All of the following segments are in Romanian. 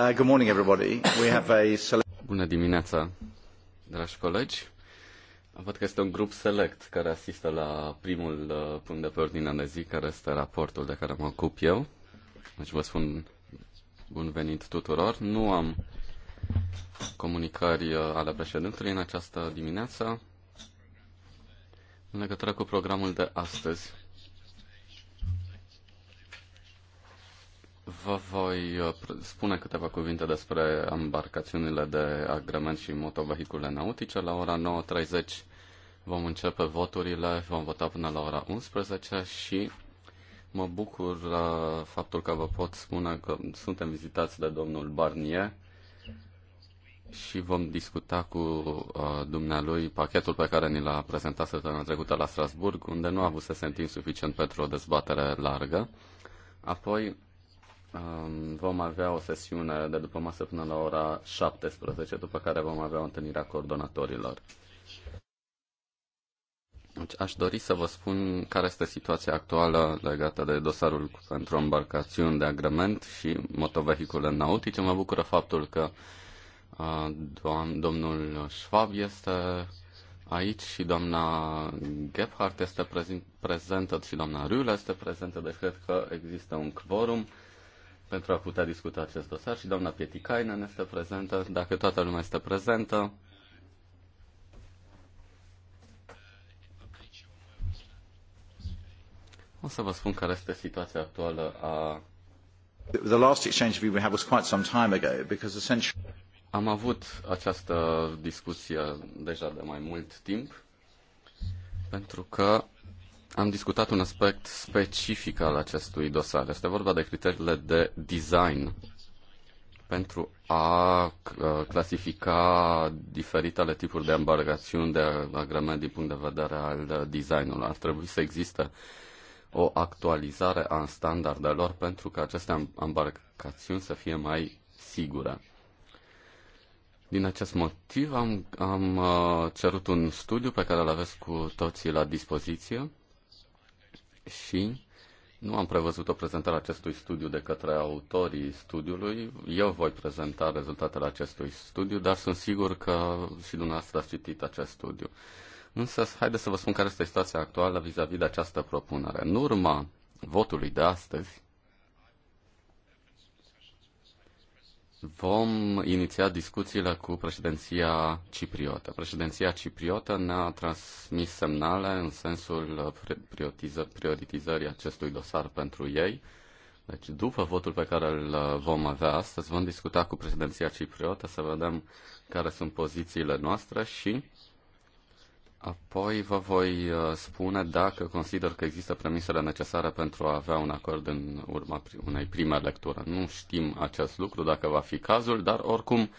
Uh, good morning, everybody. We have a select... Bună dimineața, dragi colegi. Văd că este un grup select care asistă la primul uh, punct de pe ordinea de zi, care este raportul de care mă ocup eu. Deci vă spun bun venit tuturor. Nu am comunicări uh, ale președintelui în această dimineață în legătură cu programul de astăzi. vă voi uh, spune câteva cuvinte despre embarcațiunile de agrement și motovehicule nautice. La ora 9.30 vom începe voturile, vom vota până la ora 11 și mă bucur uh, faptul că vă pot spune că suntem vizitați de domnul Barnier și vom discuta cu uh, dumnealui pachetul pe care ni l-a prezentat săptămâna trecută la Strasburg, unde nu a avut să se timp suficient pentru o dezbatere largă. Apoi vom avea o sesiune de după masă până la ora 17, după care vom avea o întâlnire a coordonatorilor. Deci, aș dori să vă spun care este situația actuală legată de dosarul pentru embarcațiuni de agrement și motovehicule nautice. Mă bucură faptul că doam, domnul Schwab este aici și doamna Gebhardt este prezent, prezentă și doamna Rühle este prezentă, deci cred că există un quorum pentru a putea discuta acest dosar și doamna Pietikainen este prezentă. Dacă toată lumea este prezentă, o să vă spun care este situația actuală a The last exchange we had was quite some time ago because essentially am avut această discuție deja de mai mult timp pentru că am discutat un aspect specific al acestui dosar. Este vorba de criteriile de design pentru a uh, clasifica diferitele tipuri de embarcațiuni de agrement din punct de vedere al uh, designului. Ar trebui să existe o actualizare a standardelor pentru ca aceste embarcațiuni să fie mai sigure. Din acest motiv am, am uh, cerut un studiu pe care îl aveți cu toții la dispoziție și nu am prevăzut o prezentare a acestui studiu de către autorii studiului. Eu voi prezenta rezultatele acestui studiu, dar sunt sigur că și dumneavoastră ați citit acest studiu. Însă, haideți să vă spun care este situația actuală vis-a-vis -vis de această propunere. În urma votului de astăzi, Vom iniția discuțiile cu președinția cipriotă. Președinția cipriotă ne-a transmis semnale în sensul prioritizării acestui dosar pentru ei. Deci, după votul pe care îl uh, vom avea astăzi, vom discuta cu președinția cipriotă să vedem care sunt pozițiile noastre și Apoi vă voi uh, spune dacă consider că există premisele necesare pentru a avea un acord în urma unei prime lectură. Nu știm acest lucru, dacă va fi cazul, dar oricum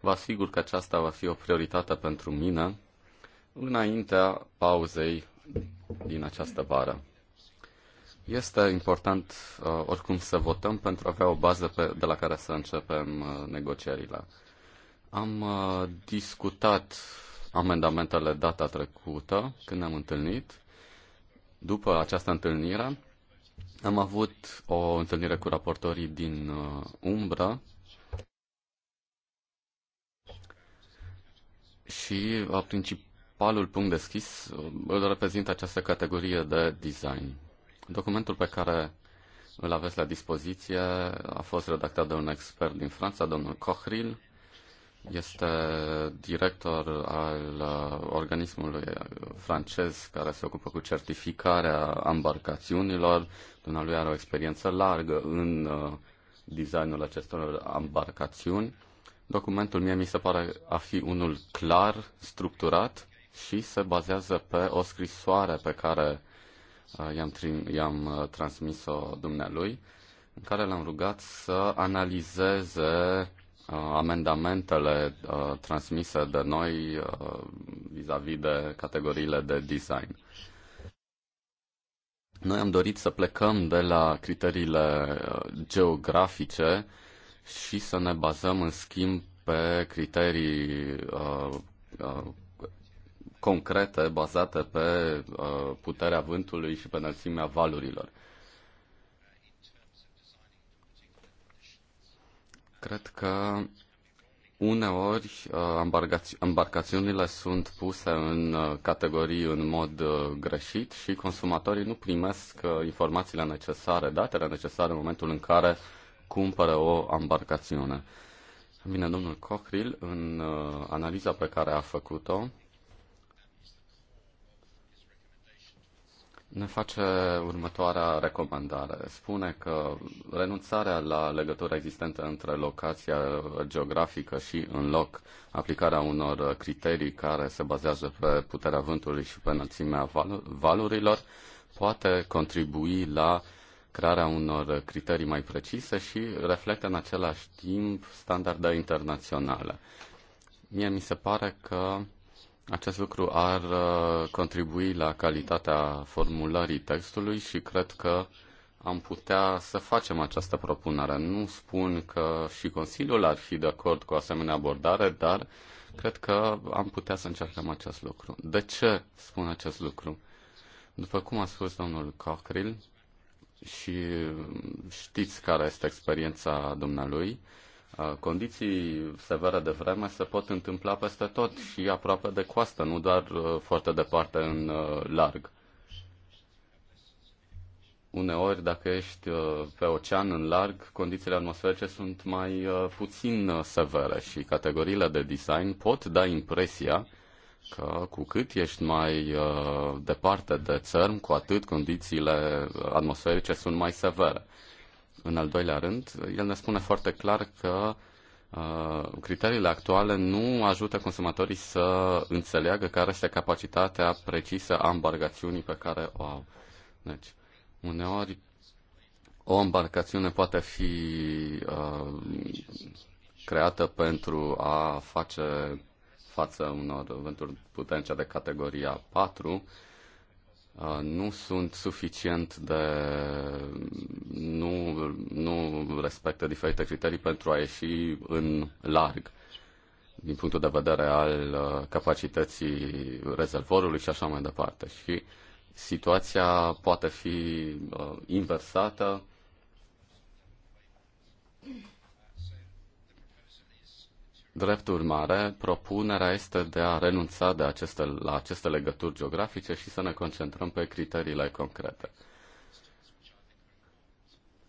vă asigur că aceasta va fi o prioritate pentru mine înaintea pauzei din această vară. Este important uh, oricum să votăm pentru a avea o bază pe, de la care să începem uh, negocierile. Am discutat amendamentele data trecută, când ne-am întâlnit. După această întâlnire, am avut o întâlnire cu raportorii din uh, Umbra și uh, principalul punct deschis uh, îl reprezintă această categorie de design. Documentul pe care îl aveți la dispoziție a fost redactat de un expert din Franța, domnul Cochril, este director al uh, organismului francez care se ocupă cu certificarea embarcațiunilor. Dumnealui are o experiență largă în uh, designul acestor embarcațiuni. Documentul mie mi se pare a fi unul clar, structurat și se bazează pe o scrisoare pe care uh, i-am, trim- transmis-o dumnealui, în care l-am rugat să analizeze Uh, amendamentele uh, transmise de noi uh, vis-a-vis de categoriile de design. Noi am dorit să plecăm de la criteriile geografice și să ne bazăm, în schimb, pe criterii uh, uh, concrete bazate pe uh, puterea vântului și pe înălțimea valurilor. cred că uneori embarcați- uh, embarcațiunile sunt puse în uh, categorii în mod uh, greșit și consumatorii nu primesc informațiile necesare, datele necesare în momentul în care cumpără o embarcațiune. Bine, domnul Cochril, în analiza pe care a făcut-o, ne face următoarea recomandare. Spune că renunțarea la legătura existentă între locația geografică și în loc aplicarea unor criterii care se bazează pe puterea vântului și pe înălțimea valurilor poate contribui la crearea unor criterii mai precise și reflectă în același timp standarde internaționale. Mie mi se pare că acest lucru ar uh, contribui la calitatea formulării textului și cred că am putea să facem această propunere. Nu spun că și Consiliul ar fi de acord cu asemenea abordare, dar cred că am putea să încercăm acest lucru. De ce spun acest lucru? După cum a spus domnul Cochril, și știți care este experiența dumnealui, uh, Condiții severe de vreme se pot întâmpla peste tot și aproape de coastă, nu doar uh, foarte departe în uh, larg. Uneori, dacă ești uh, pe ocean în larg, condițiile atmosferice sunt mai puțin severe și categoriile de design pot da impresia că cu cât ești mai departe de țărm, cu atât condițiile atmosferice sunt mai severe. În al doilea rând, el ne spune foarte clar că uh, criteriile actuale nu ajută consumatorii să înțeleagă care este capacitatea precisă a embarcațiunii pe care o au. Deci, uneori o embarcațiune poate fi uh, creată pentru a face față unor venturi puternice de categoria 4, Uh, nu sunt suficient de. nu, nu respectă diferite criterii pentru a ieși în larg din punctul de vedere al uh, capacității rezervorului și așa mai departe. Și situația poate fi uh, inversată Drept urmare, propunerea este de a renunța de aceste, la aceste legături geografice și să ne concentrăm pe criteriile concrete.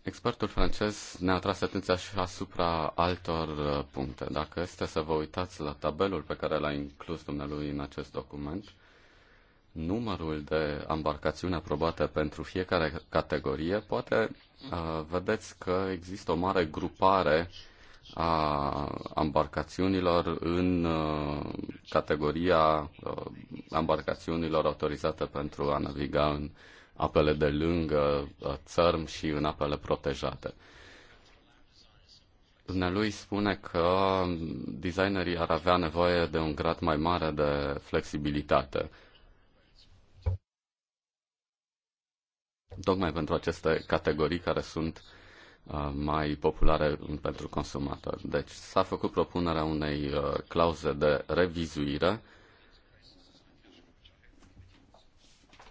Expertul francez ne-a tras atenția și asupra altor uh, puncte. Dacă este să vă uitați la tabelul pe care l-a inclus dumnealui în acest document, numărul de embarcațiuni aprobate pentru fiecare categorie, poate uh, vedeți că există o mare grupare uh, a embarcațiunilor în uh, categoria uh, embarcațiunilor autorizate pentru a naviga în apele de lângă uh, țărm și în apele protejate. Dumnealui spune că designerii ar avea nevoie de un grad mai mare de flexibilitate. Tocmai pentru aceste categorii care sunt uh, Uh, mai populare pentru consumator. Deci s-a făcut propunerea unei uh, clauze de revizuire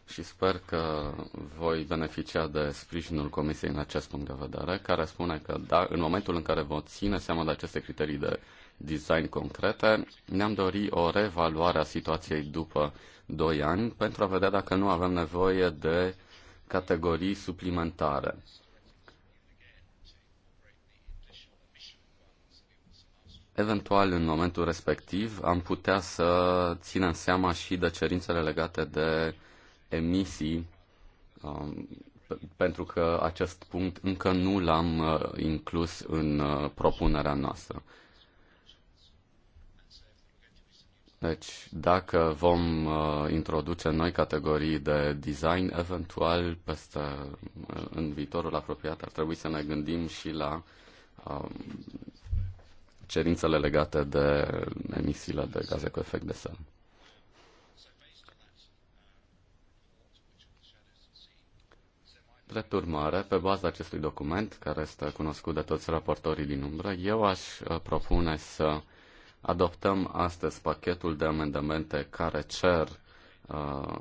și sper că voi beneficia de sprijinul Comisiei în acest punct de vedere, care spune că da, în momentul în care vă ține seama de aceste criterii de design concrete, ne-am dorit o reevaluare a situației după 2 ani pentru a vedea dacă nu avem nevoie de categorii suplimentare. Eventual, în momentul respectiv, am putea să ținem seama și de cerințele legate de emisii, um, pentru că acest punct încă nu l-am uh, inclus în uh, propunerea noastră. Deci, dacă vom uh, introduce noi categorii de design, eventual, peste, uh, în viitorul apropiat, ar trebui să ne gândim și la uh, cerințele legate de emisiile de gaze cu efect de seră. Drept urmare, pe baza acestui document, care este cunoscut de toți raportorii din umbră, eu aș uh, propune să adoptăm astăzi pachetul de amendamente care cer uh,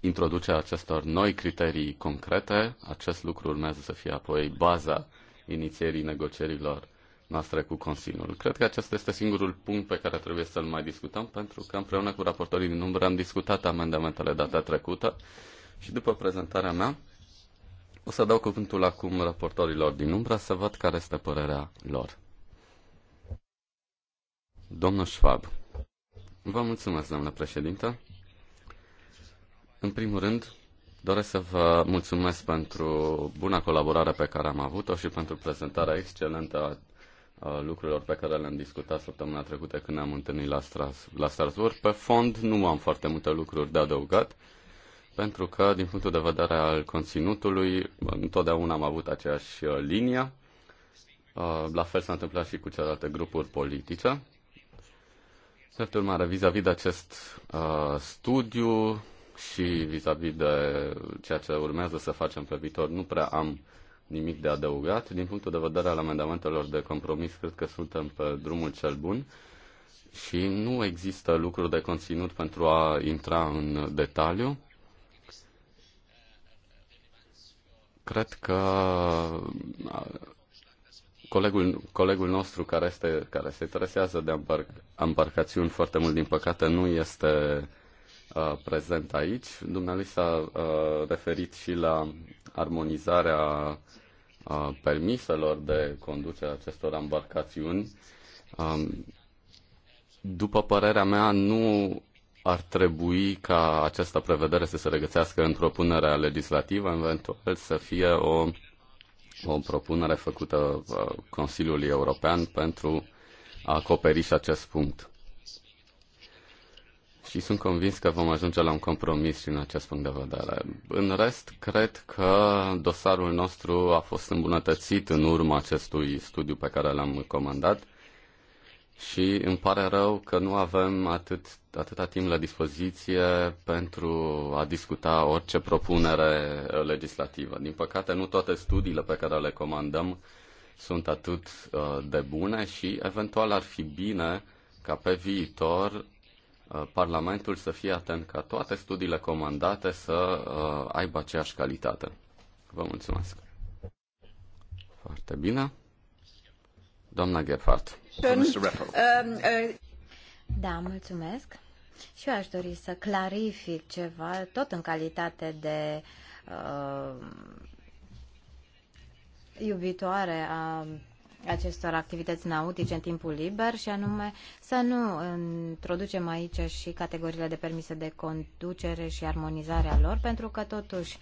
introducerea acestor noi criterii concrete. Acest lucru urmează să fie apoi baza inițierii negocierilor noastre cu Consiliul. Cred că acesta este singurul punct pe care trebuie să-l mai discutăm, pentru că împreună cu raportorii din umbră am discutat amendamentele data trecută și după prezentarea mea o să dau cuvântul acum raportorilor din umbră să văd care este părerea lor. Domnul Schwab, vă mulțumesc, domnule președintă. În primul rând, doresc să vă mulțumesc pentru buna colaborare pe care am avut-o și pentru prezentarea excelentă Uh, lucrurilor pe care le-am discutat săptămâna trecută când ne-am întâlnit la, Stras- la Strasbourg. Pe fond nu am foarte multe lucruri de adăugat, pentru că din punctul de vedere al conținutului întotdeauna am avut aceeași uh, linie. Uh, la fel s-a întâmplat și cu celelalte grupuri politice. Drept urmare, vis-a-vis de acest uh, studiu și vis-a-vis -vis de ceea ce urmează să facem pe viitor, nu prea am nimic de adăugat. Din punctul de vedere al amendamentelor de compromis, cred că suntem pe drumul cel bun și nu există lucruri de conținut pentru a intra în detaliu. Cred că colegul, colegul nostru care, este, care se interesează de embarc, embarcațiuni foarte mult, din păcate, nu este uh, prezent aici. Dumnealui s-a uh, referit și la armonizarea permiselor de conducere a acestor embarcațiuni, după părerea mea, nu ar trebui ca această prevedere să se regăsească în propunerea legislativă, eventual să fie o, o propunere făcută uh, Consiliului European pentru a acoperi și acest punct și sunt convins că vom ajunge la un compromis și în acest punct de vedere. În rest, cred că dosarul nostru a fost îmbunătățit în urma acestui studiu pe care l-am comandat și îmi pare rău că nu avem atât, atâta timp la dispoziție pentru a discuta orice propunere legislativă. Din păcate, nu toate studiile pe care le comandăm sunt atât uh, de bune și eventual ar fi bine ca pe viitor Uh, Parlamentul să fie atent ca toate studiile comandate să uh, aibă aceeași calitate. Vă mulțumesc. Foarte bine. Doamna Gephardt. Da, mulțumesc. Și eu aș dori să clarific ceva, tot în calitate de uh, iubitoare a acestor activități nautice în timpul liber și anume să nu introducem aici și categoriile de permise de conducere și armonizarea lor, pentru că totuși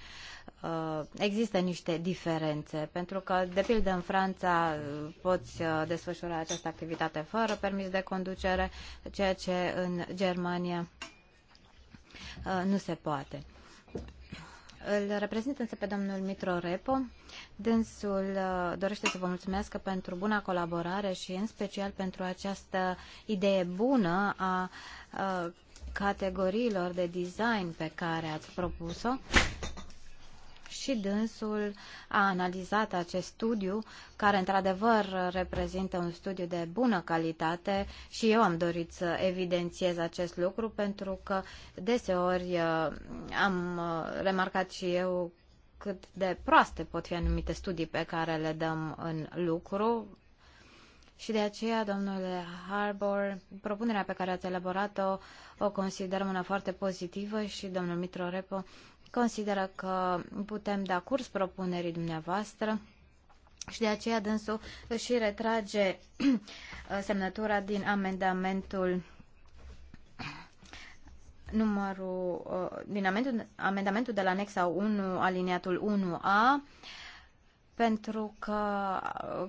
uh, există niște diferențe, pentru că, de pildă, în Franța uh, poți uh, desfășura această activitate fără permis de conducere, ceea ce în Germania nu se poate. Îl reprezint însă pe domnul Mitro Repo. Dânsul uh, dorește să vă mulțumesc pentru buna colaborare și în special pentru această idee bună a, a uh, categoriilor de design pe care ați propus-o și dânsul a analizat acest studiu, care într-adevăr reprezintă un studiu de bună calitate și eu am dorit să evidențiez acest lucru pentru că deseori uh, am uh, remarcat și eu cât de proaste pot fi anumite studii pe care le dăm în lucru, și de aceea, domnule Harbour, propunerea pe care ați elaborat-o o considerăm una foarte pozitivă și domnul Mitro Repo consideră că putem da curs propunerii dumneavoastră și de aceea dânsul își retrage semnătura din amendamentul numărul uh, din amendamentul de la anexa 1 aliniatul 1A pentru că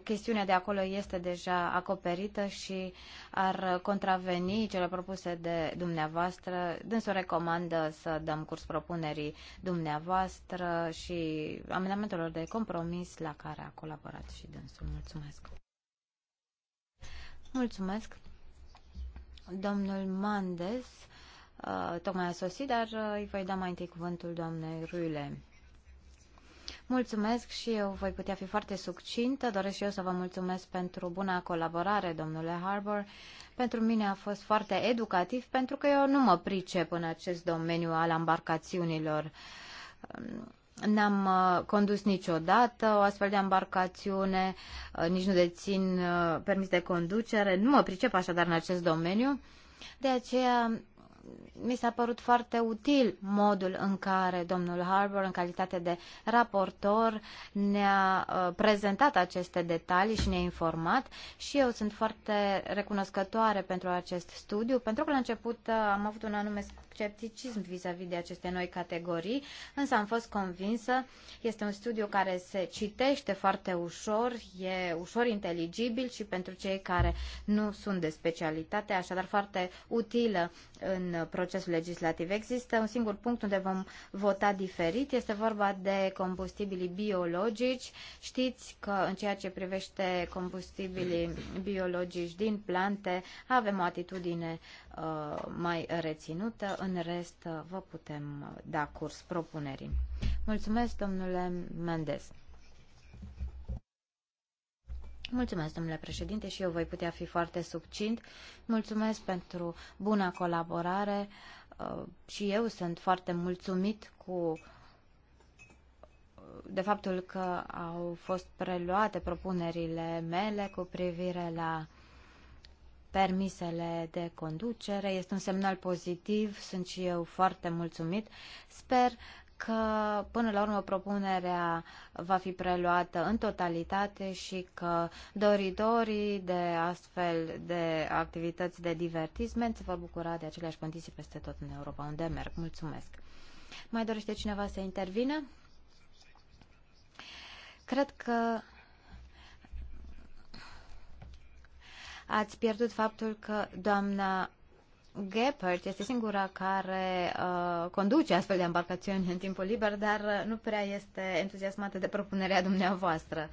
chestiunea de acolo este deja acoperită și ar contraveni cele propuse de dumneavoastră. Dânsul recomandă să dăm curs propunerii dumneavoastră și amendamentelor de compromis la care a colaborat și dânsul. Mulțumesc! Mulțumesc! Domnul Mandes uh, tocmai a sosit, dar uh, îi voi da mai întâi cuvântul doamnei Ruile. Mulțumesc și eu voi putea fi foarte succintă. Doresc și eu să vă mulțumesc pentru buna colaborare, domnule Harbour. Pentru mine a fost foarte educativ pentru că eu nu mă pricep în acest domeniu al embarcațiunilor. N-am uh, condus niciodată o astfel de embarcațiune, uh, nici nu dețin uh, permis de conducere, nu mă pricep așadar în acest domeniu. De aceea mi s-a părut foarte util modul în care domnul Harbour, în calitate de raportor, ne-a uh, prezentat aceste detalii și ne-a informat și eu sunt foarte recunoscătoare pentru acest studiu, pentru că la început uh, am avut un anume scepticism vis-a-vis -vis de aceste noi categorii, însă am fost convinsă. Este un studiu care se citește foarte ușor, e ușor inteligibil și pentru cei care nu sunt de specialitate, așadar foarte utilă în procesul legislativ. Există un singur punct unde vom vota diferit, este vorba de combustibilii biologici. Știți că în ceea ce privește combustibilii biologici din plante, avem o atitudine Uh, mai reținută. În rest, uh, vă putem uh, da curs propunerii. Mulțumesc, domnule Mendes. Mulțumesc, domnule președinte, și eu voi putea fi foarte succint. Mulțumesc pentru buna colaborare și eu sunt foarte mulțumit cu de faptul că au fost preluate propunerile mele cu privire la permisele de conducere. Este un semnal pozitiv, sunt și eu foarte mulțumit. Sper că până la urmă propunerea va fi preluată în totalitate și că doritorii de astfel de activități de divertisment se vor bucura de aceleași condiții peste tot în Europa unde merg. Mulțumesc! Mai dorește cineva să intervină? Cred că ați pierdut faptul că doamna Gephardt este singura care uh, conduce astfel de embarcațiuni în timpul liber, dar uh, nu prea este entuziasmată de propunerea dumneavoastră.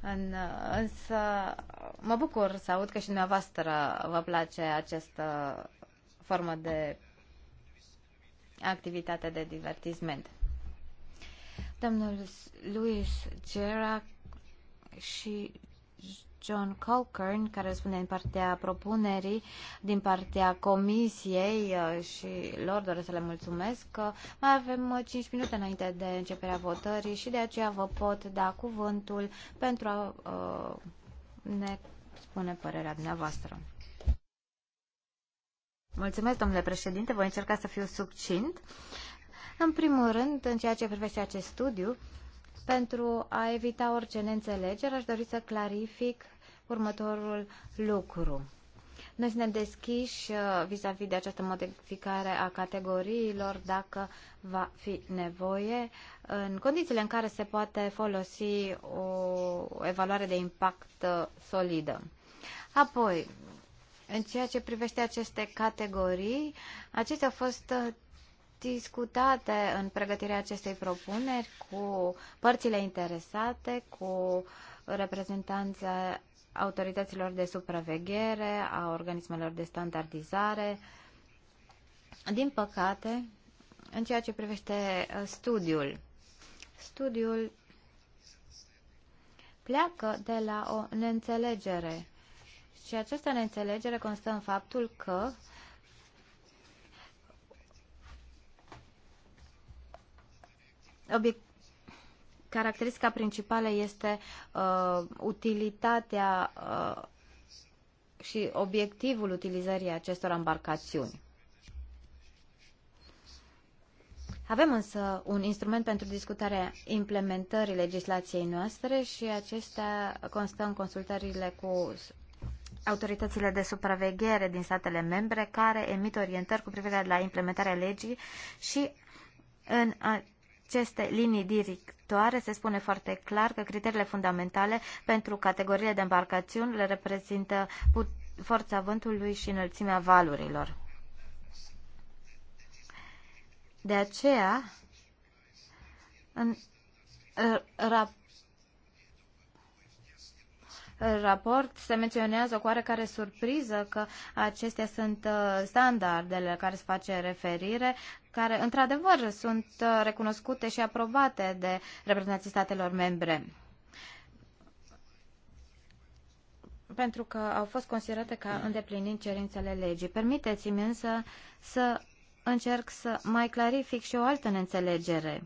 În, uh, însă mă bucur să aud că și dumneavoastră vă place această formă de activitate de divertisment. Domnul Luis Gerac și John Colkern, care răspunde în partea propunerii, din partea comisiei uh, și lor doresc să le mulțumesc. Mai avem 5 uh, minute înainte de începerea votării și de aceea vă pot da cuvântul pentru a uh, ne spune părerea dumneavoastră. Mulțumesc, domnule președinte, voi încerca să fiu succint. În primul rând, în ceea ce privește acest studiu, uh, pentru a evita orice neînțelegere, aș dori să clarific următorul lucru. Noi suntem deschiși uh, vis-a-vis -vis de această modificare a categoriilor dacă va fi nevoie, în condițiile în care se poate folosi o evaluare de impact uh, solidă. Apoi, în ceea ce privește aceste categorii, acestea au fost uh, discutate în pregătirea acestei propuneri cu părțile interesate, cu reprezentanța autorităților de supraveghere, a organismelor de standardizare. Din păcate, în ceea ce privește uh, studiul, studiul pleacă de la o neînțelegere. Și această neînțelegere constă în faptul că uh, Obiect Caracteristica principală este uh, utilitatea uh, și obiectivul utilizării acestor embarcațiuni. Avem însă un instrument pentru discutarea implementării legislației noastre și acestea constă în consultările cu autoritățile de supraveghere din statele membre care emit orientări cu privire la implementarea legii și în aceste linii directoare se spune foarte clar că criteriile fundamentale pentru categoriile de embarcațiuni le reprezintă forța vântului și înălțimea valurilor. De aceea, în rap raport se menționează cu oarecare surpriză că acestea sunt uh, standardele la care se face referire care într-adevăr sunt uh, recunoscute și aprobate de reprezentanții statelor membre. pentru că au fost considerate ca îndeplinind cerințele legii. Permiteți-mi însă să încerc să mai clarific și o altă neînțelegere.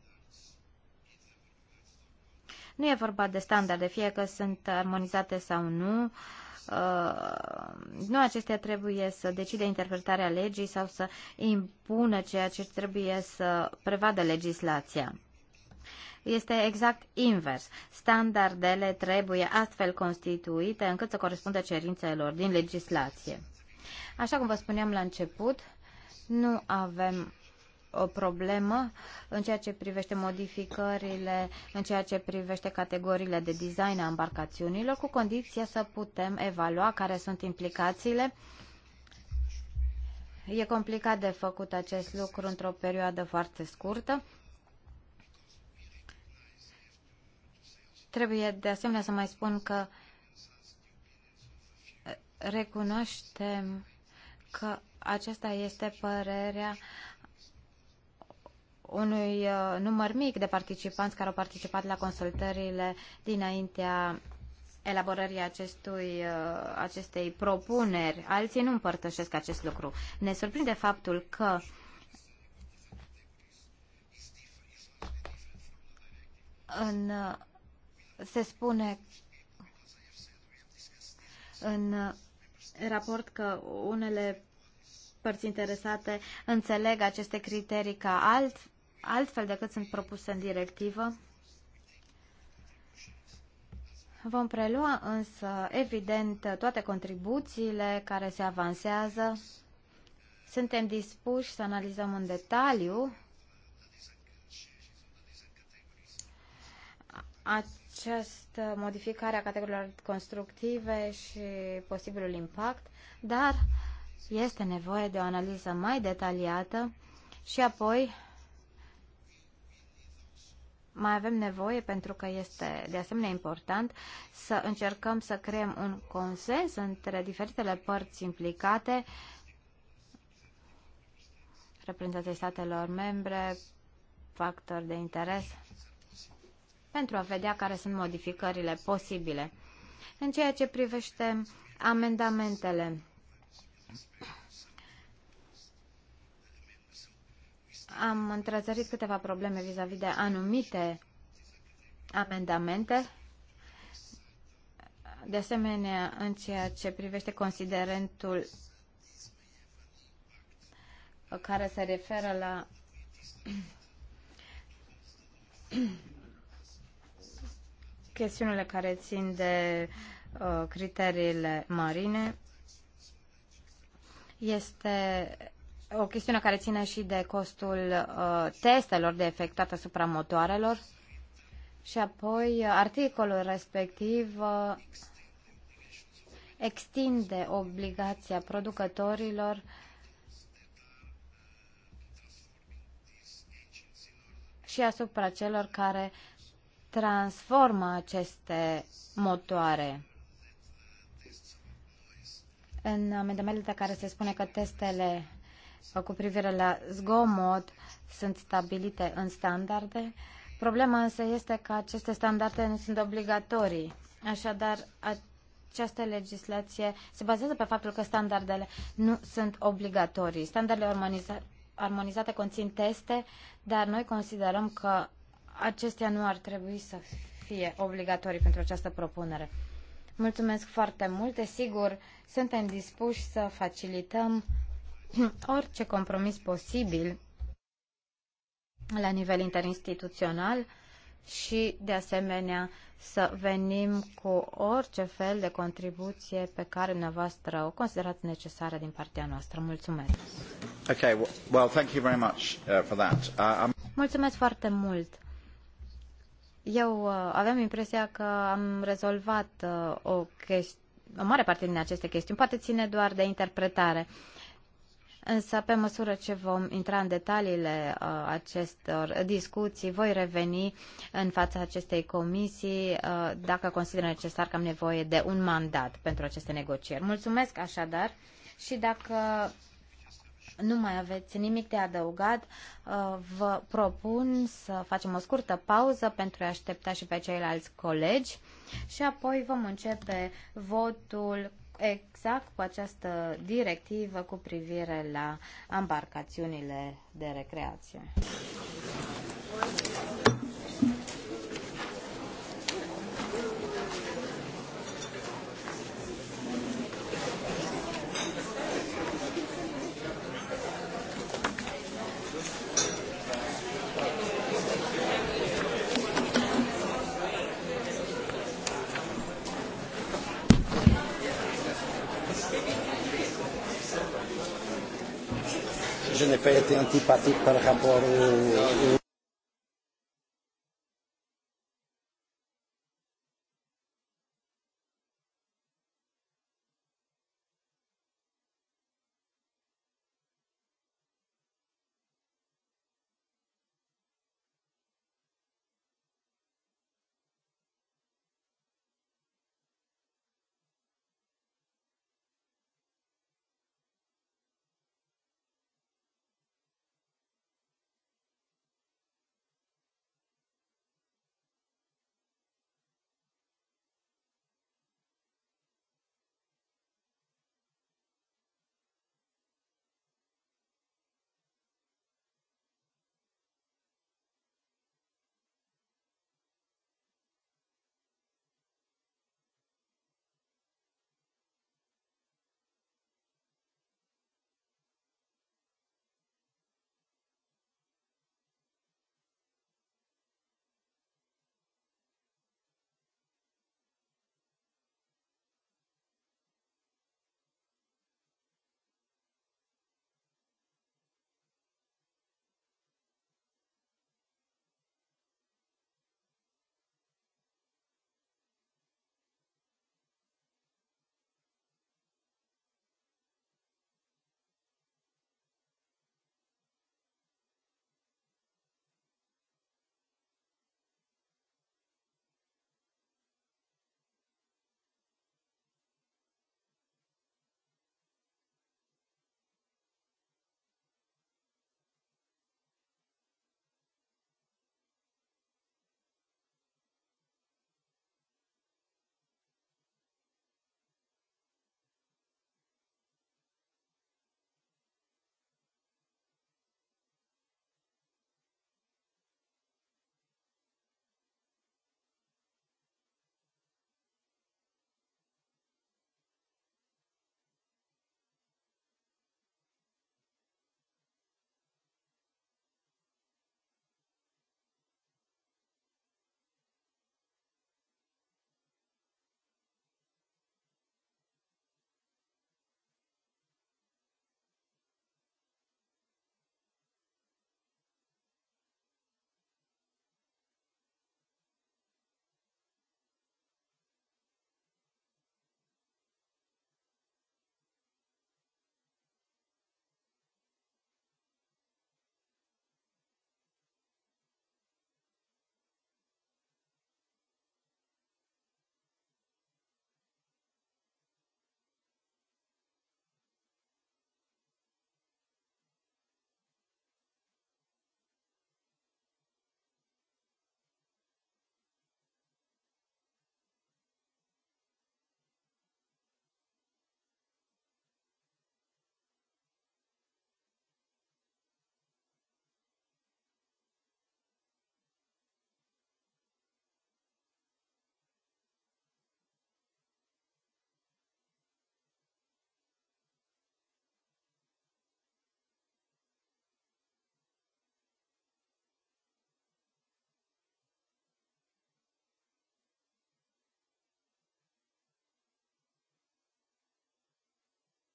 Nu e vorba de standarde, fie că sunt armonizate sau nu. Uh, nu acestea trebuie să decide interpretarea legii sau să impună ceea ce trebuie să prevadă legislația. Este exact invers. Standardele trebuie astfel constituite încât să corespundă cerințelor din legislație. Așa cum vă spuneam la început, nu avem problemă în ceea ce privește modificările, în ceea ce privește categoriile de design a embarcațiunilor, cu condiția să putem evalua care sunt implicațiile. E complicat de făcut acest lucru într-o perioadă foarte scurtă. Trebuie de asemenea să mai spun că recunoaștem că aceasta este părerea unui uh, număr mic de participanți care au participat la consultările dinaintea elaborării acestui, uh, acestei propuneri. Alții nu împărtășesc acest lucru. Ne surprinde faptul că în, uh, se spune în raport că unele părți interesate înțeleg aceste criterii ca alt, altfel decât sunt propuse în directivă. Vom prelua însă, evident, toate contribuțiile care se avansează. Suntem dispuși să analizăm în detaliu această modificare a categoriilor constructive și posibilul impact, dar este nevoie de o analiză mai detaliată și apoi mai avem nevoie, pentru că este de asemenea important, să încercăm să creăm un consens între diferitele părți implicate, reprezentanții statelor membre, factori de interes, pentru a vedea care sunt modificările posibile. În ceea ce privește amendamentele, am întrețărit câteva probleme vis-a-vis -vis de anumite amendamente. De asemenea, în ceea ce privește considerentul care se referă la chestiunile care țin de uh, criteriile marine, este o chestiune care ține și de costul uh, testelor de efectuat asupra motoarelor și apoi uh, articolul respectiv uh, extinde obligația producătorilor și asupra celor care transformă aceste motoare. În amendamentele care se spune că testele cu privire la zgomot sunt stabilite în standarde. Problema însă este că aceste standarde nu sunt obligatorii. Așadar, această legislație se bazează pe faptul că standardele nu sunt obligatorii. Standardele armoniza- armonizate conțin teste, dar noi considerăm că acestea nu ar trebui să fie obligatorii pentru această propunere. Mulțumesc foarte mult. Sigur, suntem dispuși să facilităm orice compromis posibil la nivel interinstituțional și, de asemenea, să venim cu orice fel de contribuție pe care dumneavoastră o considerați necesară din partea noastră. Mulțumesc! Okay, well, thank you very much uh, for that. Uh, um, Mulțumesc foarte mult! Eu uh, aveam impresia că am rezolvat uh, o, o mare parte din aceste chestiuni. Poate ține doar de interpretare. Uh, Însă, pe măsură ce vom intra în detaliile uh, acestor discuții, voi reveni în fața acestei comisii uh, dacă consideră necesar că am nevoie de un mandat pentru aceste negocieri. Mulțumesc așadar și dacă nu mai aveți nimic de adăugat, uh, vă propun să facem o scurtă pauză pentru a aștepta și pe ceilalți colegi și apoi vom începe votul exact cu această directivă cu privire la embarcațiunile de recreație. PET antipatic par rapport au, au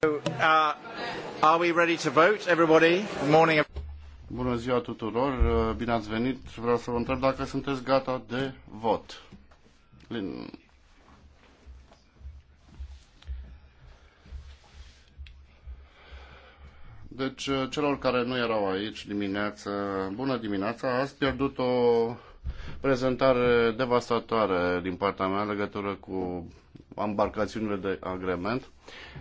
Uh, are we ready to vote, everybody? Morning. Bună ziua tuturor, uh, bine ați venit. Vreau să vă întreb dacă sunteți gata de vot. Lin... Deci, uh, celor care nu erau aici dimineața, bună dimineața, ați pierdut o prezentare devastatoare din partea mea legătură cu embarcațiunile de agrement.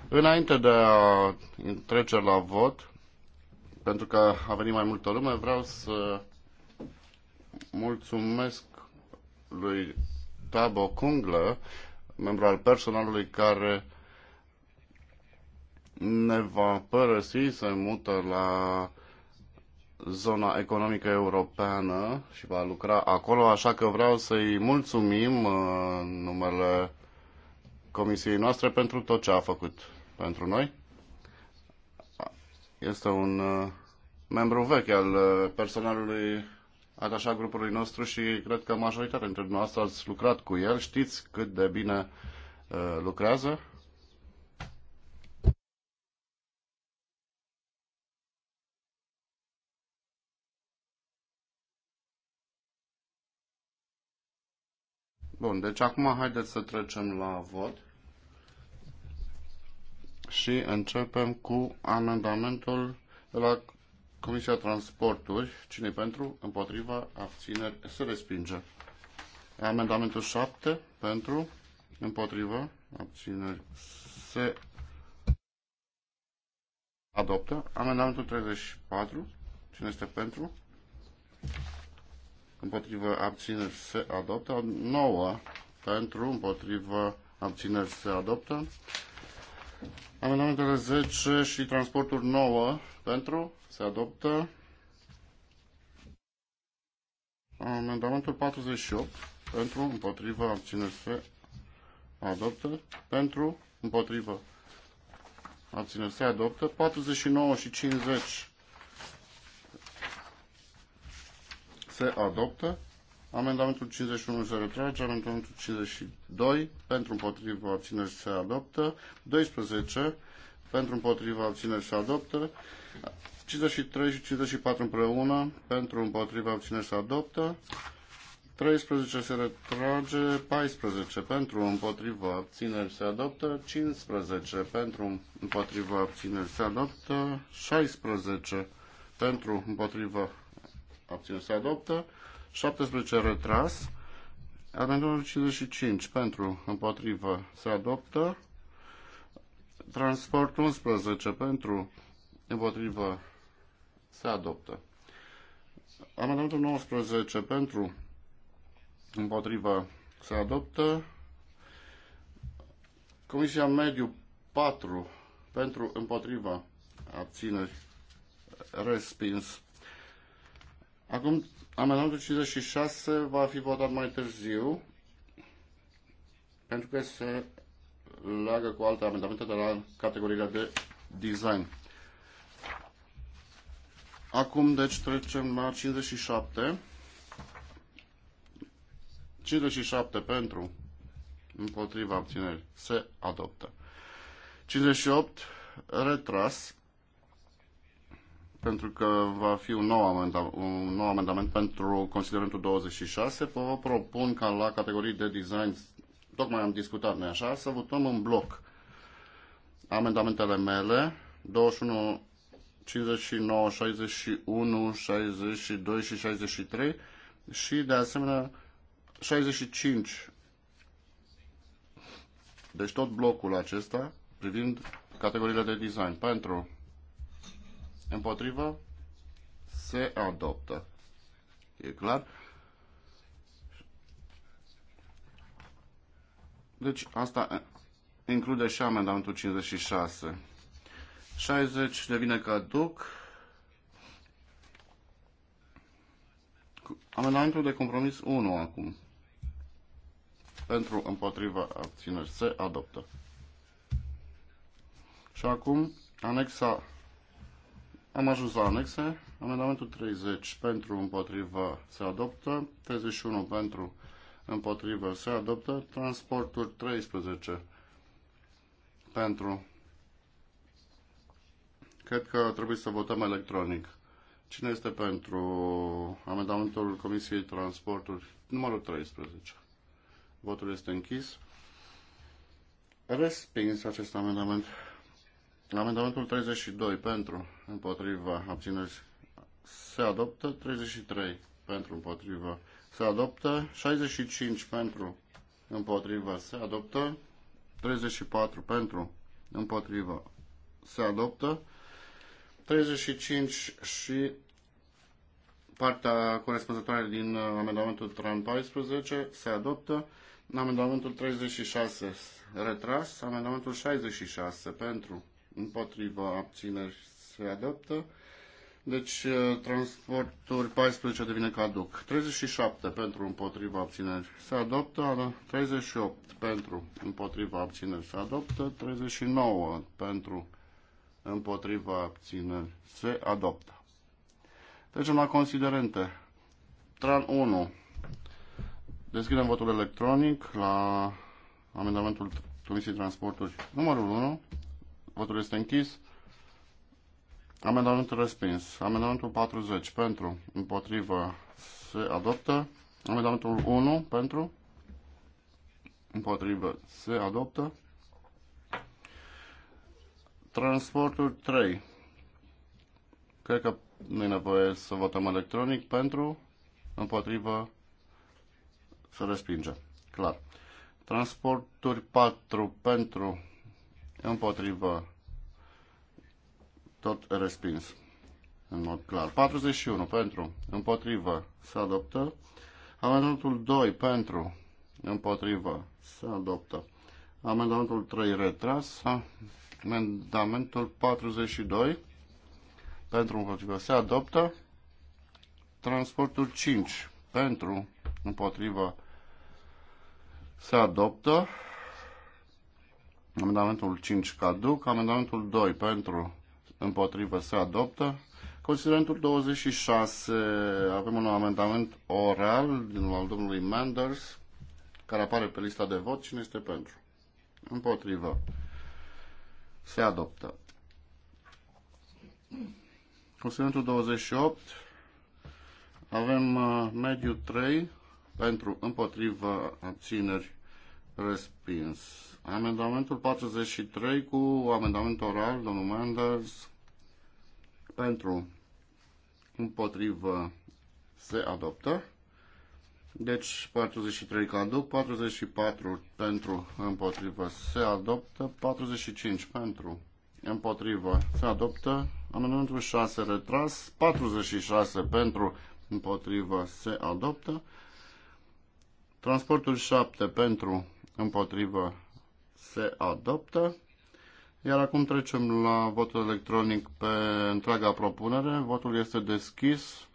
Înainte de a trece la vot, pentru că a venit mai multă lume, vreau să mulțumesc lui Tabo Kungla, membru al personalului care ne va părăsi, să mută la zona economică europeană și va lucra acolo, așa că vreau să-i mulțumim uh, numele comisiei noastre pentru tot ce a făcut pentru noi. Este un uh, membru vechi al uh, personalului atașat grupului nostru și cred că majoritatea dintre dumneavoastră ați lucrat cu el. Știți cât de bine uh, lucrează Bun, deci acum haideți să trecem la vot. Și începem cu amendamentul de la Comisia Transporturi. cine pentru? Împotriva? Abțineri? Se respinge. Amendamentul 7. Pentru? Împotriva? Abțineri? Se adoptă. Amendamentul 34. Cine este pentru? împotrivă abțineri se adoptă, 9 pentru, împotrivă abțineri se adoptă, amendamentele 10 și transportul 9 pentru, se adoptă, amendamentul 48 pentru, împotrivă abțineri se adoptă, pentru, împotrivă abțineri se adoptă, 49 și 50 se adoptă. Amendamentul 51 se retrage, amendamentul 52 pentru împotriva abțineri se adoptă, 12 pentru împotriva abțineri se adoptă, 53 și 54 împreună pentru împotriva abțineri se adoptă, 13 se retrage, 14 pentru împotriva abțineri se adoptă, 15 pentru împotriva abțineri se adoptă, 16 pentru împotriva abțineri se adoptă. 17 retras. Amendamentul 55 pentru, împotrivă, se adoptă. Transport 11 pentru, împotrivă, se adoptă. Amendamentul 19 pentru, împotrivă, se adoptă. Comisia Mediu 4 pentru, împotrivă, abțineri, respins. Acum, amendamentul 56 va fi votat mai târziu, pentru că se leagă cu alte amendamente de la categoria de design. Acum, deci, trecem la 57. 57 pentru, împotriva abțineri, se adoptă. 58, retras pentru că va fi un nou, amendament, un nou amendament pentru considerentul 26. Vă propun ca la categorii de design, tocmai am discutat noi așa, să votăm în bloc amendamentele mele 21, 59, 61, 62 și 63 și de asemenea 65. Deci tot blocul acesta privind categoriile de design pentru Împotrivă? Se adoptă. E clar? Deci asta include și amendamentul 56. 60 devine caduc. Amendamentul de compromis 1 acum. Pentru împotriva abțineri se adoptă. Și acum anexa am ajuns la anexe. Amendamentul 30 pentru împotrivă se adoptă. 31 pentru împotrivă se adoptă. Transportul 13 pentru. Cred că trebuie să votăm electronic. Cine este pentru amendamentul Comisiei Transporturi numărul 13? Votul este închis. Respins acest amendament. Amendamentul 32 pentru împotriva abțineri se adoptă, 33 pentru împotriva se adoptă, 65 pentru împotriva se adoptă, 34 pentru împotriva se adoptă, 35 și partea corespunzătoare din uh, amendamentul 14 se adoptă, amendamentul 36 retras, amendamentul 66 pentru împotriva abțineri se adoptă. Deci uh, transporturi 14 devine caduc. 37 pentru împotriva abțineri se adoptă, 38 pentru împotriva abțineri se adoptă, 39 pentru împotriva abțineri se adoptă. Trecem la considerente. Tran 1. Deschidem votul electronic la amendamentul Comisiei Transporturi numărul 1. Votul este închis. Amendamentul respins. Amendamentul 40 pentru, împotrivă, se adoptă. Amendamentul 1 pentru, împotrivă, se adoptă. Transportul 3. Cred că nu e nevoie să votăm electronic pentru, împotrivă, se respinge. Clar. Transporturi 4 pentru, împotrivă, tot respins în mod clar. 41 pentru, împotrivă, se adoptă. Amendamentul 2 pentru, împotrivă, se adoptă. Amendamentul 3 retras. Amendamentul 42 pentru, împotrivă, se adoptă. Transportul 5 pentru, împotrivă, se adoptă. Amendamentul 5 caduc. Amendamentul 2 pentru, împotrivă se adoptă. Considerentul 26, avem un amendament oral din al domnului Manders, care apare pe lista de vot. Cine este pentru? Împotrivă. Se adoptă. Considerentul 28, avem uh, mediu 3 pentru împotrivă abțineri respins. Amendamentul 43 cu amendament oral, domnul Manders, pentru împotrivă se adoptă. Deci 43 caduc, 44 pentru împotrivă se adoptă, 45 pentru împotrivă se adoptă, amendamentul 6 retras, 46 pentru împotrivă se adoptă, transportul 7 pentru împotrivă se adoptă, iar acum trecem la votul electronic pe întreaga propunere. Votul este deschis.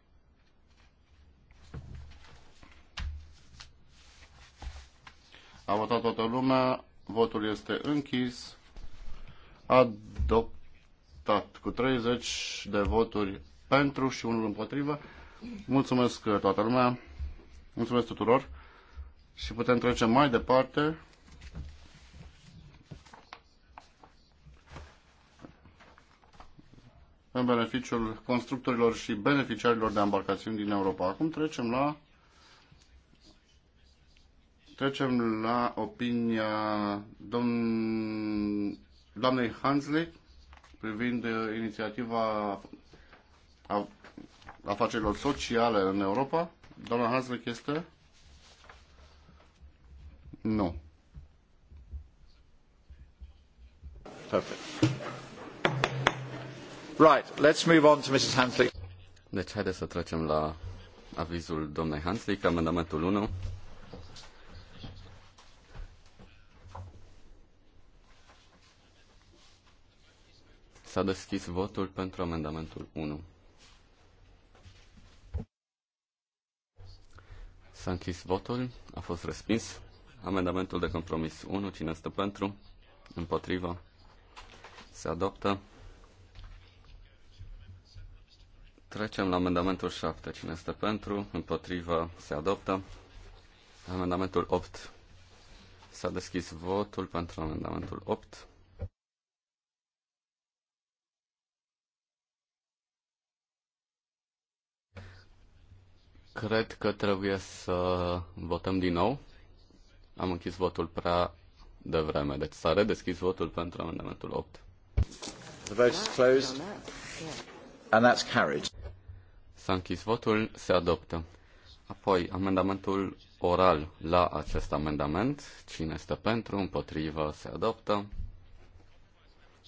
A votat toată lumea. Votul este închis. Adoptat cu 30 de voturi pentru și unul împotrivă. Mulțumesc toată lumea. Mulțumesc tuturor. Și putem trece mai departe. în beneficiul constructorilor și beneficiarilor de embarcațiuni din Europa. Acum trecem la trecem la opinia domn, doamnei Hansley privind uh, inițiativa afacerilor sociale în Europa. Doamna Hansley, este? Nu. Perfect. Right, let's move on to Mrs. Hansley. Deci, haideți să trecem la avizul domnei Hanslick, amendamentul 1. S-a deschis votul pentru amendamentul 1. S-a închis votul, a fost respins. Amendamentul de compromis 1, cine este pentru? Împotriva? Se adoptă. Trecem la amendamentul 7. Cine este pentru? Împotrivă? Se adoptă. Amendamentul 8. S-a deschis votul pentru amendamentul 8. Cred că trebuie să votăm din nou. Am închis votul prea devreme, deci s-a redeschis votul pentru amendamentul 8. The vote is closed. And that's carried. S-a închis votul, se adoptă. Apoi, amendamentul oral la acest amendament. Cine este pentru, împotrivă, se adoptă.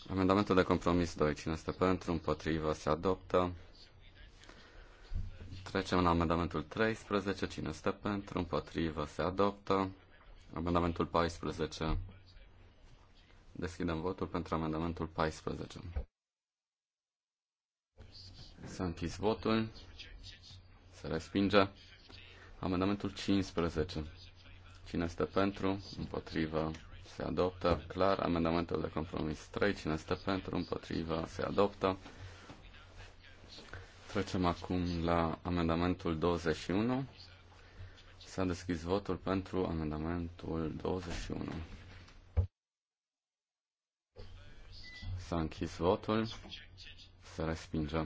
Amendamentul de compromis 2. Cine este pentru, împotrivă, se adoptă. Trecem la amendamentul 13. Cine este pentru, împotrivă, se adoptă. Amendamentul 14. Deschidem votul pentru amendamentul 14. S-a închis votul. Se respinge. Amendamentul 15. Cine este pentru? Împotrivă. Se adoptă. Clar. Amendamentul de compromis 3. Cine este pentru? Împotrivă. Se adoptă. Trecem acum la amendamentul 21. S-a deschis votul pentru amendamentul 21. S-a închis votul. Se respinge.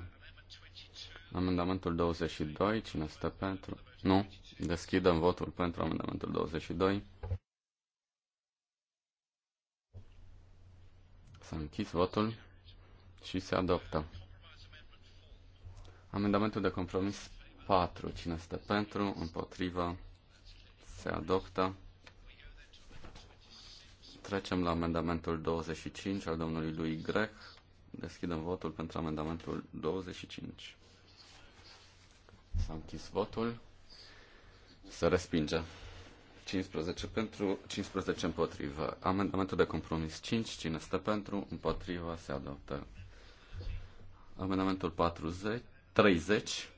Amendamentul 22, cine stă pentru? Nu, deschidem votul pentru amendamentul 22. S-a închis votul și se adoptă. Amendamentul de compromis 4. Cine este pentru, împotrivă, se adoptă. Trecem la amendamentul 25 al domnului lui Grec. Deschidem votul pentru amendamentul 25. S-a închis votul. să respinge. 15 pentru, 15 împotrivă. Amendamentul de compromis 5, cine stă pentru, împotrivă, se adoptă. Amendamentul 40, 30,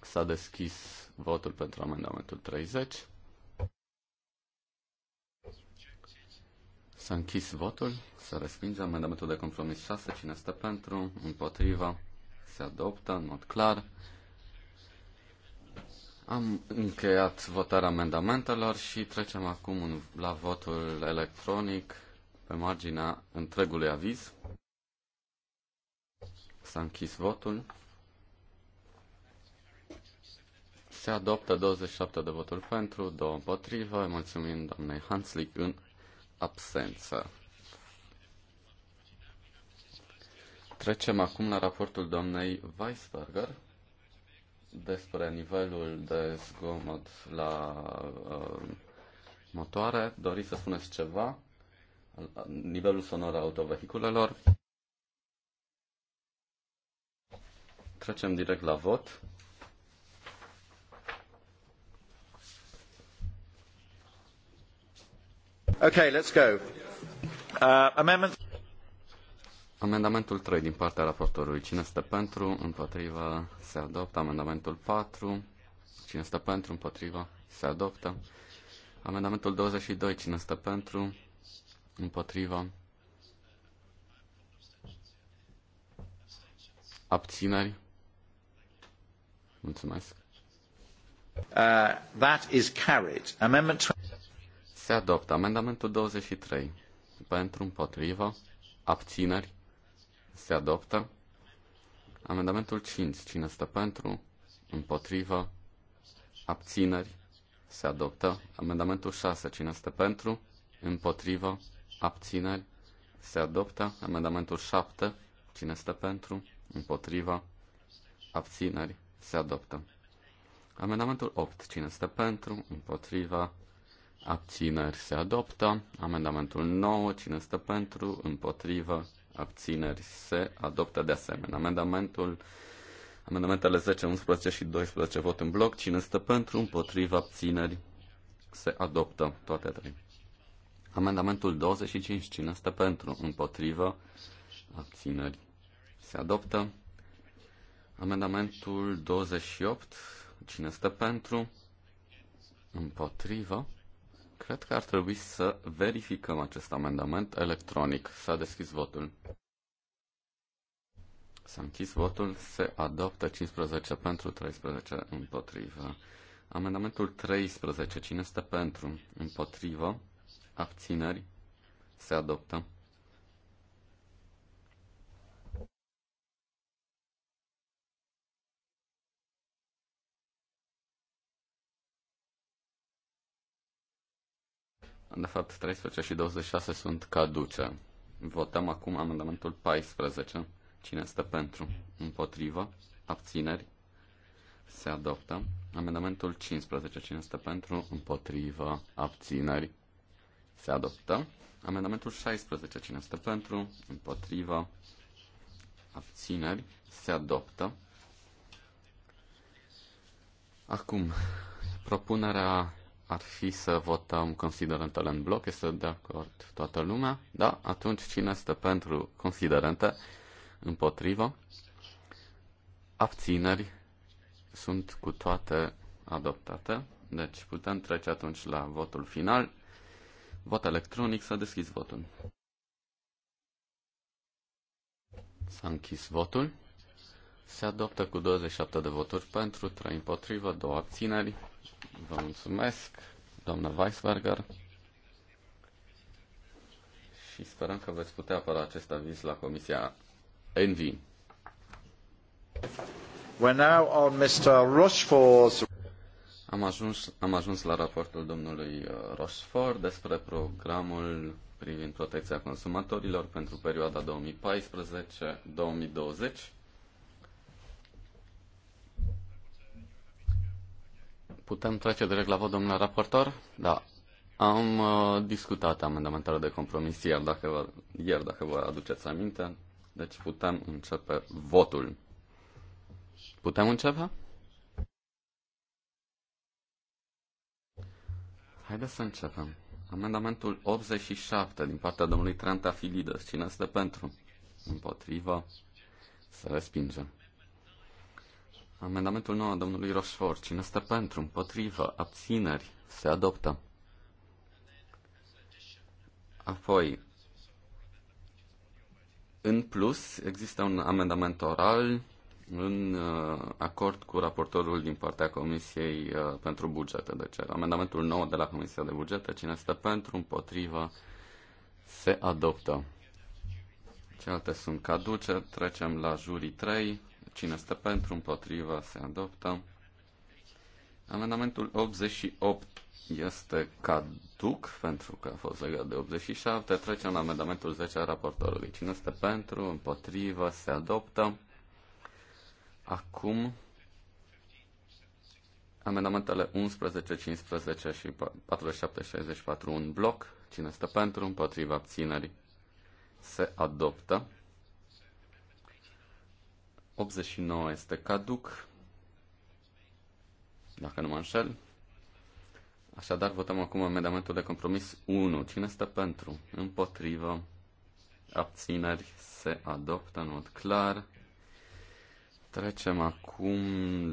s-a deschis votul pentru amendamentul 30. S-a închis votul, să respinge amendamentul de compromis 6, cine stă pentru, împotriva, se adoptă în mod clar. Am încheiat votarea amendamentelor și trecem acum la votul electronic pe marginea întregului aviz. S-a închis votul. Se adoptă 27 de voturi pentru, 2 împotrivă. Mulțumim doamnei Hanslick în absență. Trecem acum la raportul doamnei Weisberger despre nivelul de zgomot la uh, motoare. Doriți să spuneți ceva? Nivelul sonor al autovehiculelor. Trecem direct la vot. Okay, let's go. Uh, amendment Amendamentul 3 din partea raportorului. Cine stă pentru? Împotriva. Se adoptă. Amendamentul 4. Cine stă pentru? Împotriva. Se adoptă. Amendamentul 22. Cine stă pentru? Împotriva. Abțineri. Mulțumesc. Uh, that is carried. Amendment Se adoptă amendamentul 23. Pentru, împotriva, abțineri se adoptă. Amendamentul 5. Cine stă pentru? Împotrivă? Abțineri? Se adoptă. Amendamentul 6. Cine stă pentru? Împotrivă? Abțineri? Se adoptă. Amendamentul 7. Cine stă pentru? Împotrivă? Abțineri? Se adoptă. Amendamentul 8. Cine stă pentru? Împotriva? Abțineri se adoptă. Amendamentul 9. Cine stă pentru? Împotrivă? abțineri se adoptă de asemenea. Amendamentul, amendamentele 10, 11 și 12 vot în bloc. Cine stă pentru, împotriva, abțineri se adoptă toate trei. Amendamentul 25. Cine stă pentru, împotriva, abțineri se adoptă. Amendamentul 28. Cine stă pentru, împotriva, Cred că ar trebui să verificăm acest amendament electronic. S-a deschis votul. S-a închis votul. Se adoptă 15 pentru, 13 împotrivă. Amendamentul 13. Cine este pentru? Împotrivă? Abțineri? Se adoptă. De fapt, 13 și 26 sunt caduce. Votăm acum amendamentul 14. Cine este pentru? Împotrivă? Abțineri? Se adoptă. Amendamentul 15. Cine este pentru? Împotrivă? Abțineri? Se adoptă. Amendamentul 16. Cine este pentru? Împotrivă? Abțineri? Se adoptă. Acum, propunerea ar fi să votăm considerentele în bloc. Este de acord toată lumea? Da? Atunci cine este pentru considerente? Împotrivă? Abțineri sunt cu toate adoptate. Deci putem trece atunci la votul final. Vot electronic, s-a deschis votul. S-a închis votul. Se adoptă cu 27 de voturi pentru, 3 împotrivă, 2 abțineri. Vă mulțumesc, doamna Weisberger. Și sperăm că veți putea apăra acest aviz la Comisia Envi. We're now on Mr. Rochefort's... Am ajuns, am ajuns la raportul domnului uh, Rochefort despre programul privind protecția consumatorilor pentru perioada 2014-2020. Putem trece direct la vot, domnule raportor? Da. Am uh, discutat amendamentele de compromis ieri dacă, vă, ieri, dacă vă aduceți aminte. Deci putem începe votul. Putem începe? Haideți să începem. Amendamentul 87 din partea domnului Tranta Filides. Cine este pentru? Împotrivă? Să respingem. Amendamentul 9 a domnului Rochefort. Cine stă pentru? Împotrivă? Abțineri? Se adoptă. Apoi, în plus, există un amendament oral în uh, acord cu raportorul din partea Comisiei uh, pentru Bugete. Deci, amendamentul 9 de la Comisia de Bugete, cine stă pentru, împotrivă, se adoptă. Celelalte sunt caduce. Trecem la jurii 3. Cine stă pentru, împotriva, se adoptă. Amendamentul 88 este caduc pentru că a fost legat de 87. Trecem la amendamentul 10 al raportorului. Cine este pentru, împotriva, se adoptă. Acum amendamentele 11, 15 și 47, 64 un bloc. Cine este pentru, împotriva abținerii, se adoptă. 89 este caduc, dacă nu mă înșel. Așadar, votăm acum amendamentul de compromis 1. Cine stă pentru? Împotrivă. Abțineri se adoptă în mod clar. Trecem acum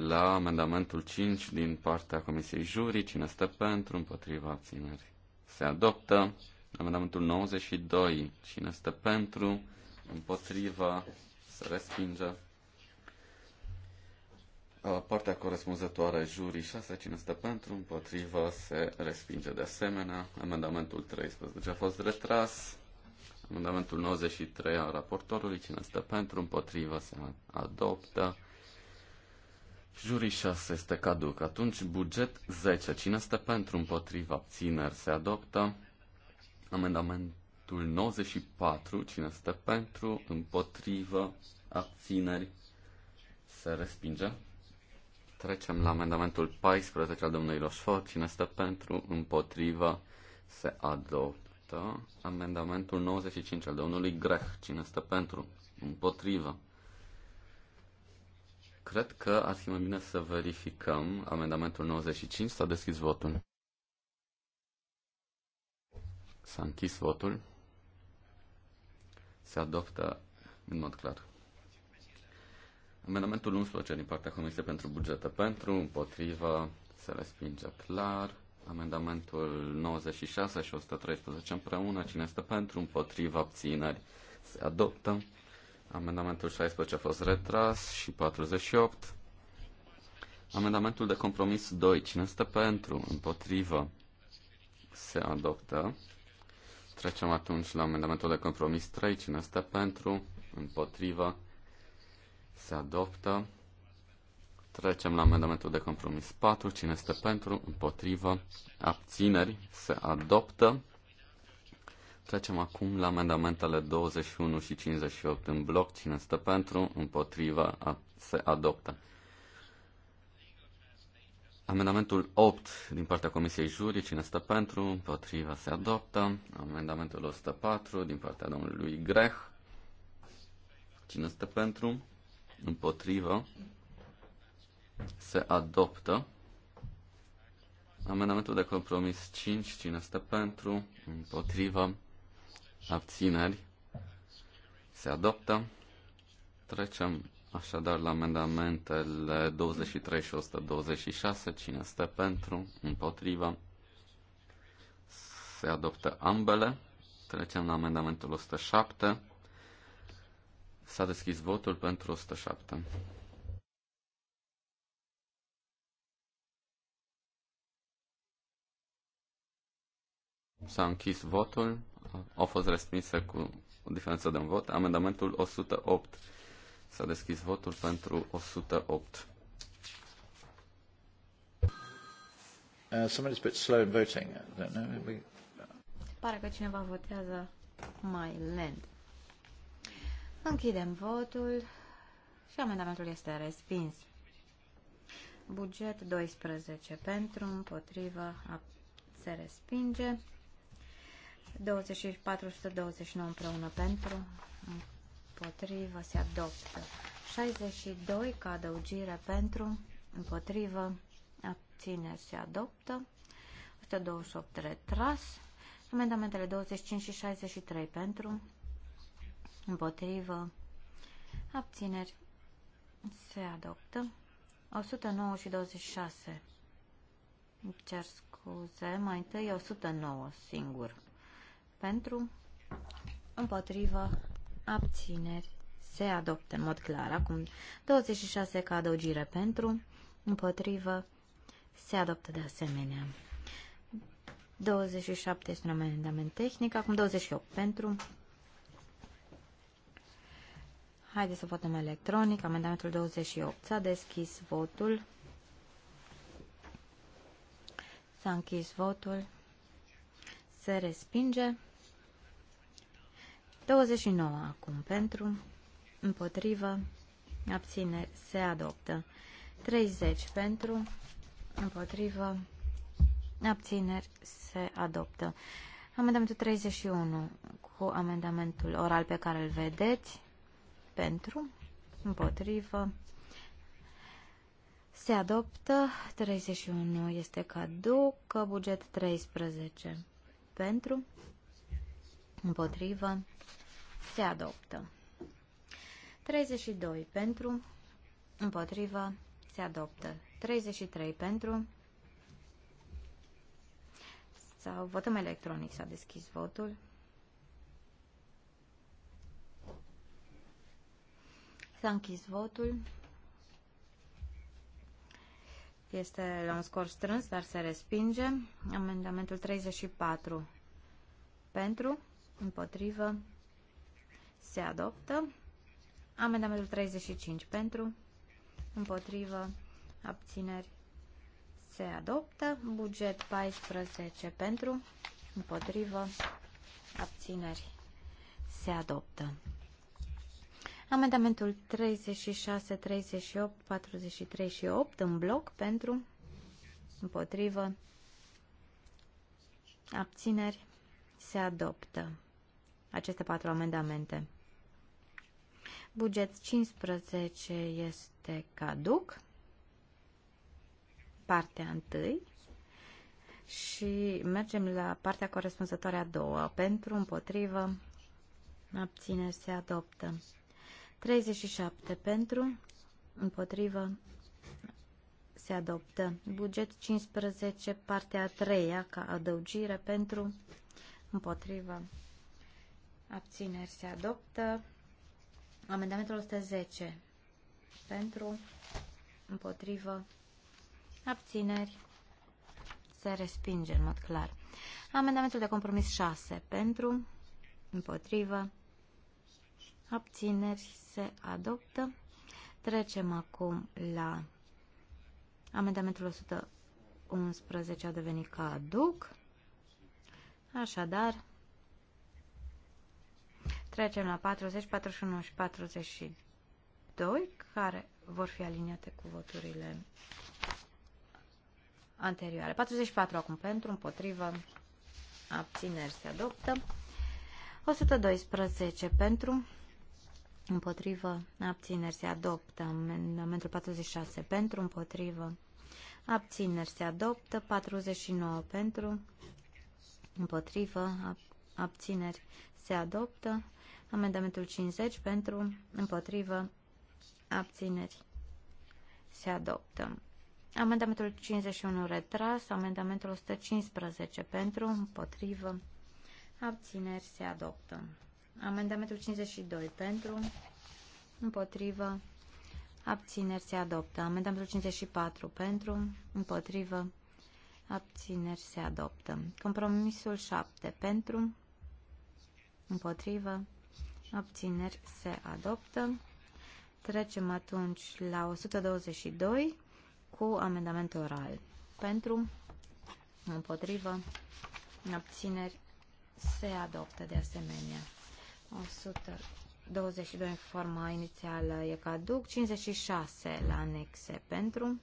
la amendamentul 5 din partea Comisiei Jurii. Cine stă pentru? Împotrivă abțineri se adoptă. Amendamentul 92. Cine stă pentru? Împotrivă. se respinge. Uh, partea corespunzătoare jurii 6, cine stă pentru, împotrivă, se respinge de asemenea. Amendamentul 13 a fost retras. Amendamentul 93 al raportorului, cine stă pentru, împotrivă, se adoptă. Jurii 6 este caduc. Atunci, buget 10. Cine stă pentru, împotriva, abțineri, se adoptă. Amendamentul 94. Cine stă pentru, împotrivă, abțineri, se respinge. Trecem la amendamentul 14 al domnului Roșfort. Cine stă pentru, împotrivă, se adoptă. Amendamentul 95 al domnului Greh. Cine stă pentru, împotrivă. Cred că ar fi mai bine să verificăm amendamentul 95. S-a deschis votul. S-a închis votul. Se adoptă în mod clar. Amendamentul 11 din partea Comisiei pentru Bugete pentru, împotrivă, se respinge clar. Amendamentul 96 și 113 împreună, cine este pentru, împotrivă, abțineri, se adoptă. Amendamentul 16 a fost retras și 48. Amendamentul de compromis 2, cine este pentru, împotrivă, se adoptă. Trecem atunci la amendamentul de compromis 3, cine este pentru, împotrivă, se adoptă. Trecem la amendamentul de compromis 4. Cine este pentru? Împotrivă. Abțineri. Se adoptă. Trecem acum la amendamentele 21 și 58 în bloc. Cine este pentru? Împotrivă. Se adoptă. Amendamentul 8 din partea Comisiei Jurii, cine stă pentru, împotriva se adoptă. Amendamentul 104 din partea domnului Greh, cine stă pentru, împotrivă, se adoptă. Amendamentul de compromis 5, cine stă pentru, împotrivă, abțineri, se adoptă. Trecem așadar la amendamentele 23 și 126, cine stă pentru, împotrivă, se adoptă ambele. Trecem la amendamentul 107, S-a deschis votul pentru 107. S-a închis votul, au fost respinse cu o diferență de un vot. Amendamentul 108. S-a deschis votul pentru 108. Uh, somebody's a bit slow in voting. I don't know. We... Pare că cineva votează mai lent. Închidem votul și amendamentul este respins. Buget 12 pentru, împotrivă, se respinge. 2429 împreună pentru, împotrivă, se adoptă. 62 ca adăugire pentru, împotrivă, abține, se adoptă. 128 retras. Amendamentele 25 și 63 pentru, împotrivă, abțineri, se adoptă. 109 și 26. cer scuze, mai întâi 109 singur. Pentru, împotrivă, abțineri, se adoptă în mod clar. Acum 26 ca adăugire pentru, împotrivă, se adoptă de asemenea. 27 este un amendament tehnic, acum 28 pentru, Haideți să votăm electronic. Amendamentul 28. S-a deschis votul. S-a închis votul. Se respinge. 29 acum pentru, împotrivă, abțineri, se adoptă. 30 pentru, împotrivă, abțineri, se adoptă. Amendamentul 31 cu amendamentul oral pe care îl vedeți pentru, împotrivă, se adoptă, 31 este caduc, buget 13 pentru, împotrivă, se adoptă. 32 pentru, împotrivă, se adoptă. 33 pentru, sau votăm electronic, s-a deschis votul. S-a închis votul. Este la un scor strâns, dar se respinge. Amendamentul 34 pentru, împotrivă, se adoptă. Amendamentul 35 pentru, împotrivă, abțineri, se adoptă. Buget 14 pentru, împotrivă, abțineri, se adoptă. Amendamentul 36, 38, 43 și 8 în bloc pentru, împotrivă, abțineri, se adoptă aceste patru amendamente. Buget 15 este caduc, partea 1 și mergem la partea corespunzătoare a doua. Pentru, împotrivă, abțineri se adoptă. 37 pentru, împotrivă, se adoptă. Buget 15, partea a treia, ca adăugire pentru, împotrivă, abțineri se adoptă. Amendamentul 110 pentru, împotrivă, abțineri se respinge în mod clar. Amendamentul de compromis 6 pentru, împotrivă, abțineri, se adoptă. Trecem acum la amendamentul 111 a devenit caduc. Așadar, trecem la 40, 41 și 42, care vor fi aliniate cu voturile anterioare. 44 acum pentru, împotrivă, abțineri se adoptă. 112 pentru, împotrivă, abțineri se adoptă. Amendamentul 46 pentru, împotrivă, abțineri se adoptă. 49 pentru, împotrivă, abțineri se adoptă. Amendamentul 50 pentru, împotrivă, abțineri se adoptă. Amendamentul 51 retras, amendamentul 115 pentru, împotrivă, abțineri se adoptă. Amendamentul 52 pentru, împotrivă, abțineri se adoptă. Amendamentul 54 pentru, împotrivă, abțineri se adoptă. Compromisul 7 pentru, împotrivă, abțineri se adoptă. Trecem atunci la 122 cu amendament oral. Pentru, împotrivă, abțineri se adoptă de asemenea. 122 în forma inițială e caduc, 56 la anexe pentru,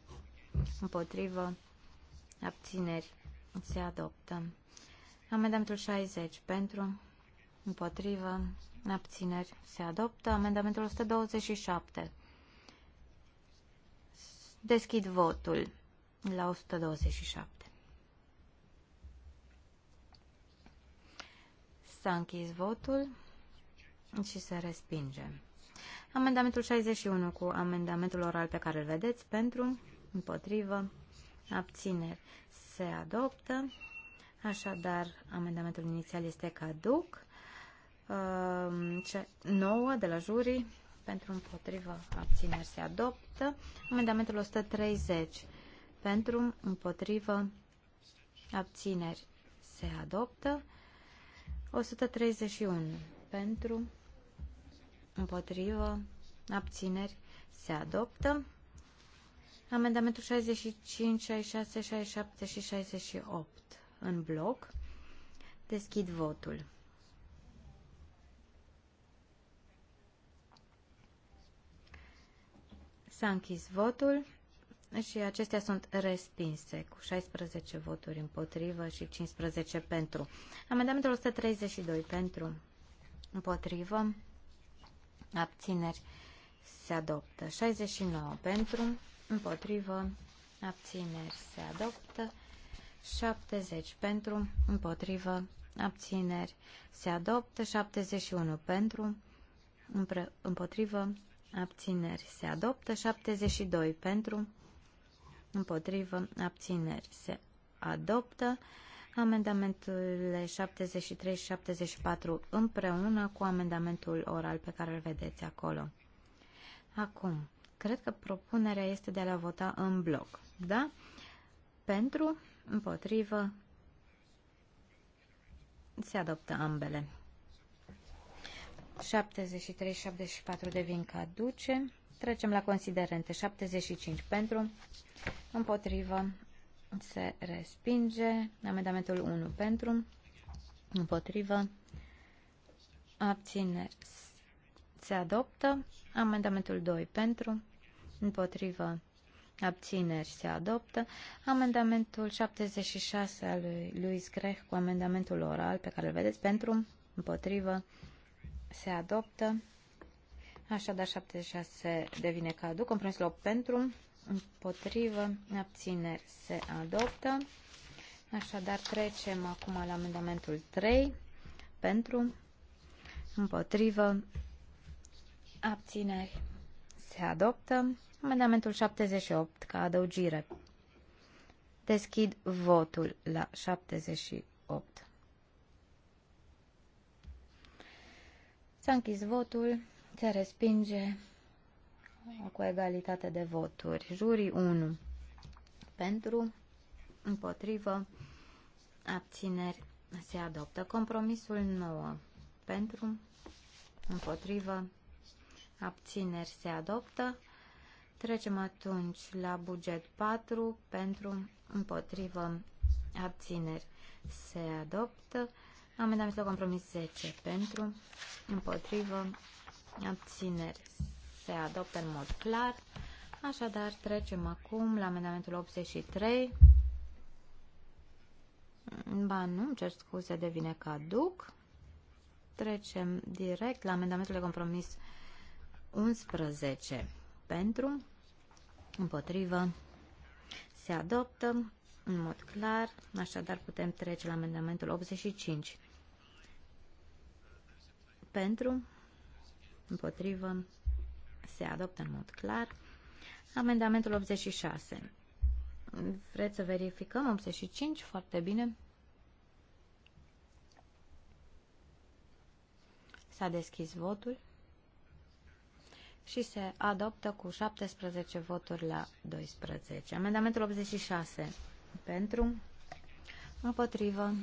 împotrivă, abțineri, se adoptă. Amendamentul 60 pentru, împotrivă, abțineri, se adoptă. Amendamentul 127. Deschid votul la 127. S-a închis votul și se respinge. Amendamentul 61 cu amendamentul oral pe care îl vedeți pentru, împotrivă, abțineri se adoptă. Așadar, amendamentul inițial este caduc. Ehm, ce 9 de la jurii pentru împotrivă abțineri se adoptă. Amendamentul 130 pentru împotrivă abțineri se adoptă. 131 pentru împotrivă, abțineri, se adoptă. Amendamentul 65, 66, 67 și 68 în bloc. Deschid votul. S-a închis votul și acestea sunt respinse cu 16 voturi împotrivă și 15 pentru. Amendamentul 132 pentru împotrivă, abțineri se adoptă. 69 pentru, împotrivă, abțineri se adoptă. 70 pentru, împotrivă, abțineri se adoptă. 71 pentru, împotrivă, abțineri se adoptă. 72 pentru, împotrivă, abțineri se adoptă. Amendamentele 73 și 74 împreună cu amendamentul oral pe care îl vedeți acolo. Acum, cred că propunerea este de a le vota în bloc, da? Pentru, împotrivă, se adoptă ambele. 73-74 devin caduce. Trecem la considerente. 75 pentru, împotrivă, se respinge. Amendamentul 1 pentru, împotrivă, abțineri se adoptă. Amendamentul 2 pentru, împotrivă, abțineri se adoptă. Amendamentul 76 al lui Luis Greh cu amendamentul oral pe care îl vedeți pentru, împotrivă, se adoptă. Așadar, 76 devine caduc. Compromisul 8 pentru, împotrivă, abțineri se adoptă. Așadar, trecem acum la amendamentul 3, pentru, împotrivă, abțineri se adoptă. Amendamentul 78, ca adăugire. Deschid votul la 78. S-a închis votul, se respinge cu egalitate de voturi. Jurii 1 pentru, împotrivă, abțineri se adoptă. Compromisul 9 pentru, împotrivă, abțineri se adoptă. Trecem atunci la buget 4 pentru, împotrivă, abțineri se adoptă. Amendamentul compromis 10 pentru, împotrivă, abțineri se adoptă în mod clar. Așadar, trecem acum la amendamentul 83. Ba nu, îmi cer scuze, devine caduc. Trecem direct la amendamentul de compromis 11. Pentru, împotrivă, se adoptă în mod clar, așadar putem trece la amendamentul 85. Pentru, împotrivă, se adoptă în mod clar. Amendamentul 86. Vreți să verificăm? 85, foarte bine. S-a deschis votul și se adoptă cu 17 voturi la 12. Amendamentul 86. Pentru, împotrivă,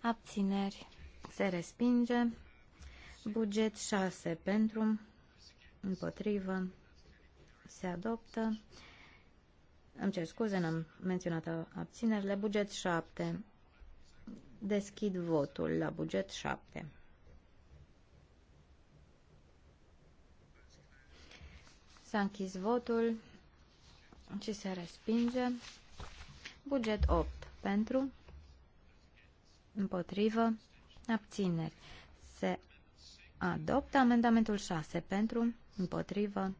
abțineri, se respinge. Buget 6. Pentru, împotrivă, se adoptă. Îmi cer scuze, n-am menționat abținerile. Buget 7. Deschid votul la buget 7. S-a închis votul și se respinge. Buget 8. Pentru, împotrivă, abțineri. Se adoptă amendamentul 6. Pentru, Împotrivă.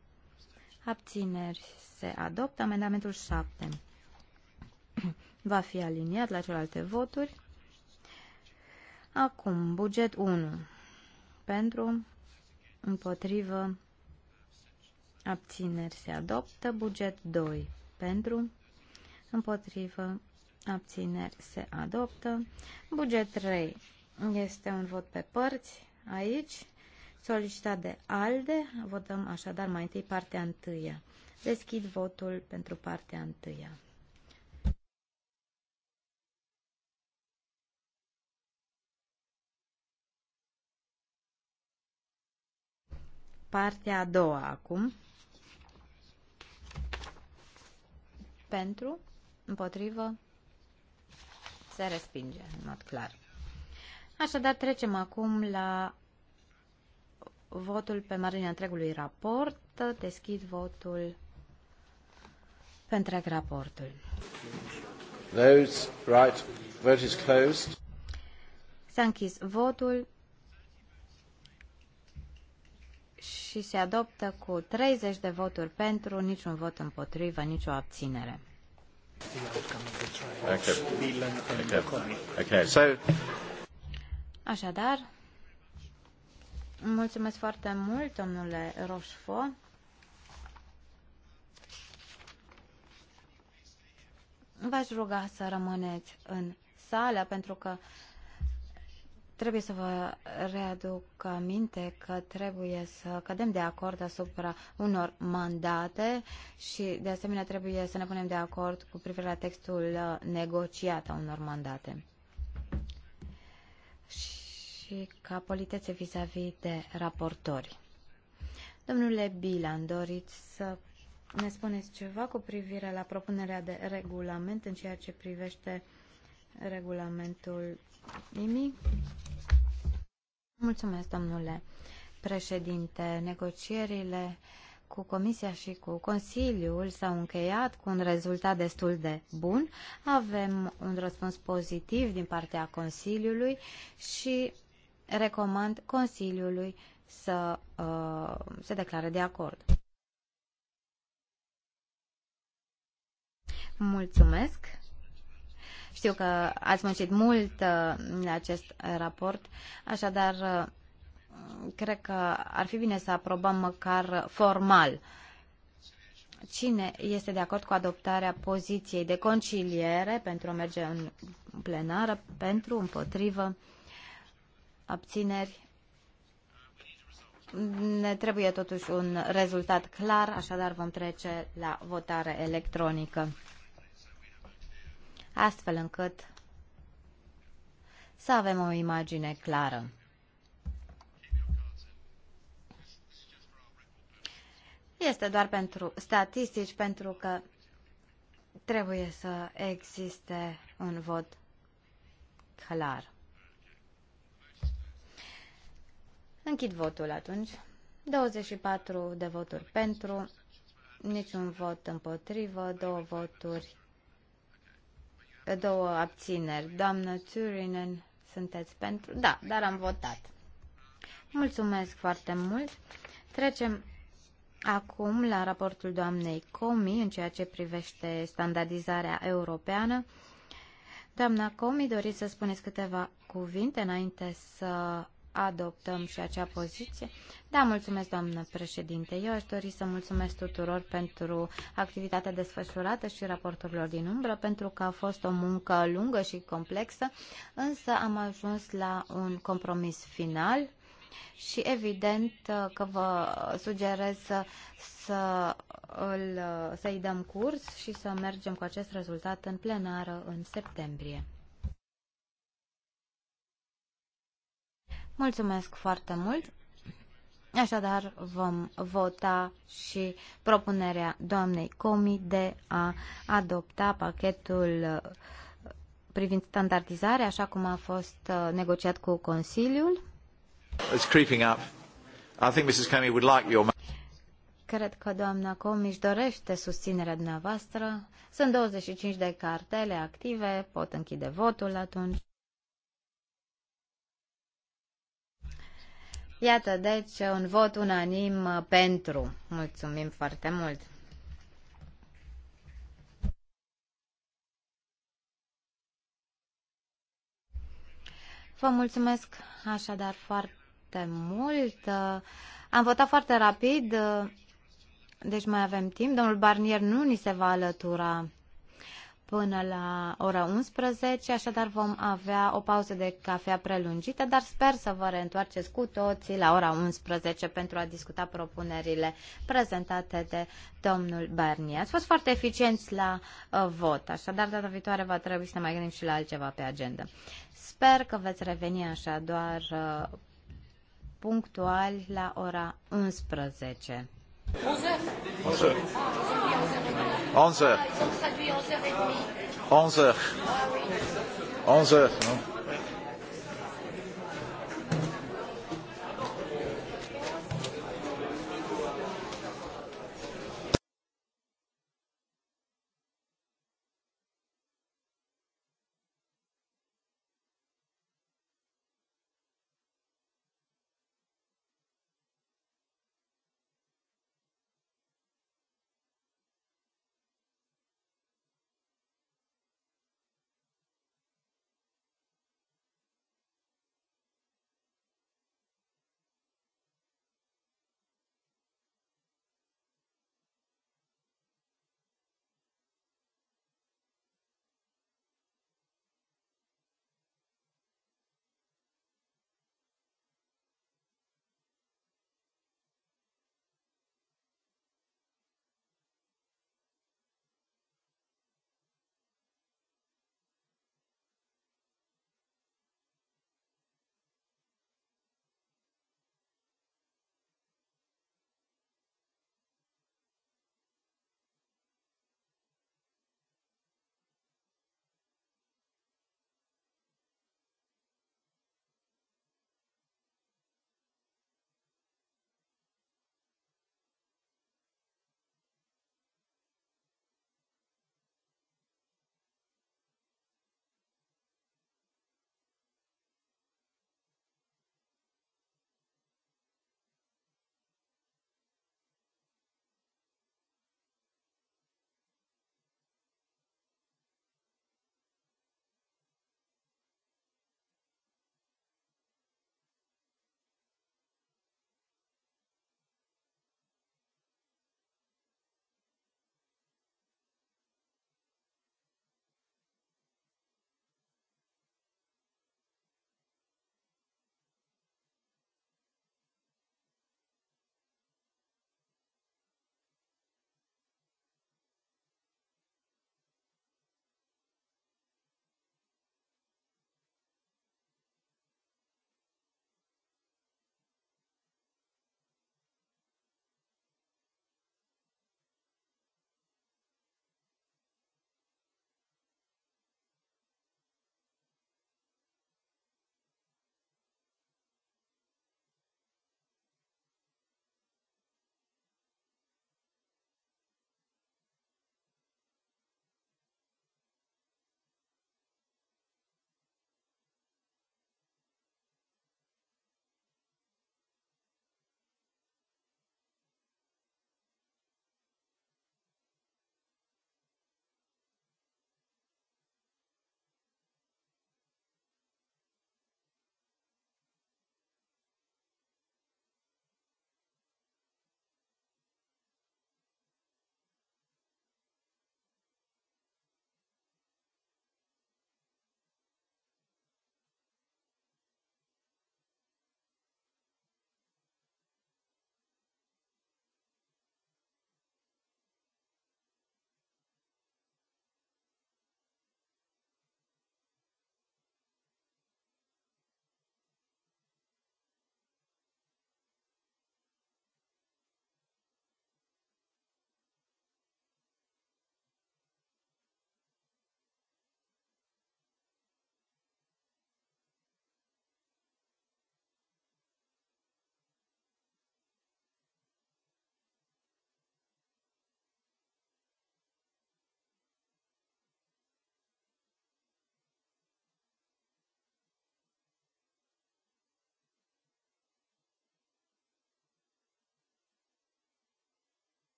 Abțineri se adoptă. Amendamentul 7 va fi aliniat la celelalte voturi. Acum, buget 1. Pentru, împotrivă, abțineri se adoptă. Buget 2. Pentru, împotrivă, abțineri se adoptă. Buget 3. Este un vot pe părți aici solicitat de ALDE. Votăm așadar mai întâi partea întâia. Deschid votul pentru partea întâia. Partea a doua acum. Pentru, împotrivă, se respinge în mod clar. Așadar, trecem acum la votul pe marginea întregului raport. Deschid votul pe întreg raportul. Those, right. Vote is closed. S-a închis votul și se adoptă cu 30 de voturi pentru, niciun vot împotrivă, nicio abținere. Okay. Okay. Okay. So... Așadar, Mulțumesc foarte mult, domnule Roșfo. V-aș ruga să rămâneți în sală pentru că trebuie să vă readuc aminte că trebuie să cădem de acord asupra unor mandate și de asemenea trebuie să ne punem de acord cu privire la textul negociat a unor mandate. Și și ca politețe vis-a-vis -vis de raportori. Domnule Bilan, doriți să ne spuneți ceva cu privire la propunerea de regulament în ceea ce privește regulamentul IMI? Mulțumesc, domnule președinte. Negocierile cu Comisia și cu Consiliul s-au încheiat cu un rezultat destul de bun. Avem un răspuns pozitiv din partea Consiliului și recomand Consiliului să uh, se declare de acord. Mulțumesc! Știu că ați muncit mult uh, la acest raport, așadar uh, cred că ar fi bine să aprobăm măcar formal. Cine este de acord cu adoptarea poziției de conciliere pentru a merge în plenară, pentru, împotrivă? abțineri. Ne trebuie totuși un rezultat clar, așadar vom trece la votare electronică. Astfel încât să avem o imagine clară. Este doar pentru statistici, pentru că trebuie să existe un vot clar. Închid votul atunci. 24 de voturi pentru, niciun vot împotrivă, două voturi, două abțineri. Doamnă Turinen, sunteți pentru? Da, dar am votat. Mulțumesc foarte mult. Trecem acum la raportul doamnei Comi în ceea ce privește standardizarea europeană. Doamna Comi, doriți să spuneți câteva cuvinte înainte să adoptăm și acea poziție? Da, mulțumesc, doamnă președinte. Eu aș dori să mulțumesc tuturor pentru activitatea desfășurată și raporturilor din umbră, pentru că a fost o muncă lungă și complexă, însă am ajuns la un compromis final și evident că vă sugerez să, să îl, să-i dăm curs și să mergem cu acest rezultat în plenară în septembrie. Mulțumesc foarte mult! Așadar, vom vota și propunerea doamnei Comi de a adopta pachetul uh, privind standardizarea, așa cum a fost uh, negociat cu Consiliul. It's creeping up. I think Mrs. Comey would like your... Cred că doamna Comi își dorește susținerea dumneavoastră. Sunt 25 de cartele active, pot închide votul atunci. Iată, deci, un vot unanim uh, pentru. Mulțumim foarte mult! Vă mulțumesc așadar foarte mult. Uh, am votat foarte rapid, uh, deci mai avem timp. Domnul Barnier nu ni se va alătura până la ora 11, așadar vom avea o pauză de cafea prelungită, dar sper să vă reîntoarceți cu toții la ora 11 pentru a discuta propunerile prezentate de domnul Barnier. Ați fost foarte eficienți la uh, vot, așadar data viitoare va trebui să ne mai gândim și la altceva pe agenda. Sper că veți reveni așa doar uh, la ora 11. 11. 11. 11 heures. 11 heures. 11 heures, non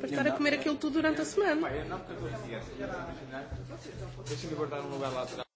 para estar a comer aquilo tudo durante a semana. Păi, Deixa-me guardar um lugar lá atrás.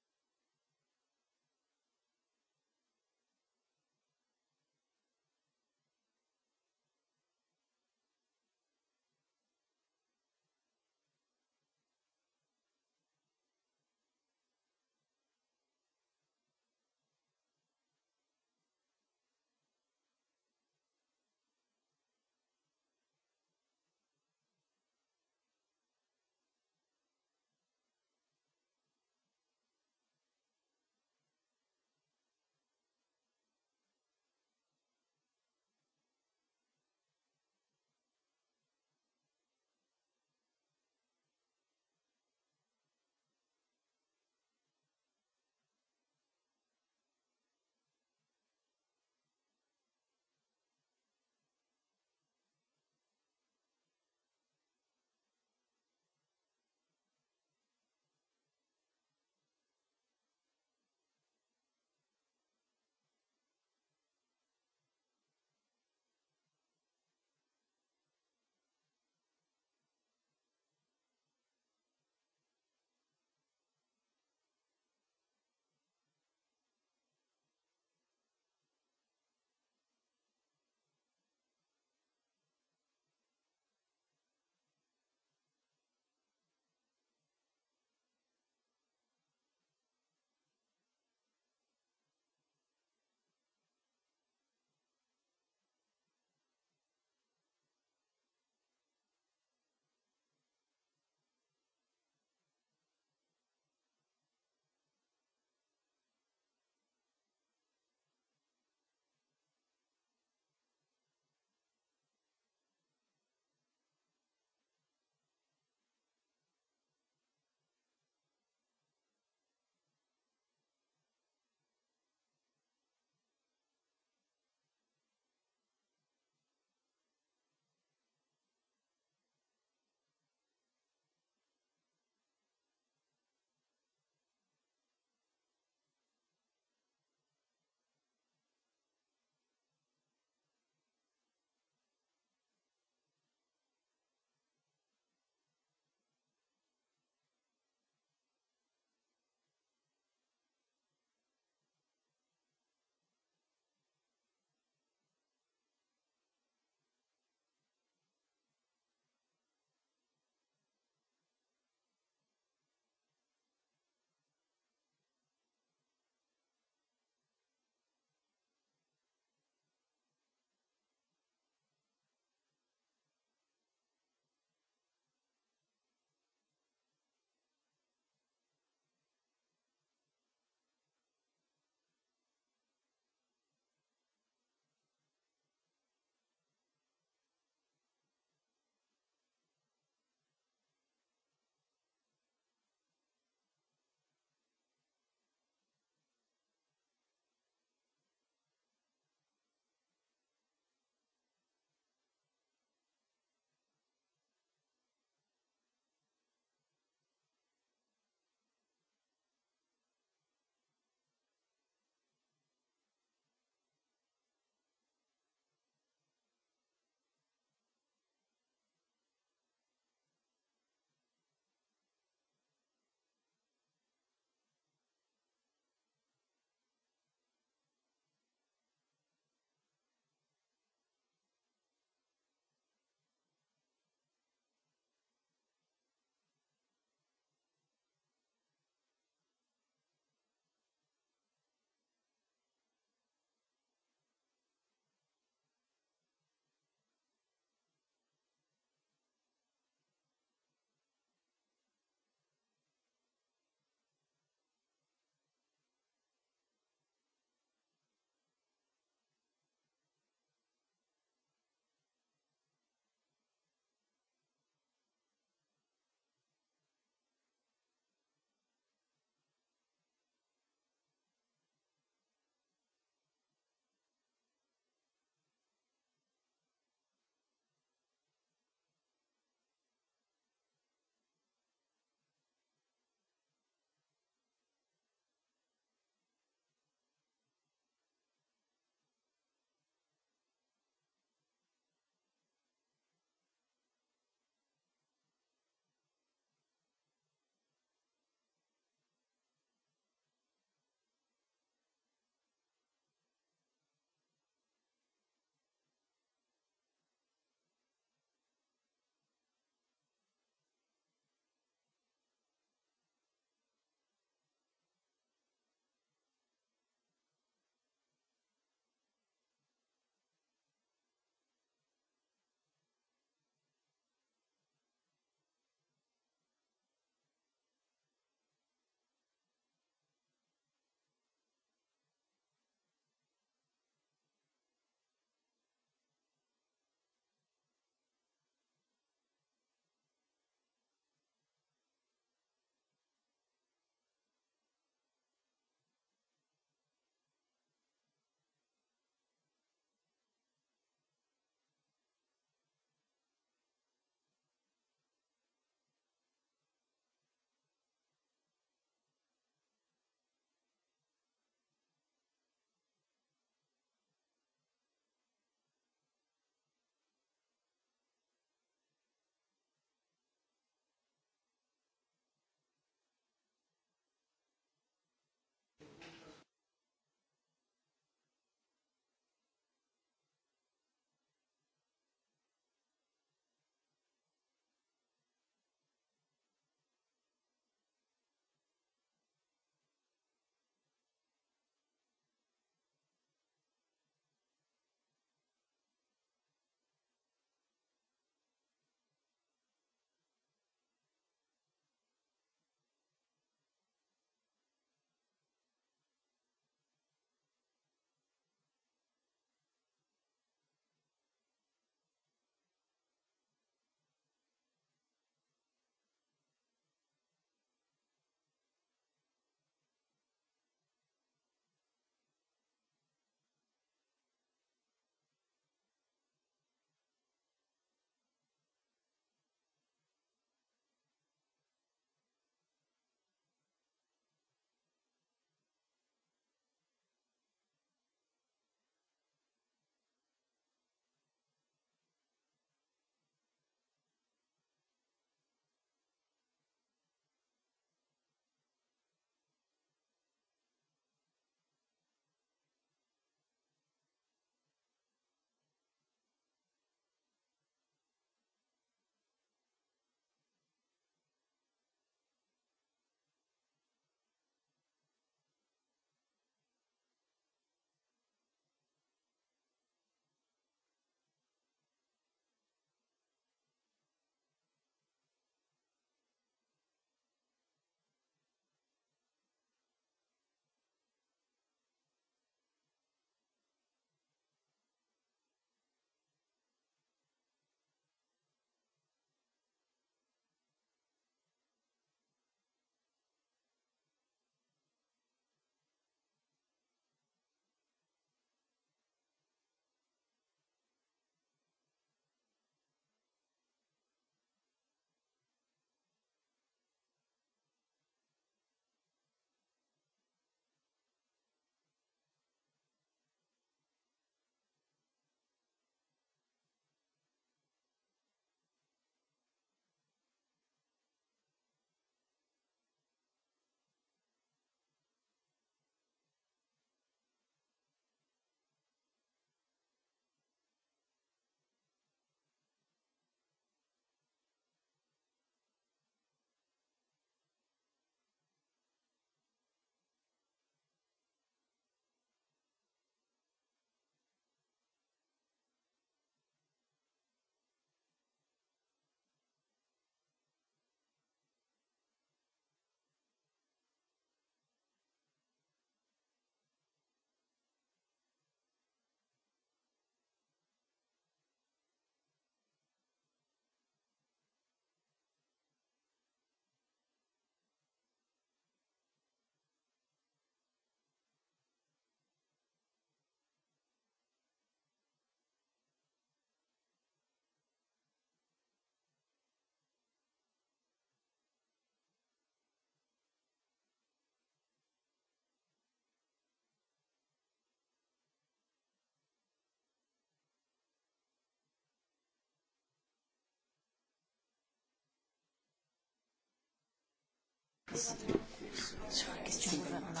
Sur la question gouvernement.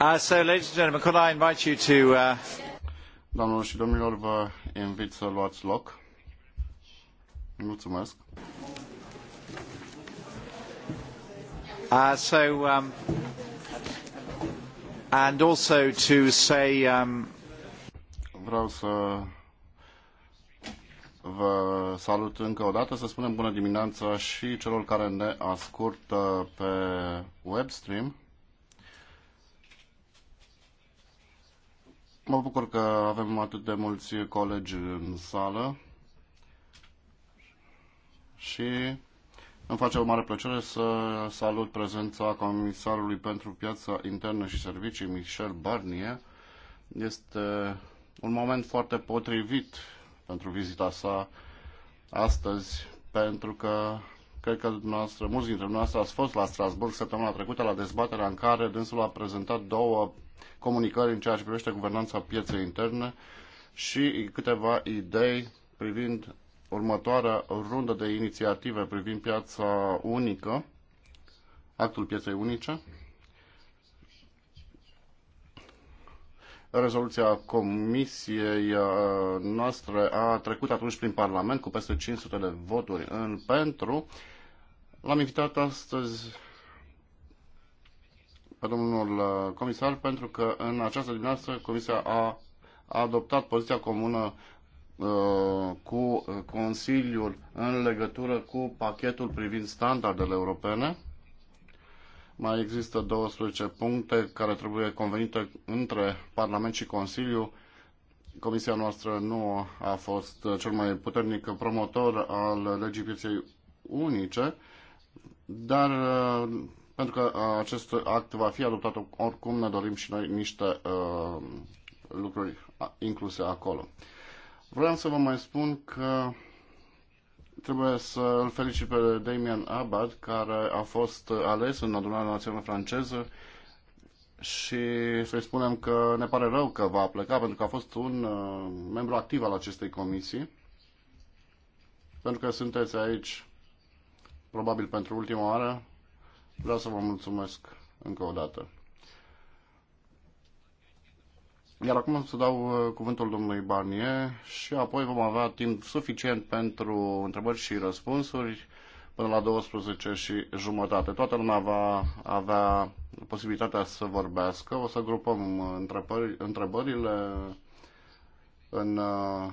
Uh, uh, Doamnelor și domnilor, vă invit să luați loc. Mulțumesc. Uh, so, um, and also to say... Um... Vreau să vă salut încă o dată, să spunem bună dimineața și celor care ne ascultă pe webstream. Mă bucur că avem atât de mulți colegi în sală și îmi face o mare plăcere să salut prezența Comisarului pentru Piața Internă și Servicii, Michel Barnier. Este un moment foarte potrivit pentru vizita sa astăzi, pentru că cred că dumneavoastră, mulți dintre dumneavoastră ați fost la Strasburg săptămâna trecută la dezbaterea în care dânsul a prezentat două comunicări în ceea ce privește guvernanța pieței interne și câteva idei privind următoarea rundă de inițiative privind piața unică, actul pieței unice, rezoluția comisiei uh, noastre a trecut atunci prin Parlament cu peste 500 de voturi în pentru. L-am invitat astăzi pe domnul uh, comisar pentru că în această dimineață Comisia a adoptat poziția comună uh, cu uh, Consiliul în legătură cu pachetul privind standardele europene. Mai există 12 puncte care trebuie convenite între Parlament și Consiliu. Comisia noastră nu a fost cel mai puternic promotor al legii pieței unice, dar pentru că uh, acest act va fi adoptat oricum, ne dorim și noi niște uh, lucruri uh, incluse acolo. Vreau să vă mai spun că trebuie să îl felicit pe Damien Abad, care a fost uh, ales în adunarea națională franceză și să-i spunem că ne pare rău că va pleca, pentru că a fost un uh, membru activ al acestei comisii, pentru că sunteți aici probabil pentru ultima oară, Vreau să vă mulțumesc încă o dată. Iar acum să dau uh, cuvântul domnului Barnier și apoi vom avea timp suficient pentru întrebări și răspunsuri până la 12 și jumătate. Toată lumea va avea posibilitatea să vorbească. O să grupăm uh, întrebările în uh,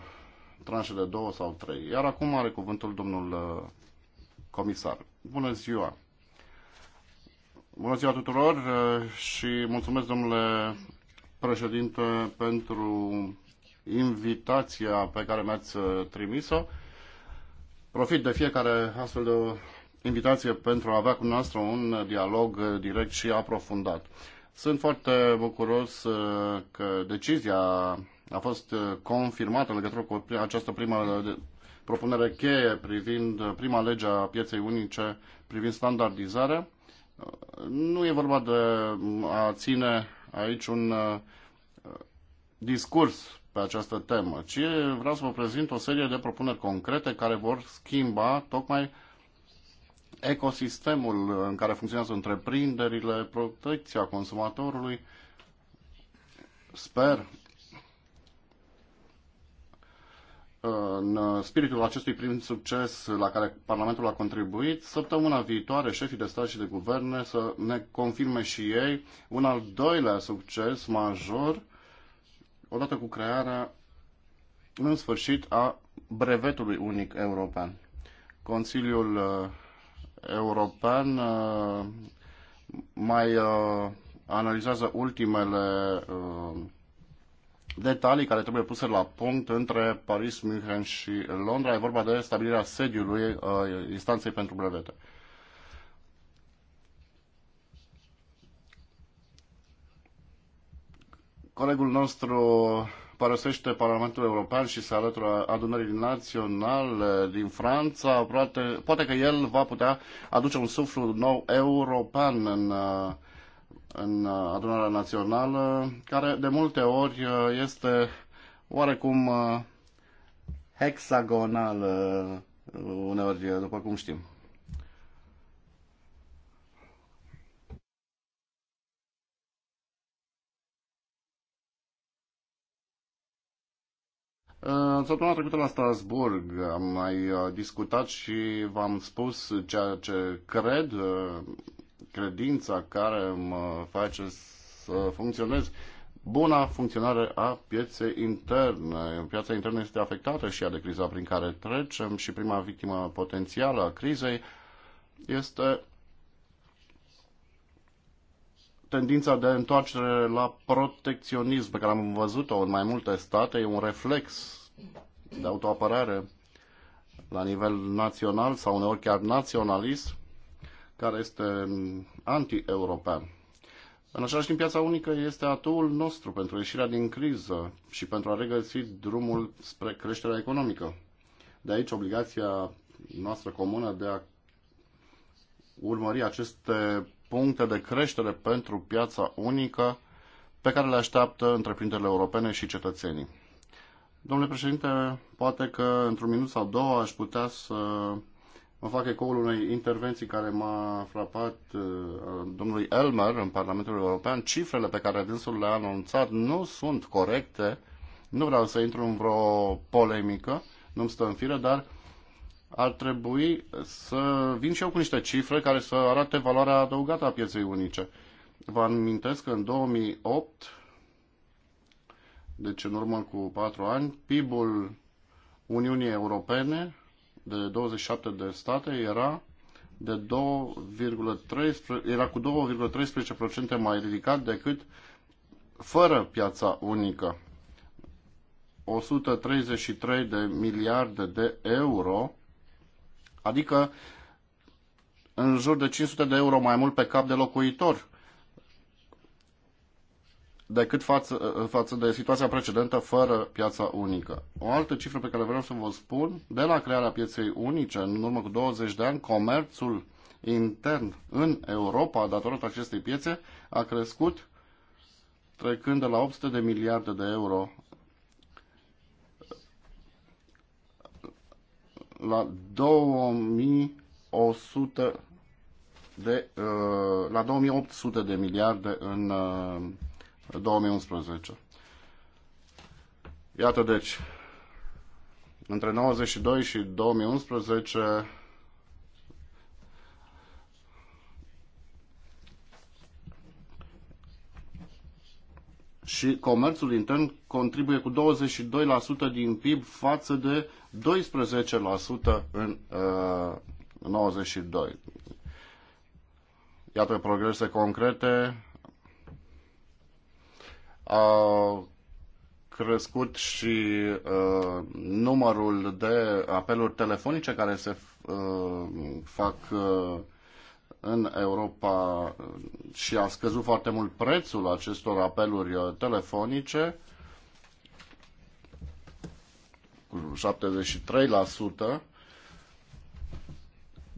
tranșe de două sau trei. Iar acum are cuvântul domnul comisar. Bună ziua! Bună ziua tuturor uh, și mulțumesc, domnule președinte, pentru invitația pe care mi-ați uh, trimis-o. Profit de fiecare astfel de invitație pentru a avea cu noastră un dialog uh, direct și aprofundat. Sunt foarte bucuros că decizia a fost confirmată în legătură cu această primă propunere cheie privind prima lege a pieței unice privind standardizarea nu e vorba de a ține aici un uh, discurs pe această temă, ci vreau să vă prezint o serie de propuneri concrete care vor schimba tocmai ecosistemul în care funcționează întreprinderile, protecția consumatorului. Sper în spiritul acestui prim succes la care Parlamentul a contribuit, săptămâna viitoare șefii de stat și de guverne să ne confirme și ei un al doilea succes major, odată cu crearea, în sfârșit, a brevetului unic european. Consiliul uh, European uh, mai uh, analizează ultimele detalii care trebuie puse la punct între Paris, München și Londra. E vorba de stabilirea sediului uh, instanței pentru brevete. Colegul nostru părăsește Parlamentul European și se alătură adunării naționale din Franța. Poate, poate că el va putea aduce un suflu nou european în uh, în adunarea națională, care de multe ori uh, este oarecum uh, hexagonal uh, uneori, după cum știm. Săptămâna trecută la Strasburg am mai discutat și v-am spus ceea ce cred credința care mă face să funcționez. Buna funcționare a pieței interne. Piața internă este afectată și ea de criza prin care trecem și prima victimă potențială a crizei este tendința de întoarcere la protecționism pe care am văzut-o în mai multe state. E un reflex de autoapărare la nivel național sau uneori chiar naționalist care este anti-european. În același timp, piața unică este atoul nostru pentru ieșirea din criză și pentru a regăsi drumul spre creșterea economică. De aici obligația noastră comună de a urmări aceste puncte de creștere pentru piața unică pe care le așteaptă întreprinderile europene și cetățenii. Domnule președinte, poate că într-un minut sau două aș putea să Mă fac ecoul unei intervenții care m-a frapat uh, domnului Elmer în Parlamentul European. Cifrele pe care dânsul le-a anunțat nu sunt corecte. Nu vreau să intru în vreo polemică, nu-mi stă în fire, dar ar trebui să vin și eu cu niște cifre care să arate valoarea adăugată a pieței unice. Vă amintesc că în 2008, deci în urmă cu patru ani, PIB-ul Uniunii Europene de 27 de state era de 2,13 era cu 2,13% mai ridicat decât fără piața unică. 133 de miliarde de euro, adică în jur de 500 de euro mai mult pe cap de locuitor decât față, eh, față de situația precedentă fără piața unică. O altă cifră pe care vreau să vă spun, de la crearea pieței unice, în urmă cu 20 de ani, comerțul intern în Europa, datorită acestei piețe, a crescut trecând de la 800 de miliarde de euro la 2100 de, eh, la 2800 de miliarde în eh, 2011. Iată deci, între 92 și 2011 și comerțul intern contribuie cu 22% din PIB față de 12% în uh, 92. Iată progrese concrete a crescut și uh, numărul de apeluri telefonice care se uh, fac uh, în Europa și a scăzut foarte mult prețul acestor apeluri telefonice cu 73%.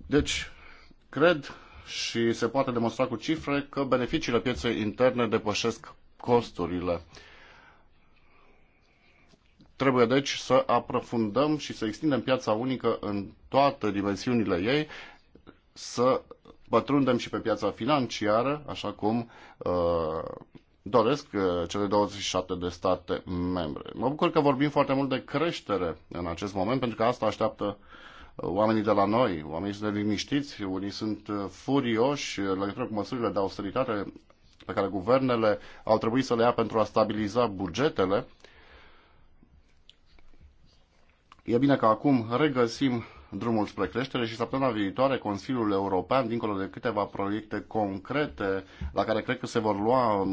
Deci, cred și se poate demonstra cu cifre că beneficiile pieței interne depășesc costurile. Trebuie deci să aprofundăm și să extindem piața unică în toate dimensiunile ei, să pătrundem și pe piața financiară, așa cum uh, doresc uh, cele 27 de state membre. Mă bucur că vorbim foarte mult de creștere în acest moment, pentru că asta așteaptă uh, oamenii de la noi, oamenii sunt liniștiți, unii sunt uh, furioși în legătură cu măsurile de austeritate pe care guvernele au trebuit să le ia pentru a stabiliza bugetele, e bine că acum regăsim drumul spre creștere și săptămâna viitoare Consiliul European, dincolo de câteva proiecte concrete la care cred că se vor lua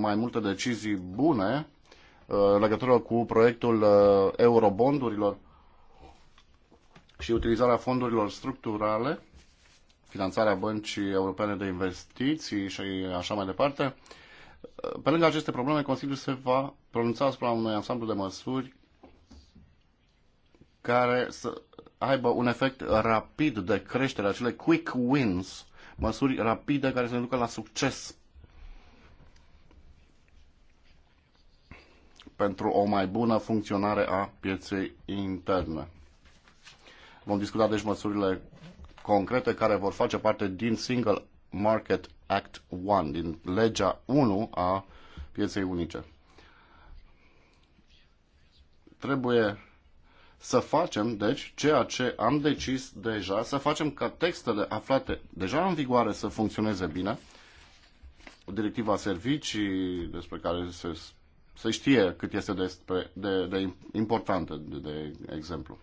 mai multe decizii bune uh, în legătură cu proiectul uh, eurobondurilor și utilizarea fondurilor structurale, finanțarea băncii europene de investiții și așa mai departe. Pe lângă aceste probleme, Consiliul se va pronunța asupra unui ansamblu de măsuri care să aibă un efect rapid de creștere, acele quick wins, măsuri rapide care să ne ducă la succes pentru o mai bună funcționare a pieței interne. Vom discuta deci măsurile concrete care vor face parte din Single Market Act 1, din legea 1 a pieței unice. Trebuie să facem, deci, ceea ce am decis deja, să facem ca textele aflate deja în vigoare să funcționeze bine. Directiva servicii, despre care se, se știe cât este de, de, de importantă, de, de exemplu.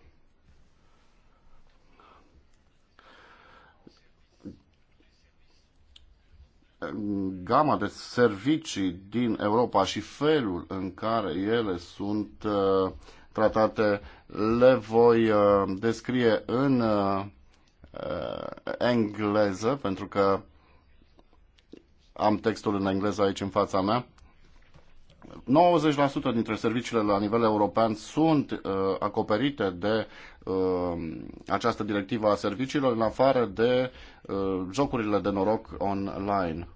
gama de servicii din Europa și felul în care ele sunt uh, tratate le voi uh, descrie în uh, engleză, pentru că am textul în engleză aici în fața mea. 90% dintre serviciile la nivel european sunt uh, acoperite de Um, această directivă a serviciilor în afară de uh, jocurile de noroc online.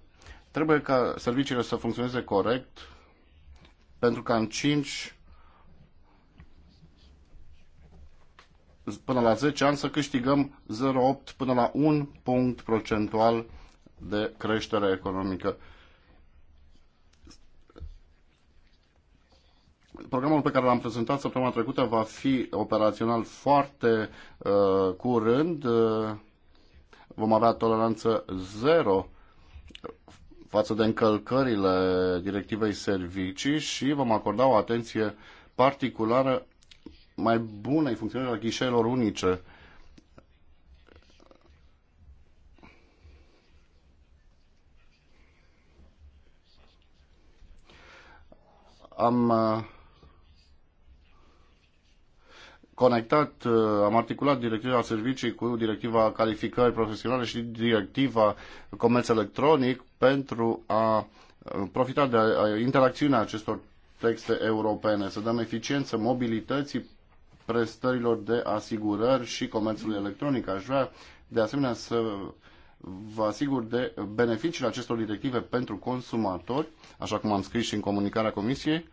Trebuie ca serviciile să funcționeze corect pentru ca în 5 până la 10 ani să câștigăm 0,8 până la 1 punct procentual de creștere economică Programul pe care l-am prezentat săptămâna trecută va fi operațional foarte uh, curând. Uh, vom avea toleranță zero față de încălcările directivei servicii și vom acorda o atenție particulară mai bunei funcționări a ghișeilor unice. Am uh, conectat, uh, am articulat directiva servicii cu directiva calificări profesionale și directiva comerț electronic pentru a uh, profita de uh, interacțiunea acestor texte europene, să dăm eficiență mobilității prestărilor de asigurări și comerțului electronic. Aș vrea de asemenea să vă asigur de beneficiile acestor directive pentru consumatori, așa cum am scris și în comunicarea Comisiei,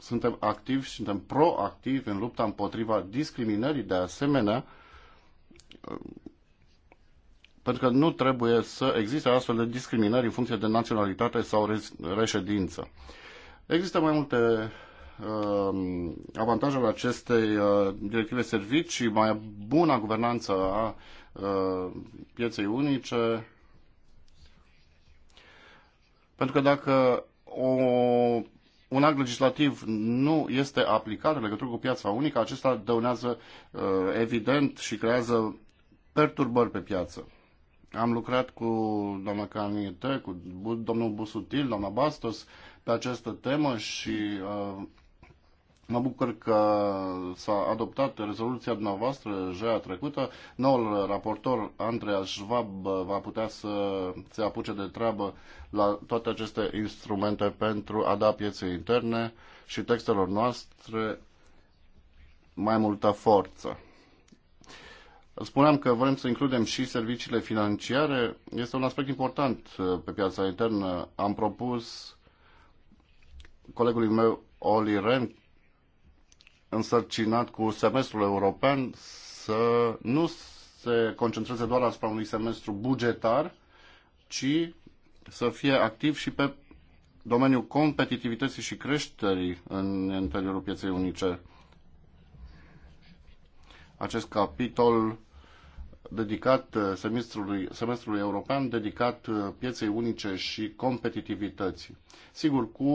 suntem activi și suntem proactivi în lupta împotriva discriminării de asemenea, uh, pentru că nu trebuie să existe astfel de discriminări în funcție de naționalitate sau reședință. Există mai multe uh, um, avantajele acestei uh, directive servicii, mai buna guvernanță a uh, pieței unice, pentru că dacă o un act legislativ nu este aplicat în legătură cu piața unică, acesta dăunează uh, evident și creează perturbări pe piață. Am lucrat cu doamna Canite, cu domnul Busutil, doamna Bastos pe această temă și uh, Mă bucur că s-a adoptat rezoluția dumneavoastră joia trecută. Noul raportor, Andreas Schwab, va putea să se apuce de treabă la toate aceste instrumente pentru a da pieței interne și textelor noastre mai multă forță. Spuneam că vrem să includem și serviciile financiare. Este un aspect important uh, pe piața internă. Am propus colegului meu Oli Rent, însărcinat cu semestrul european să nu se concentreze doar asupra unui semestru bugetar, ci să fie activ și pe domeniul competitivității și creșterii în interiorul pieței unice. Acest capitol dedicat uh, semestrului, semestrului european, dedicat uh, pieței unice și competitivității. Sigur, cu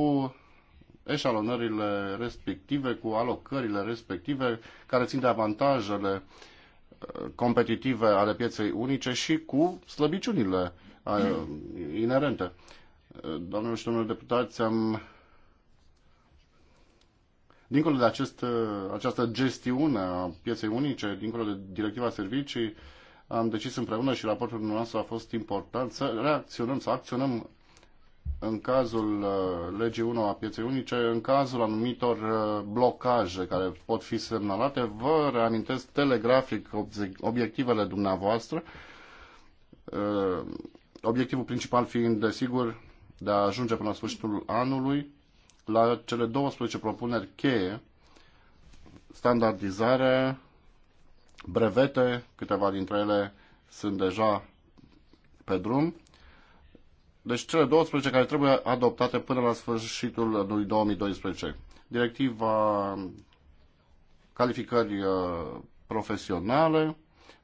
eșalonările respective, cu alocările respective, care țin de avantajele uh, competitive ale pieței unice și cu slăbiciunile uh, inerente. Uh, doamnelor și domnilor deputați, am dincolo de acest, această gestiune a pieței unice, dincolo de directiva servicii, am decis împreună și raportul nostru a fost important să reacționăm, să acționăm în cazul uh, legii 1 a pieței unice, în cazul anumitor uh, blocaje care pot fi semnalate, vă reamintesc telegrafic obiectivele dumneavoastră, uh, obiectivul principal fiind, desigur, de a ajunge până la sfârșitul anului la cele 12 propuneri cheie, standardizare, brevete, câteva dintre ele sunt deja pe drum, deci cele 12 care trebuie adoptate până la sfârșitul anului 2012. Directiva calificări uh, profesionale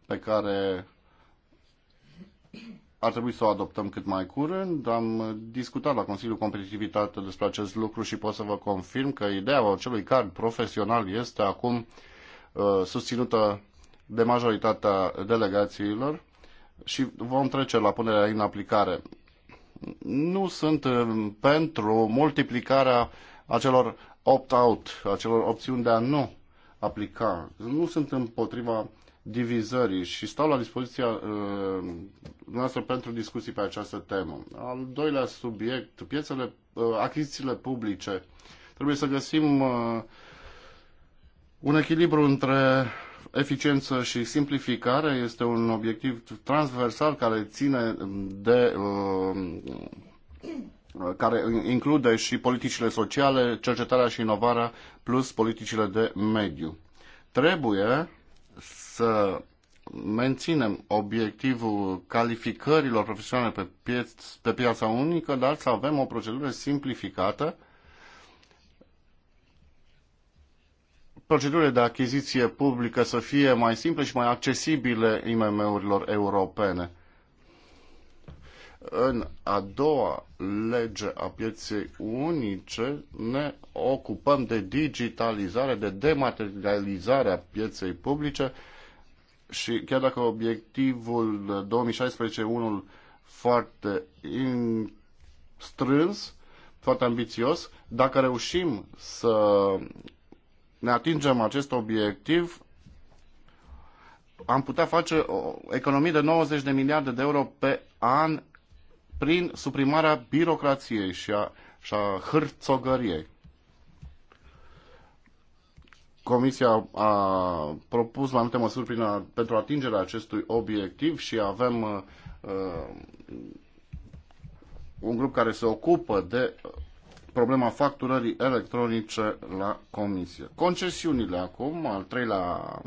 pe care ar trebui să o adoptăm cât mai curând. Am discutat la Consiliul Competitivitate despre acest lucru și pot să vă confirm că ideea acelui card profesional este acum uh, susținută de majoritatea delegațiilor și vom trece la punerea în aplicare nu sunt uh, pentru multiplicarea acelor opt-out, acelor opțiuni de a nu aplica. Nu sunt împotriva divizării și stau la dispoziția uh, noastră pentru discuții pe această temă. Al doilea subiect, piețele, uh, achizițiile publice. Trebuie să găsim uh, un echilibru între Eficiență și simplificare este un obiectiv transversal care ține de uh, care include și politicile sociale, cercetarea și inovarea, plus politicile de mediu. Trebuie să menținem obiectivul calificărilor profesionale pe, pieț, pe piața unică, dar să avem o procedură simplificată procedurile de achiziție publică să fie mai simple și mai accesibile IMM-urilor europene. În a doua lege a pieței unice ne ocupăm de digitalizare, de dematerializare a pieței publice și chiar dacă obiectivul 2016 e unul foarte strâns, foarte ambițios, dacă reușim să ne atingem acest obiectiv, am putea face o economie de 90 de miliarde de euro pe an prin suprimarea birocrației și a, și a hârțogăriei. Comisia a propus mai multe măsuri prin a, pentru atingerea acestui obiectiv și avem uh, uh un grup care se ocupă de problema facturării electronice la comisie. Concesiunile acum, al treilea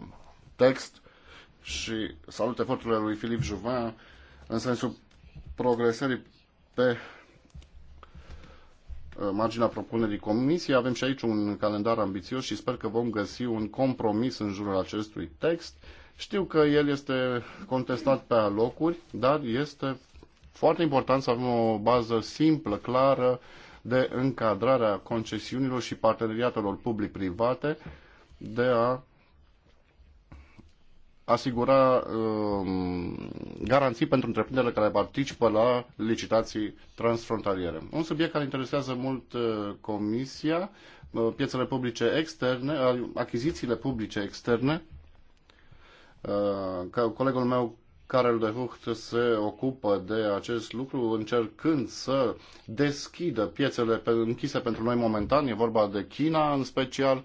text și salut eforturile lui Filip Juvin în sensul progresării pe uh, marginea propunerii comisiei. Avem și aici un calendar ambițios și sper că vom găsi un compromis în jurul acestui text. Știu că el este contestat pe alocuri, dar este foarte important să avem o bază simplă, clară, de încadrare a concesiunilor și parteneriatelor public-private de a asigura uh, garanții pentru întreprinderile care participă la licitații transfrontaliere. Un subiect care interesează mult uh, Comisia, uh, piețele publice externe, uh, achizițiile publice externe. Uh, colegul meu Karel de Hucht se ocupă de acest lucru încercând să deschidă piețele închise pentru noi momentan, e vorba de China în special.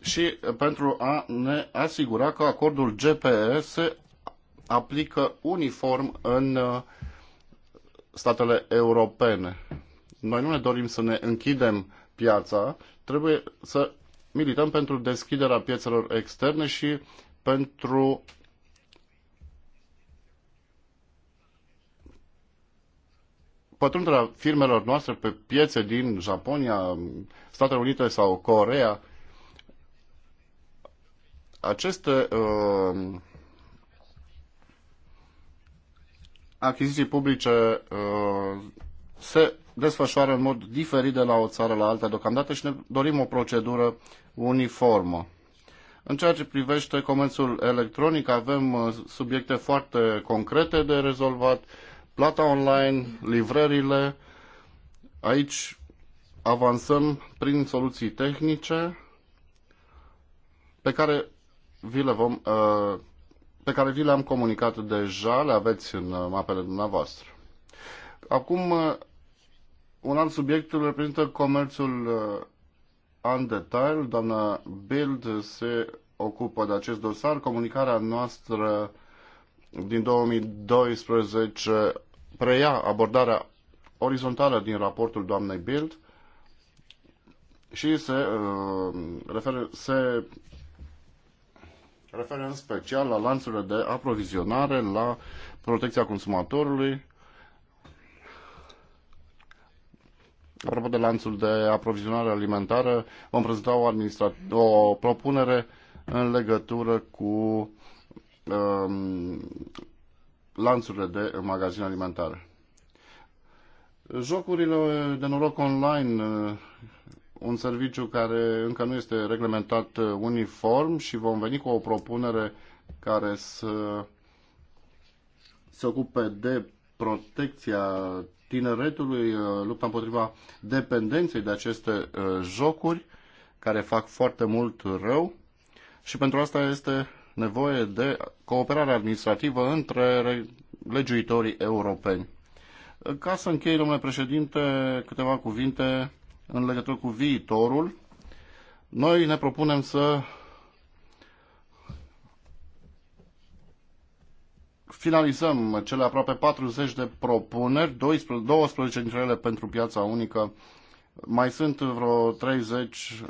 Și pentru a ne asigura că acordul GPS se aplică uniform în uh, statele europene. Noi nu ne dorim să ne închidem piața, trebuie să milităm pentru deschiderea piețelor externe și pentru pătrunderea firmelor noastre pe piețe din Japonia, Statele Unite sau Corea. Aceste uh, achiziții publice uh, se desfășoară în mod diferit de la o țară la alta deocamdată și ne dorim o procedură uniformă. În ceea ce privește comerțul electronic, avem uh, subiecte foarte concrete de rezolvat, plata online, livrările. Aici avansăm prin soluții tehnice pe care vi le vom uh, pe care vi le-am comunicat deja, le aveți în uh, mapele dumneavoastră. Acum un alt subiect îl reprezintă comerțul uh, în detail. Doamna Bild se ocupă de acest dosar. Comunicarea noastră din 2012 preia abordarea orizontală din raportul doamnei Bild și se, uh, referă, se referă în special la lanțurile de aprovizionare, la protecția consumatorului, Apropo de lanțul de aprovizionare alimentară, vom prezenta o, o propunere în legătură cu um, lanțurile de magazine alimentare. Jocurile de noroc online, uh, un serviciu care încă nu este reglementat uh, uniform și vom veni cu o propunere care să se ocupe de protecția tineretului, uh, lupta împotriva dependenței de aceste uh, jocuri care fac foarte mult rău și pentru asta este nevoie de cooperare administrativă între legiuitorii europeni. Uh, ca să închei, domnule președinte, câteva cuvinte în legătură cu viitorul. Noi ne propunem să finalizăm cele aproape 40 de propuneri, 12, 12 dintre ele pentru piața unică. Mai sunt vreo 30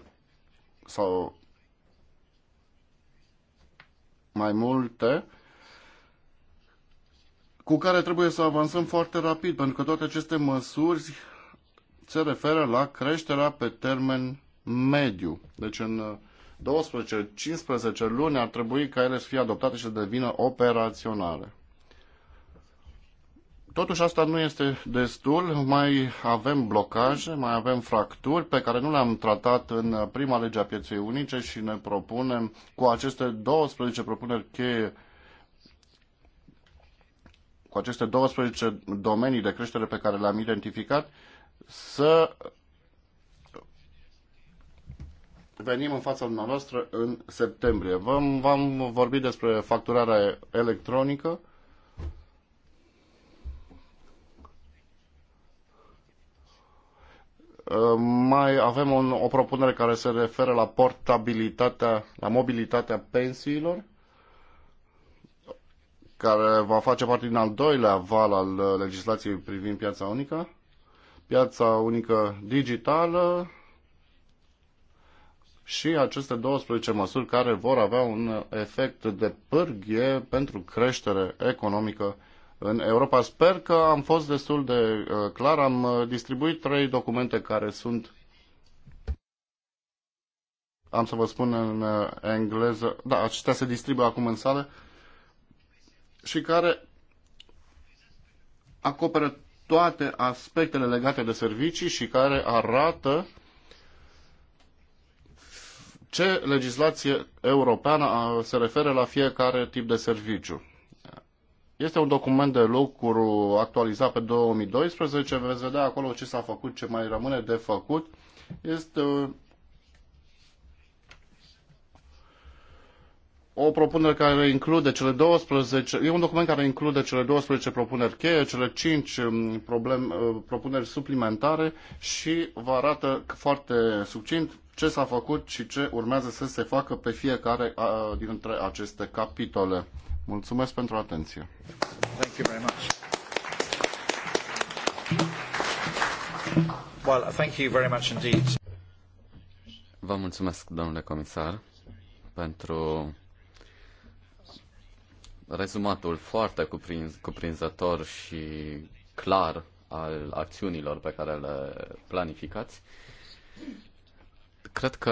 sau mai multe cu care trebuie să avansăm foarte rapid, pentru că toate aceste măsuri se referă la creșterea pe termen mediu, deci în 12-15 luni ar trebui ca ele să fie adoptate și să devină operaționale. Totuși asta nu este destul, mai avem blocaje, mai avem fracturi pe care nu le-am tratat în prima lege a pieței unice și ne propunem cu aceste 12 propuneri cheie cu aceste 12 domenii de creștere pe care le-am identificat să venim în fața dumneavoastră în septembrie. V-am, v-am vorbit despre facturarea electronică. Uh, mai avem un, o propunere care se referă la portabilitatea, la mobilitatea pensiilor, care va face parte din al doilea val al legislației privind piața unică. Piața unică digitală, și aceste 12 măsuri care vor avea un efect de pârghie pentru creștere economică în Europa. Sper că am fost destul de uh, clar. Am uh, distribuit trei documente care sunt am să vă spun în uh, engleză, da, acestea se distribuie acum în sală și care acoperă toate aspectele legate de servicii și care arată ce legislație europeană se referă la fiecare tip de serviciu. Este un document de lucru actualizat pe 2012, veți vedea acolo ce s-a făcut, ce mai rămâne de făcut. Este o propunere care include cele 12, e un document care include cele 12 propuneri cheie, cele 5 um, problem, uh, propuneri suplimentare și vă arată foarte succint ce s-a făcut și ce urmează să se facă pe fiecare uh, dintre aceste capitole. Mulțumesc pentru atenție. Thank you very much. Well, thank you very much indeed. Vă mulțumesc, domnule comisar, pentru rezumatul foarte cuprinz, cuprinzător și clar al acțiunilor pe care le planificați. Cred că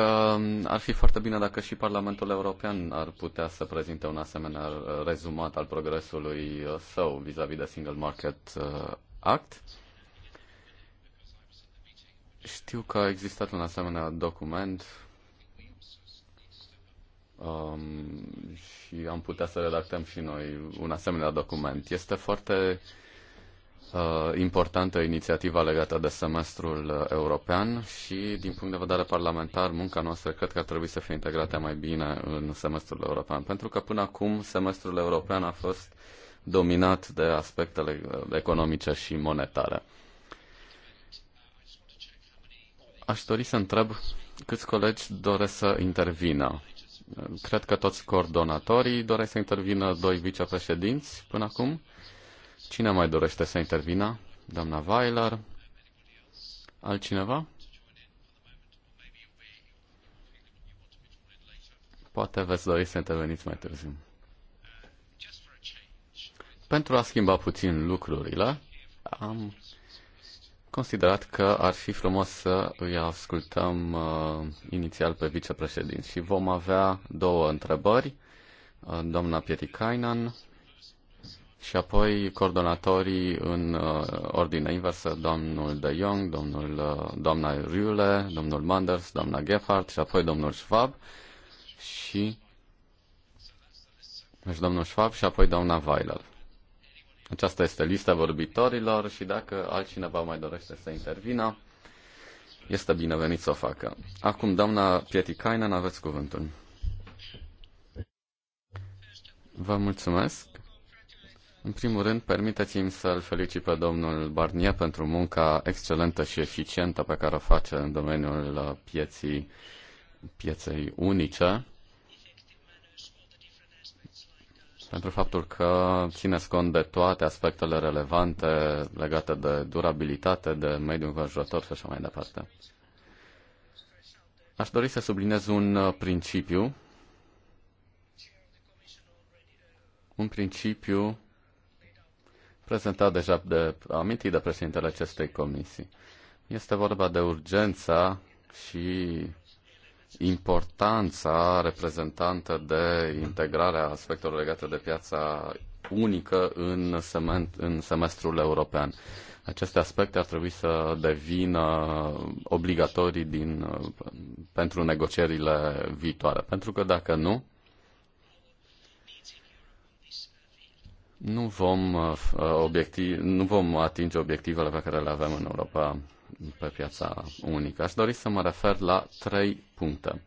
ar fi foarte bine dacă și Parlamentul European ar putea să prezinte un asemenea rezumat al progresului său vis-a-vis -vis de Single Market uh, Act. Știu că a existat un asemenea document um, și am putea să redactăm și noi un asemenea document. Este foarte uh, importantă inițiativa legată de semestrul european și, din punct de vedere parlamentar, munca noastră cred că ar trebui să fie integrată mai bine în semestrul european, pentru că până acum semestrul european a fost dominat de aspectele uh, economice și monetare. Aș dori să întreb câți colegi doresc să intervină cred că toți coordonatorii doresc să intervină doi vicepreședinți până acum. Cine mai dorește să intervină? Doamna Weiler? Altcineva? Poate veți dori să interveniți mai târziu. Pentru a schimba puțin lucrurile, am considerat că ar fi frumos să îi ascultăm uh, inițial pe vicepreședinți și vom avea două întrebări, uh, doamna Kainan și apoi coordonatorii în uh, ordine inversă, domnul De Jong, domnul, uh, doamna Riule, domnul Manders, doamna Gephardt și apoi domnul Schwab și deci domnul Schwab și apoi doamna Weiler. Aceasta este lista vorbitorilor și dacă altcineva mai dorește să intervină, este binevenit să o facă. Acum, doamna Pietikainen, aveți cuvântul. Vă mulțumesc. În primul rând, permiteți-mi să-l felicit pe domnul Barnier pentru munca excelentă și eficientă pe care o face în domeniul uh, pieții, pieței unice pentru faptul că țineți cont de toate aspectele relevante legate de durabilitate, de mediul înconjurător și așa mai departe. Aș dori să subliniez un uh, principiu, un principiu prezentat deja de amintit de președintele acestei comisii. Este vorba de urgența și importanța reprezentantă de integrarea aspectelor legate de piața unică în, sement, în semestrul european. Aceste aspecte ar trebui să devină obligatorii din, pentru negocierile viitoare, pentru că dacă nu, nu vom, uh, obiectiv, nu vom atinge obiectivele pe care le avem în Europa pe piața unică. Aș dori să mă refer la trei puncte.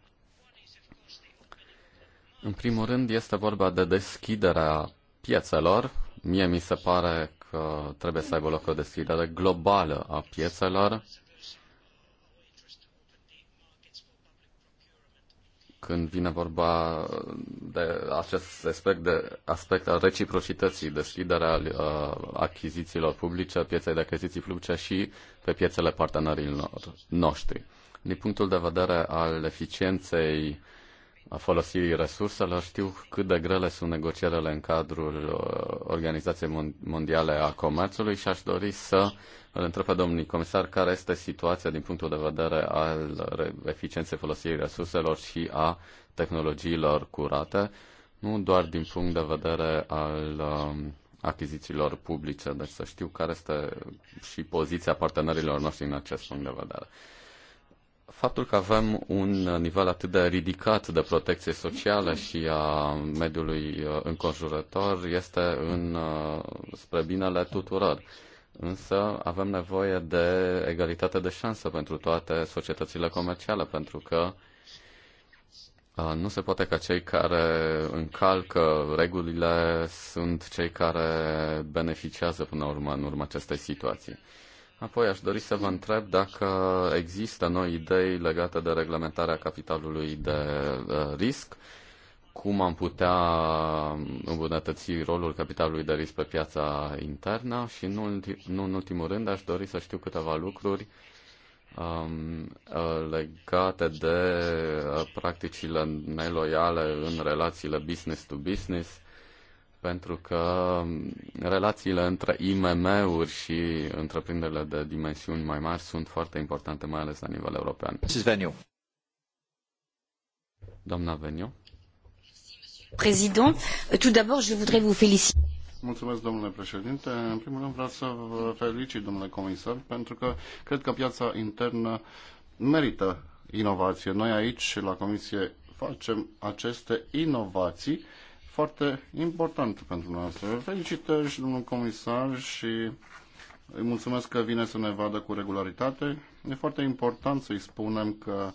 În primul rând este vorba de deschiderea piețelor. Mie mi se pare că trebuie să aibă loc o deschidere globală a piețelor. Când vine vorba de acest aspect, de aspect al reciprocității, deschiderea uh, achizițiilor publice, pieței de achiziții publice și pe piețele partenerilor noștri. Din punctul de vedere al eficienței a folosirii resurselor, știu cât de grele sunt negocierile în cadrul uh, Organizației Mondiale a Comerțului și aș dori să îl întreb pe domnul comisar care este situația din punctul de vedere al eficienței folosirii resurselor și a tehnologiilor curate, nu doar din punct de vedere al um, achizițiilor publice, deci să știu care este și poziția partenerilor noștri în acest punct de vedere. Faptul că avem un nivel atât de ridicat de protecție socială și a mediului uh, înconjurător este în, uh, spre binele tuturor. Însă avem nevoie de egalitate de șansă pentru toate societățile comerciale, pentru că uh, nu se poate ca cei care încalcă regulile sunt cei care beneficiază până la urmă în urma acestei situații. Apoi aș dori să vă întreb dacă există noi idei legate de reglementarea capitalului de risc, cum am putea îmbunătăți rolul capitalului de risc pe piața internă și nu, în ultimul rând aș dori să știu câteva lucruri um, uh, legate de uh, practicile neloiale în relațiile business to business, pentru că um, relațiile între IMM-uri și întreprinderile de dimensiuni mai mari sunt foarte importante, mai ales la nivel european. Mrs. Veniu. Doamna Veniu. Président, tout d'abord, je voudrais vous féliciter. Mulțumesc, domnule președinte. În primul rând vreau să vă felicit, domnule comisar, pentru că cred că piața internă merită inovație. Noi aici, la Comisie, facem aceste inovații foarte importante pentru noastră. Felicitări și domnul comisar și îi mulțumesc că vine să ne vadă cu regularitate. E foarte important să-i spunem că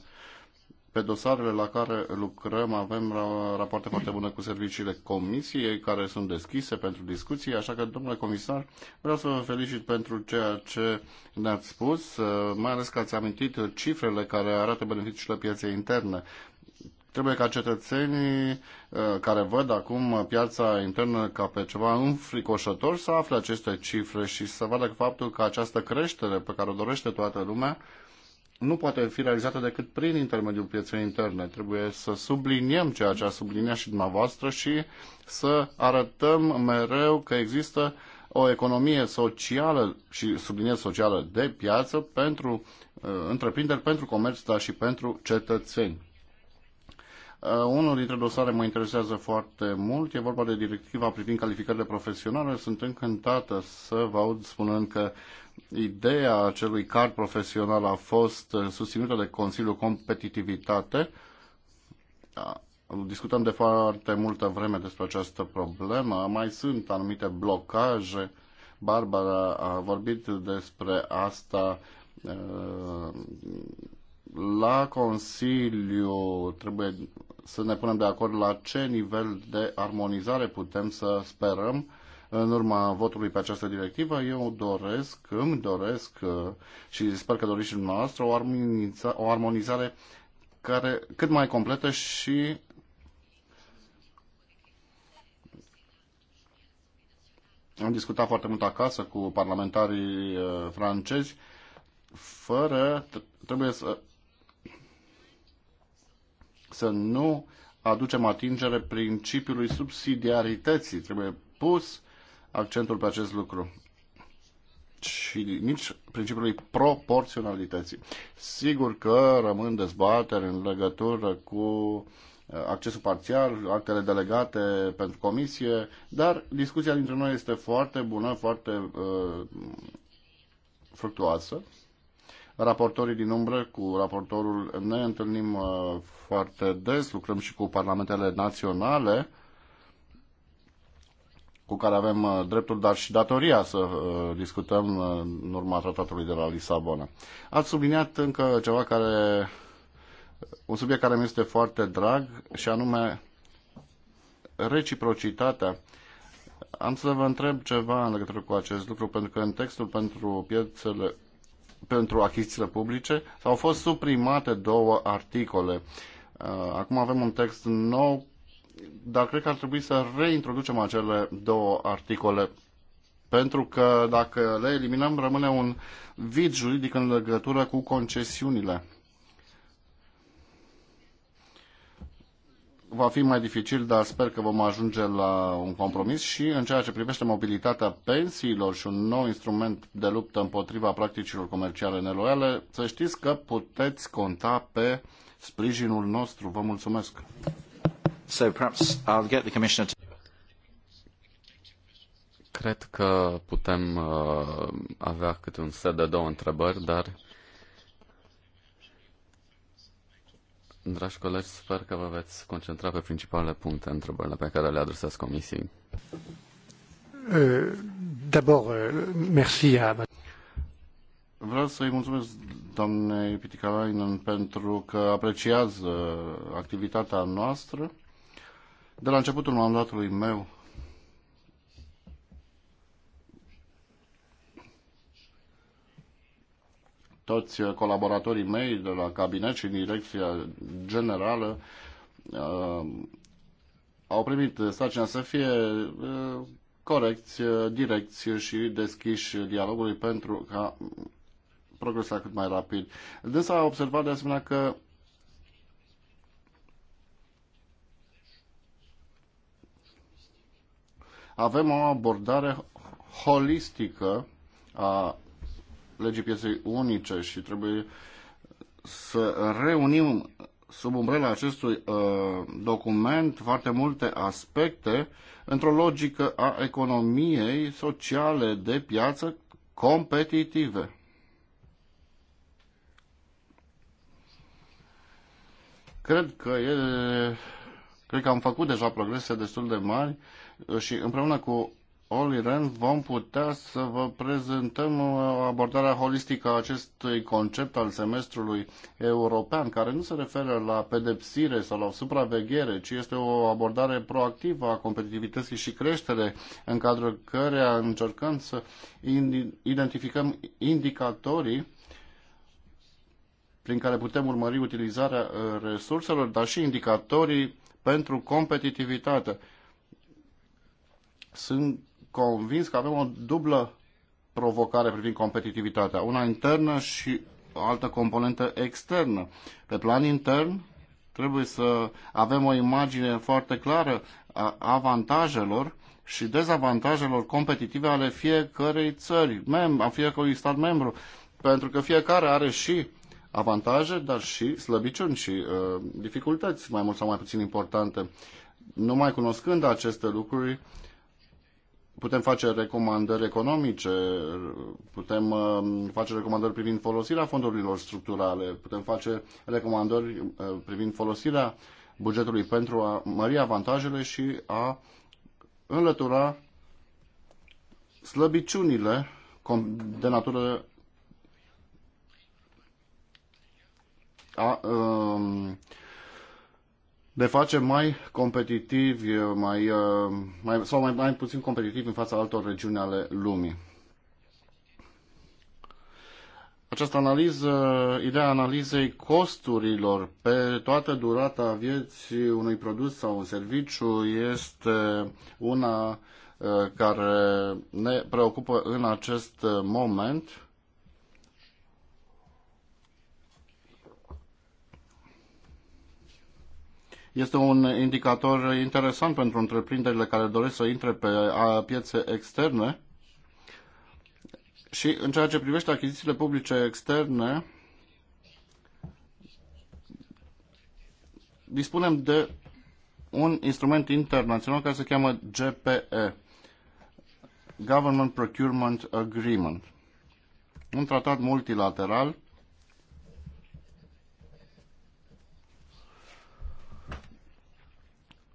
pe dosarele la care lucrăm avem rapoarte foarte bune cu serviciile comisiei care sunt deschise pentru discuții, așa că, domnule comisar, vreau să vă felicit pentru ceea ce ne-ați spus, uh, mai ales că ați amintit cifrele care arată beneficiile pieței interne trebuie ca cetățenii uh, care văd acum piața internă ca pe ceva înfricoșător să afle aceste cifre și să vadă faptul că această creștere pe care o dorește toată lumea nu poate fi realizată decât prin intermediul pieței interne. Trebuie să subliniem ceea ce a subliniat și dumneavoastră și să arătăm mereu că există o economie socială și subliniez socială de piață pentru uh, întreprinderi, pentru comerț, dar și pentru cetățeni. Uh, unul dintre dosare mă interesează foarte mult, e vorba de directiva privind calificările profesionale. Sunt încântată să vă aud spunând că Ideea acelui card profesional a fost uh, susținută de Consiliul Competitivitate. Da, discutăm de foarte multă vreme despre această problemă. Mai sunt anumite blocaje. Barbara a vorbit despre asta uh, la Consiliu trebuie să ne punem de acord la ce nivel de armonizare putem să sperăm în urma votului pe această directivă. Eu doresc, îmi doresc uh, și sper că doriți și dumneavoastră o, armoniza, o armonizare care cât mai completă și am discutat foarte mult acasă cu parlamentarii uh, francezi fără trebuie să să nu aducem atingere principiului subsidiarității. Trebuie pus accentul pe acest lucru și nici principiului proporționalității. Sigur că rămân dezbateri în legătură cu uh, accesul parțial, actele delegate pentru comisie, dar discuția dintre noi este foarte bună, foarte uh, fructuoasă. Raportorii din umbră cu raportorul ne întâlnim uh, foarte des, lucrăm și cu parlamentele naționale uh, cu care avem uh, dreptul, dar și datoria să uh, discutăm uh, în urma tratatului de la Lisabona. Ați subliniat încă ceva care, un subiect care mi este foarte drag și anume reciprocitatea. Am să vă întreb ceva în legătură cu acest lucru, pentru că în textul pentru piețele pentru achizițiile publice au fost suprimate două articole. Acum avem un text nou dar cred că ar trebui să reintroducem acele două articole pentru că dacă le eliminăm rămâne un vid juridic în legătură cu concesiunile. Va fi mai dificil, dar sper că vom ajunge la un compromis și în ceea ce privește mobilitatea pensiilor și un nou instrument de luptă împotriva practicilor comerciale neloiale, să știți că puteți conta pe sprijinul nostru. Vă mulțumesc! So perhaps I'll get the commissioner to... Cred că putem uh, avea câte un set de două întrebări, dar Dragi colegi, sper că vă veți concentra pe principalele puncte, întrebările pe care le adresați Comisiei. Uh, uh, Vreau să-i mulțumesc doamnei Piticalainen pentru că apreciază activitatea noastră de la începutul mandatului meu toți colaboratorii mei de la cabinet și direcția generală uh, au primit sarcina să fie uh, corecți, uh, direcți și deschiși dialogului pentru ca progresa cât mai rapid. Dânsa a observat de asemenea că avem o abordare holistică a legii pieței unice și trebuie să reunim sub umbrela acestui uh, document foarte multe aspecte într-o logică a economiei sociale de piață competitive. Cred că e, cred că am făcut deja progrese destul de mari și împreună cu Oli Ren vom putea să vă prezentăm uh, abordarea holistică a acestui concept al semestrului european, care nu se referă la pedepsire sau la supraveghere, ci este o abordare proactivă a competitivității și creștere, în cadrul căreia încercăm să identificăm indicatorii prin care putem urmări utilizarea uh, resurselor, dar și indicatorii pentru competitivitate. Sunt convins că avem o dublă provocare privind competitivitatea, una internă și o altă componentă externă. Pe plan intern, trebuie să avem o imagine foarte clară a avantajelor și dezavantajelor competitive ale fiecărei țări, mem- a fiecărui stat membru, pentru că fiecare are și avantaje, dar și slăbiciuni și uh, dificultăți mai mult sau mai puțin importante. Numai cunoscând aceste lucruri, putem face recomandări economice, putem uh, face recomandări privind folosirea fondurilor structurale, putem face recomandări uh, privind folosirea bugetului pentru a mări avantajele și a înlătura slăbiciunile de natură a um, de face mai competitivi mai, uh, mai, sau mai, mai puțin competitivi în fața altor regiuni ale lumii. Această analiză, ideea analizei costurilor pe toată durata vieții unui produs sau un serviciu este una uh, care ne preocupă în acest moment Este un indicator interesant pentru întreprinderile care doresc să intre pe piețe externe. Și în ceea ce privește achizițiile publice externe, dispunem de un instrument internațional care se cheamă GPE, Government Procurement Agreement, un tratat multilateral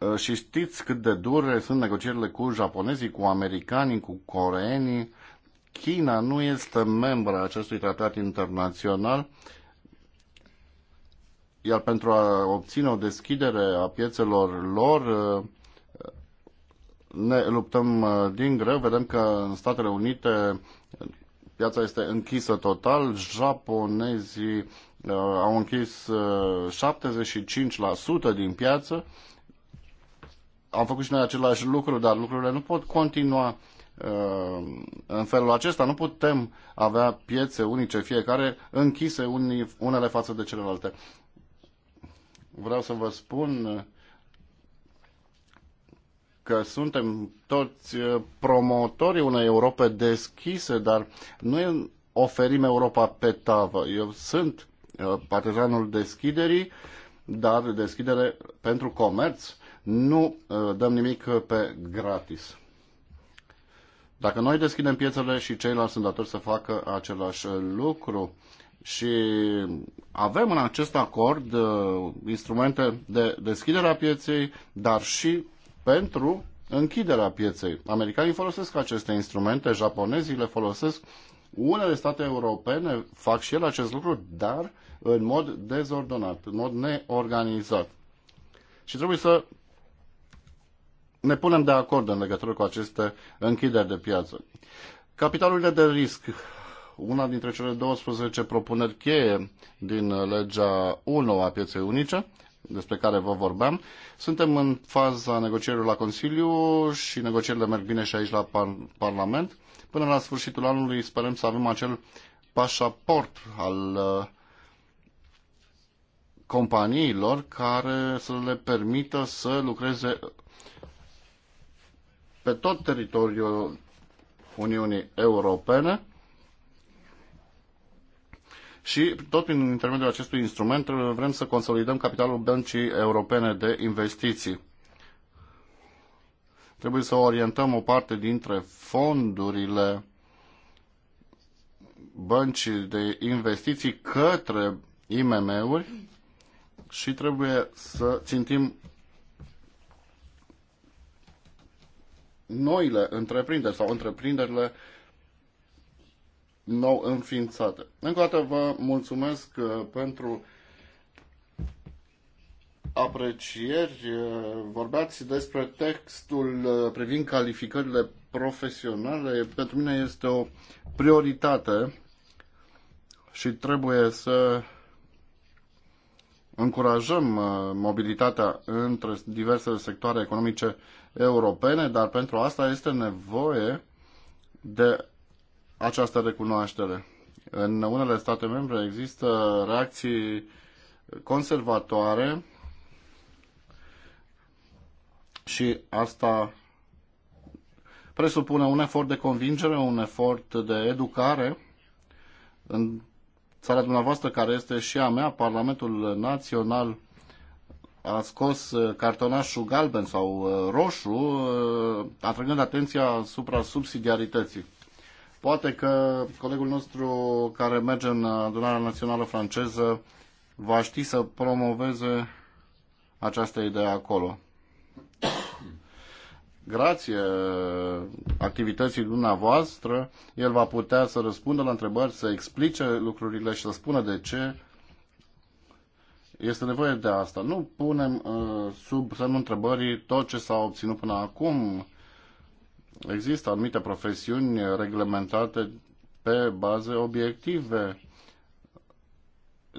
Uh, și știți cât de dure sunt negocierile cu japonezii, cu americanii, cu coreenii. China nu este membra acestui tratat internațional, iar pentru a obține o deschidere a piețelor lor, uh, ne luptăm uh, din greu. Vedem că în Statele Unite piața este închisă total. Japonezii au închis 75% din piață am făcut și noi același lucru, dar lucrurile nu pot continua uh, în felul acesta. Nu putem avea piețe unice, fiecare închise unii, unele față de celelalte. Vreau să vă spun uh, că suntem toți uh, promotorii unei Europe deschise, dar nu oferim Europa pe tavă. Eu sunt partizanul deschiderii, dar deschidere pentru comerț, nu uh, dăm nimic pe gratis. Dacă noi deschidem piețele și ceilalți sunt datori să facă același uh, lucru și avem în acest acord uh, instrumente de deschidere a pieței, dar și pentru închiderea pieței. Americanii folosesc aceste instrumente, japonezii le folosesc, unele state europene fac și ele acest lucru, dar în mod dezordonat, în mod neorganizat. Și trebuie să ne punem de acord în legătură cu aceste închideri de piață. Capitalurile de risc, una dintre cele 12 propuneri cheie din legea 1 a pieței unice, despre care vă vorbeam. Suntem în faza negocierilor la Consiliu și negocierile merg bine și aici la par- Parlament. Până la sfârșitul anului sperăm să avem acel pașaport al uh, companiilor care să le permită să lucreze pe tot teritoriul Uniunii Europene și tot prin intermediul acestui instrument vrem să consolidăm capitalul băncii europene de investiții. Trebuie să orientăm o parte dintre fondurile băncii de investiții către IMM-uri și trebuie să țintim noile întreprinderi sau întreprinderile nou înființate. Încă o dată vă mulțumesc uh, pentru aprecieri. Uh, vorbeați despre textul uh, privind calificările profesionale. Pentru mine este o prioritate și trebuie să încurajăm mobilitatea între diversele sectoare economice europene, dar pentru asta este nevoie de această recunoaștere. În unele state membre există reacții conservatoare și asta presupune un efort de convingere, un efort de educare. În țara dumneavoastră, care este și a mea, Parlamentul Național a scos uh, cartonașul galben sau uh, roșu, uh, atrăgând atenția asupra subsidiarității. Poate că colegul nostru care merge în adunarea națională franceză va ști să promoveze această idee acolo. Grație activității dumneavoastră, el va putea să răspundă la întrebări, să explice lucrurile și să spună de ce este nevoie de asta. Nu punem uh, sub semnul întrebării tot ce s-a obținut până acum. Există anumite profesiuni reglementate pe baze obiective,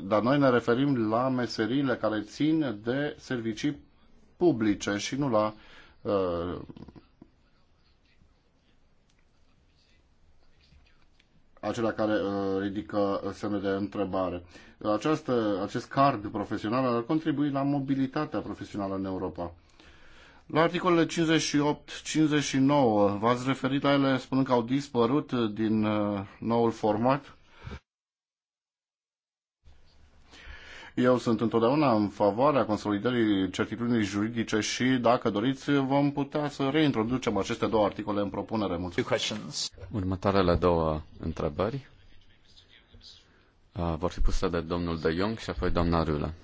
dar noi ne referim la meserile care țin de servicii publice și nu la uh, acelea care uh, ridică semne de întrebare. Această, acest card profesional ar contribui la mobilitatea profesională în Europa. La articolele 58-59 v-ați referit la ele spunând că au dispărut din uh, noul format. Eu sunt întotdeauna în favoarea consolidării certitudinii juridice și, dacă doriți, vom putea să reintroducem aceste două articole în propunere. Mulțumesc. Următoarele două întrebări Uh, vor fi puse de domnul De Jong și apoi doamna Rulă.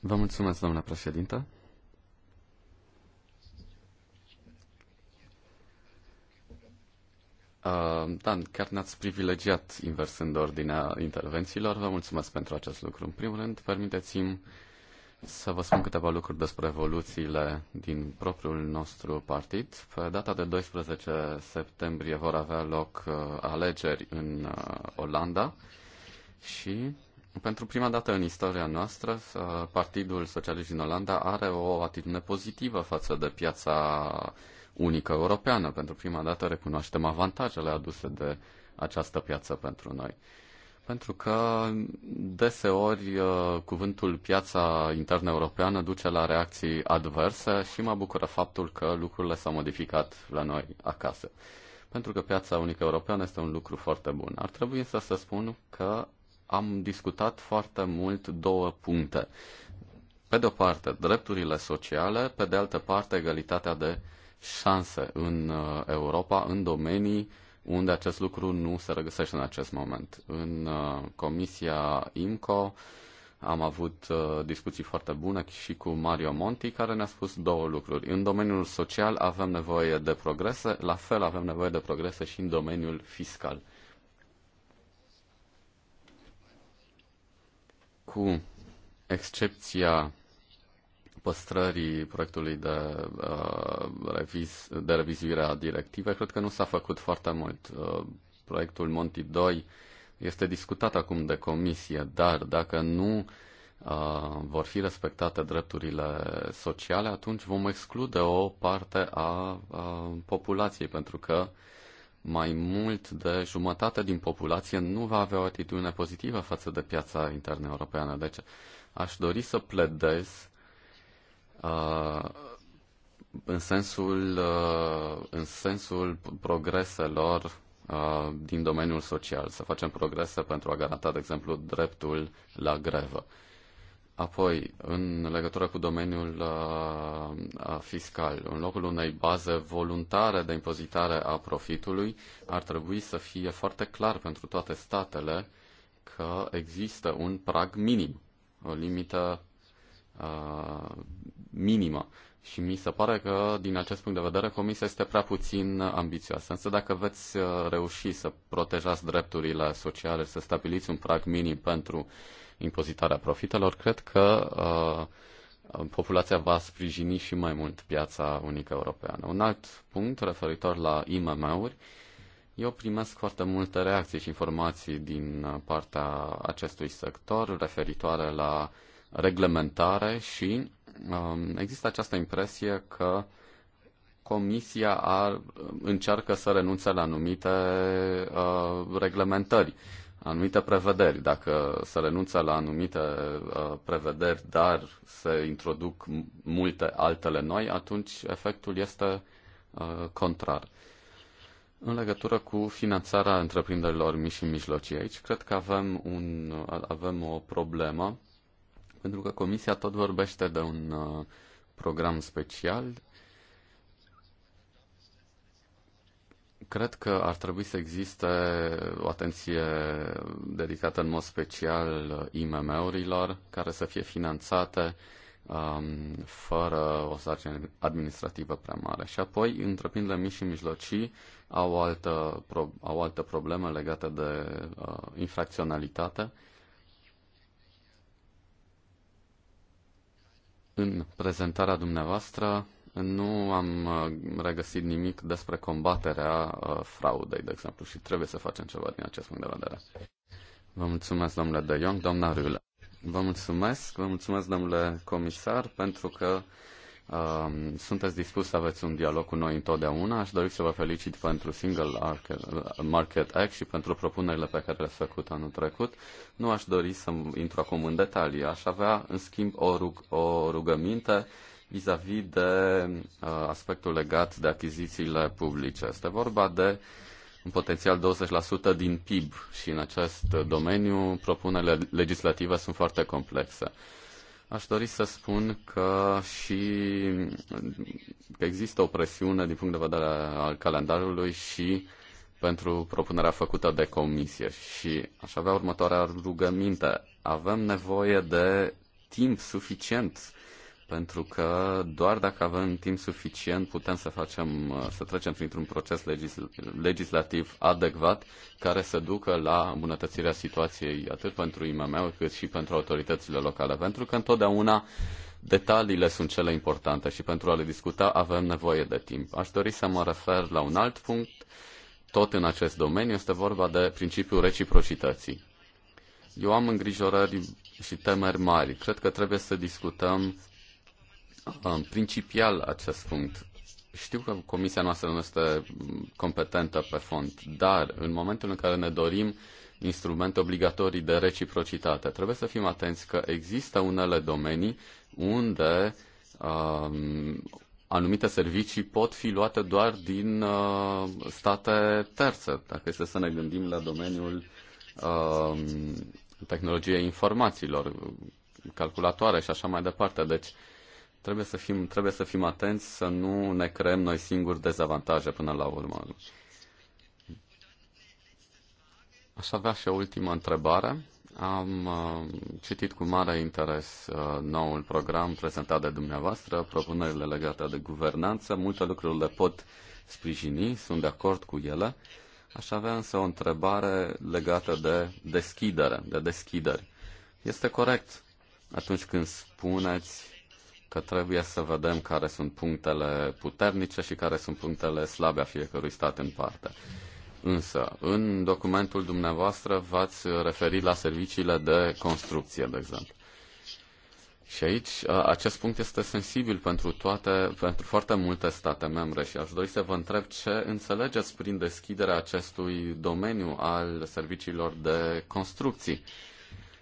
Vă mulțumesc, doamna președintă. Uh, Dan, chiar ne-ați privilegiat inversând ordinea intervențiilor. Vă mulțumesc pentru acest lucru. În primul rând, permiteți-mi să vă spun câteva lucruri despre evoluțiile din propriul nostru partid. Pe data de 12 septembrie vor avea loc uh, alegeri în uh, Olanda și pentru prima dată în istoria noastră, uh, Partidul Socialist din Olanda are o atitudine pozitivă față de piața unică europeană. Pentru prima dată recunoaștem avantajele aduse de această piață pentru noi. Pentru că deseori uh, cuvântul piața internă europeană duce la reacții adverse și mă bucură faptul că lucrurile s-au modificat la noi acasă. Pentru că piața unică europeană este un lucru foarte bun. Ar trebui însă să spun că am discutat foarte mult două puncte. Pe de o parte, drepturile sociale, pe de altă parte, egalitatea de șanse în uh, Europa, în domenii uh, unde acest lucru nu se regăsește în acest moment. În uh, Comisia IMCO am avut uh, discuții foarte bune și cu Mario Monti, care ne-a spus două lucruri. În domeniul social avem nevoie de progrese, la fel avem nevoie de progrese și în domeniul fiscal. Cu excepția păstrării proiectului de, uh, reviz, de revizuire a directivei, cred că nu s-a făcut foarte mult. Uh, proiectul Monti 2 este discutat acum de comisie, dar dacă nu uh, vor fi respectate drepturile sociale, atunci vom exclude o parte a uh, populației, pentru că mai mult de jumătate din populație nu va avea o atitudine pozitivă față de piața internă europeană. Deci aș dori să pledez Uh, în sensul, uh, în sensul progreselor uh, din domeniul social, să facem progrese pentru a garanta, de exemplu, dreptul la grevă. Apoi, în legătură cu domeniul uh, fiscal, în locul unei baze voluntare de impozitare a profitului, ar trebui să fie foarte clar pentru toate statele că există un prag minim, o limită uh, minimă. Și mi se pare că, din acest punct de vedere, Comisia este prea puțin ambițioasă. Însă dacă veți uh, reuși să protejați drepturile sociale, să stabiliți un prag minim pentru impozitarea profitelor, cred că uh, populația va sprijini și mai mult piața unică europeană. Un alt punct referitor la IMM-uri, eu primesc foarte multe reacții și informații din partea acestui sector referitoare la reglementare și Um, există această impresie că Comisia ar, încearcă să renunțe la anumite uh, reglementări, anumite prevederi. Dacă se renunță la anumite uh, prevederi, dar se introduc multe altele noi, atunci efectul este uh, contrar. În legătură cu finanțarea întreprinderilor mici și mijlocii aici, cred că avem, un, avem o problemă pentru că Comisia tot vorbește de un uh, program special. Cred că ar trebui să existe o atenție dedicată în mod special uh, IMM-urilor, care să fie finanțate um, fără o sarcină administrativă prea mare. Și apoi, întreprinderile mici și mijlocii au altă, pro- au altă problemă legată de uh, infracționalitate În prezentarea dumneavoastră nu am uh, regăsit nimic despre combaterea uh, fraudei, de exemplu, și trebuie să facem ceva din acest punct de vedere. Vă mulțumesc, domnule De Jong, doamna Râle. Vă mulțumesc, vă mulțumesc, domnule comisar, pentru că Um, sunteți dispus să aveți un dialog cu noi întotdeauna. Aș dori să vă felicit pentru Single Market Act și pentru propunerile pe care le-ați făcut anul trecut. Nu aș dori să intru acum în detalii. Aș avea, în schimb, o, rug- o rugăminte vis-a-vis -vis de uh, aspectul legat de achizițiile publice. Este vorba de un potențial 20% din PIB și în acest domeniu propunerile legislative sunt foarte complexe. Uh, Aș dori să spun că și că există o presiune din punct de vedere al calendarului și pentru propunerea făcută de comisie. Și aș avea următoarea rugăminte. Avem nevoie de timp suficient pentru că doar dacă avem timp suficient putem să facem, să trecem printr-un proces legisl- legislativ adecvat care să ducă la îmbunătățirea situației atât pentru IMM-uri cât și pentru autoritățile locale, pentru că întotdeauna detaliile sunt cele importante și pentru a le discuta avem nevoie de timp. Aș dori să mă refer la un alt punct, tot în acest domeniu, este vorba de principiul reciprocității. Eu am îngrijorări și temeri mari. Cred că trebuie să discutăm principial acest punct. Știu că comisia noastră nu este competentă pe fond, dar în momentul în care ne dorim instrumente obligatorii de reciprocitate, trebuie să fim atenți că există unele domenii unde um, anumite servicii pot fi luate doar din uh, state terțe, dacă este să ne gândim la domeniul uh, tehnologiei informațiilor, calculatoare și așa mai departe. Deci, uh, Trebuie să fim, trebuie să fim atenți să nu ne creăm noi singuri dezavantaje până la urmă. Aș avea și o ultimă întrebare. Am uh, citit cu mare interes uh, noul program prezentat de dumneavoastră, propunerile legate de guvernanță. Multe lucruri le pot sprijini, sunt de acord cu ele. Aș avea însă o întrebare legată de deschidere, de deschideri. Este corect atunci când spuneți că trebuie să vedem care sunt punctele puternice și care sunt punctele slabe a fiecărui stat în parte. Însă, în documentul dumneavoastră v-ați referit la serviciile de construcție, de exemplu. Și aici acest punct este sensibil pentru, toate, pentru foarte multe state membre și aș dori să vă întreb ce înțelegeți prin deschiderea acestui domeniu al serviciilor de construcții. Uh,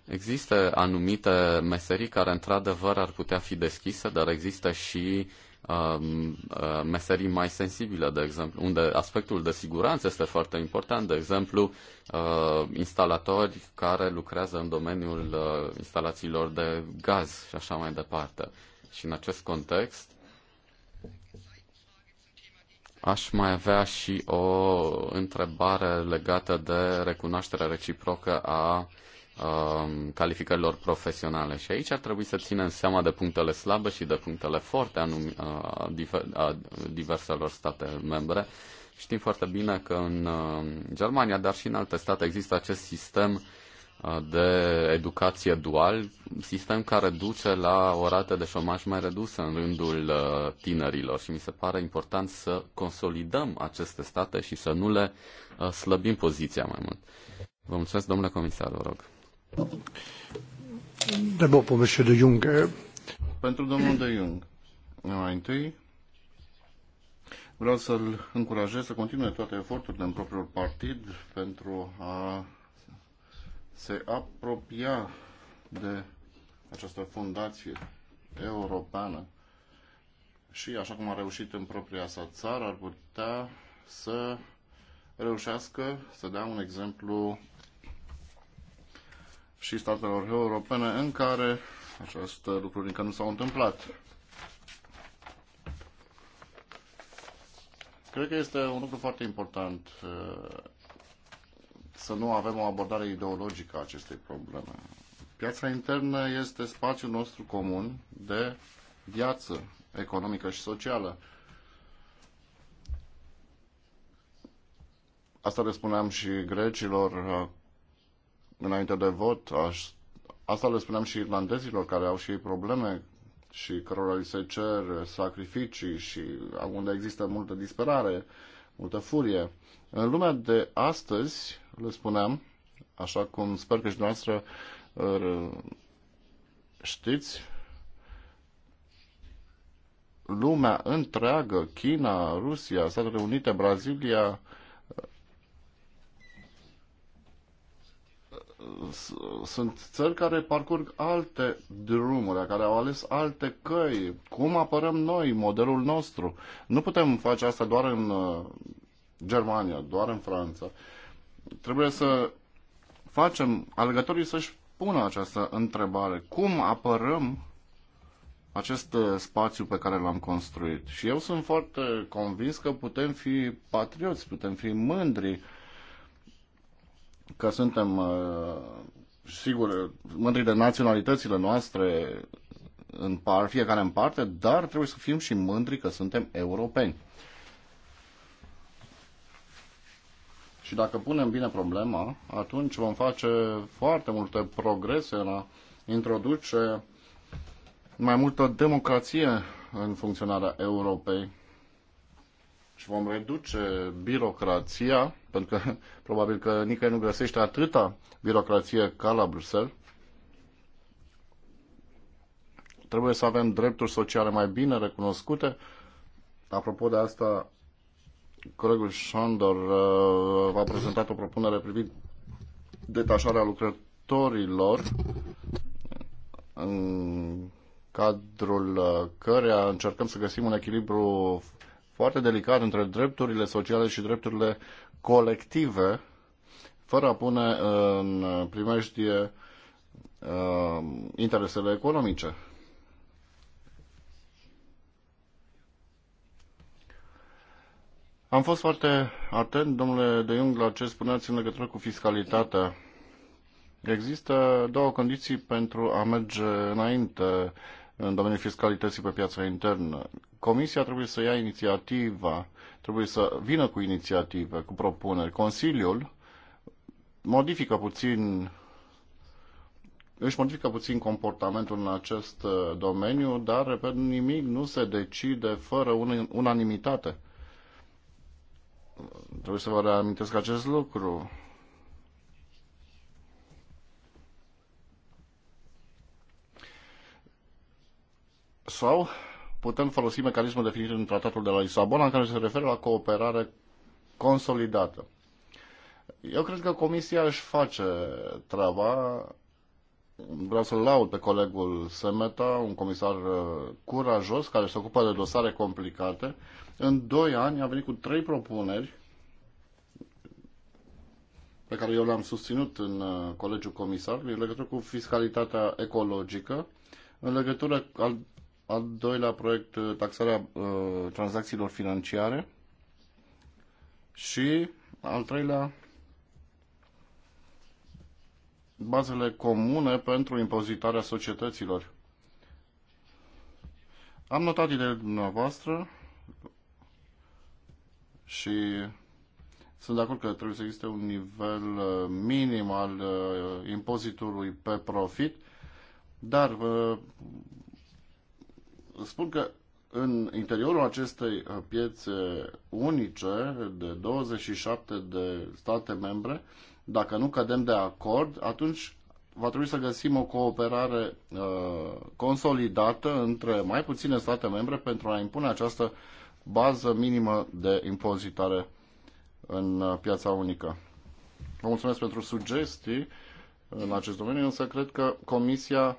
Există anumite meserii care într-adevăr ar putea fi deschise, dar există și um, uh, meserii mai sensibile, de exemplu, unde aspectul de siguranță este foarte important, de exemplu, uh, instalatori care lucrează în domeniul uh, instalațiilor de gaz și așa mai departe. Și în acest context aș mai avea și o întrebare legată de recunoașterea reciprocă a Um, calificărilor profesionale. Și aici ar trebui să ținem seama de punctele slabe și de punctele forte anum- a, uh, a diverselor state membre. Știm foarte bine că în uh, Germania, dar și în alte state, există acest sistem uh, de educație dual, sistem care duce la o rată de șomaj mai redusă în rândul tinerilor și mi se pare important să consolidăm aceste state și să nu le slăbim poziția mai mult. Vă mulțumesc, domnule comisar, vă rog. De bon, de Pentru domnul de Jung, mai întâi, vreau să-l încurajez să continue toate eforturile în propriul partid pentru a se apropia de această fundație europeană și așa cum a reușit în propria sa țară, ar putea să reușească să dea un exemplu și statelor europene în care aceste lucruri încă nu s-au întâmplat. Cred că este un lucru foarte important uh, să nu avem o abordare ideologică a acestei probleme. Piața internă este spațiul nostru comun de viață economică și socială. Asta le spuneam și grecilor uh, înainte de vot. Aș, asta le spuneam și irlandezilor care au și ei probleme și cărora li se cer sacrificii și unde există multă disperare, multă furie. În lumea de astăzi, le spuneam, așa cum sper că și dumneavoastră uh, știți, lumea întreagă, China, Rusia, Statele Unite, Brazilia, sunt țări care parcurg alte drumuri, care au ales alte căi. Cum apărăm noi modelul nostru? Nu putem face asta doar în uh, Germania, doar în Franța. Trebuie să facem alegătorii să-și pună această întrebare. Cum apărăm acest uh, spațiu pe care l-am construit? Și eu sunt foarte convins că putem fi patrioți, putem fi mândri că suntem uh, sigur mândri de naționalitățile noastre în par, fiecare în parte, dar trebuie să fim și mândri că suntem europeni. Și dacă punem bine problema, atunci vom face foarte multe progrese în a introduce mai multă democrație în funcționarea Europei și vom reduce birocrația pentru că probabil că nicăieri nu găsește atâta birocrație ca la Bruxelles. Trebuie să avem drepturi sociale mai bine recunoscute. Apropo de asta, colegul Șandor uh, a prezentat o propunere privind detașarea lucrătorilor în cadrul căreia încercăm să găsim un echilibru foarte delicat între drepturile sociale și drepturile colective, fără a pune uh, în primejdie uh, interesele economice. Am fost foarte atent, domnule De Jung, la ce spuneați în legătură cu fiscalitatea. Există două condiții pentru a merge înainte în domeniul fiscalității pe piața internă. Comisia trebuie să ia inițiativa, trebuie să vină cu inițiative, cu propuneri. Consiliul modifică puțin își modifică puțin comportamentul în acest uh, domeniu, dar, repet, nimic nu se decide fără unanimitate. Trebuie să vă reamintesc acest lucru. Sau putem folosi mecanismul definit în tratatul de la Lisabona în care se referă la cooperare consolidată. Eu cred că Comisia își face treaba. Vreau să-l laud pe colegul Semeta, un comisar uh, curajos care se ocupă de dosare complicate. În doi ani a venit cu trei propuneri pe care eu le-am susținut în uh, Colegiul Comisar în legătură cu fiscalitatea ecologică, în legătură al doilea proiect, uh, taxarea uh, tranzacțiilor financiare. Și al treilea, bazele comune pentru impozitarea societăților. Am notat ideile dumneavoastră și sunt de acord că trebuie să existe un nivel uh, minim al uh, impozitului pe profit, dar spun că în interiorul acestei uh, piețe unice de 27 de state membre, dacă nu cădem de acord, atunci va trebui să găsim o cooperare uh, consolidată între mai puține state membre pentru a impune această bază minimă de impozitare în uh, piața unică. Vă mulțumesc pentru sugestii în acest domeniu, însă cred că Comisia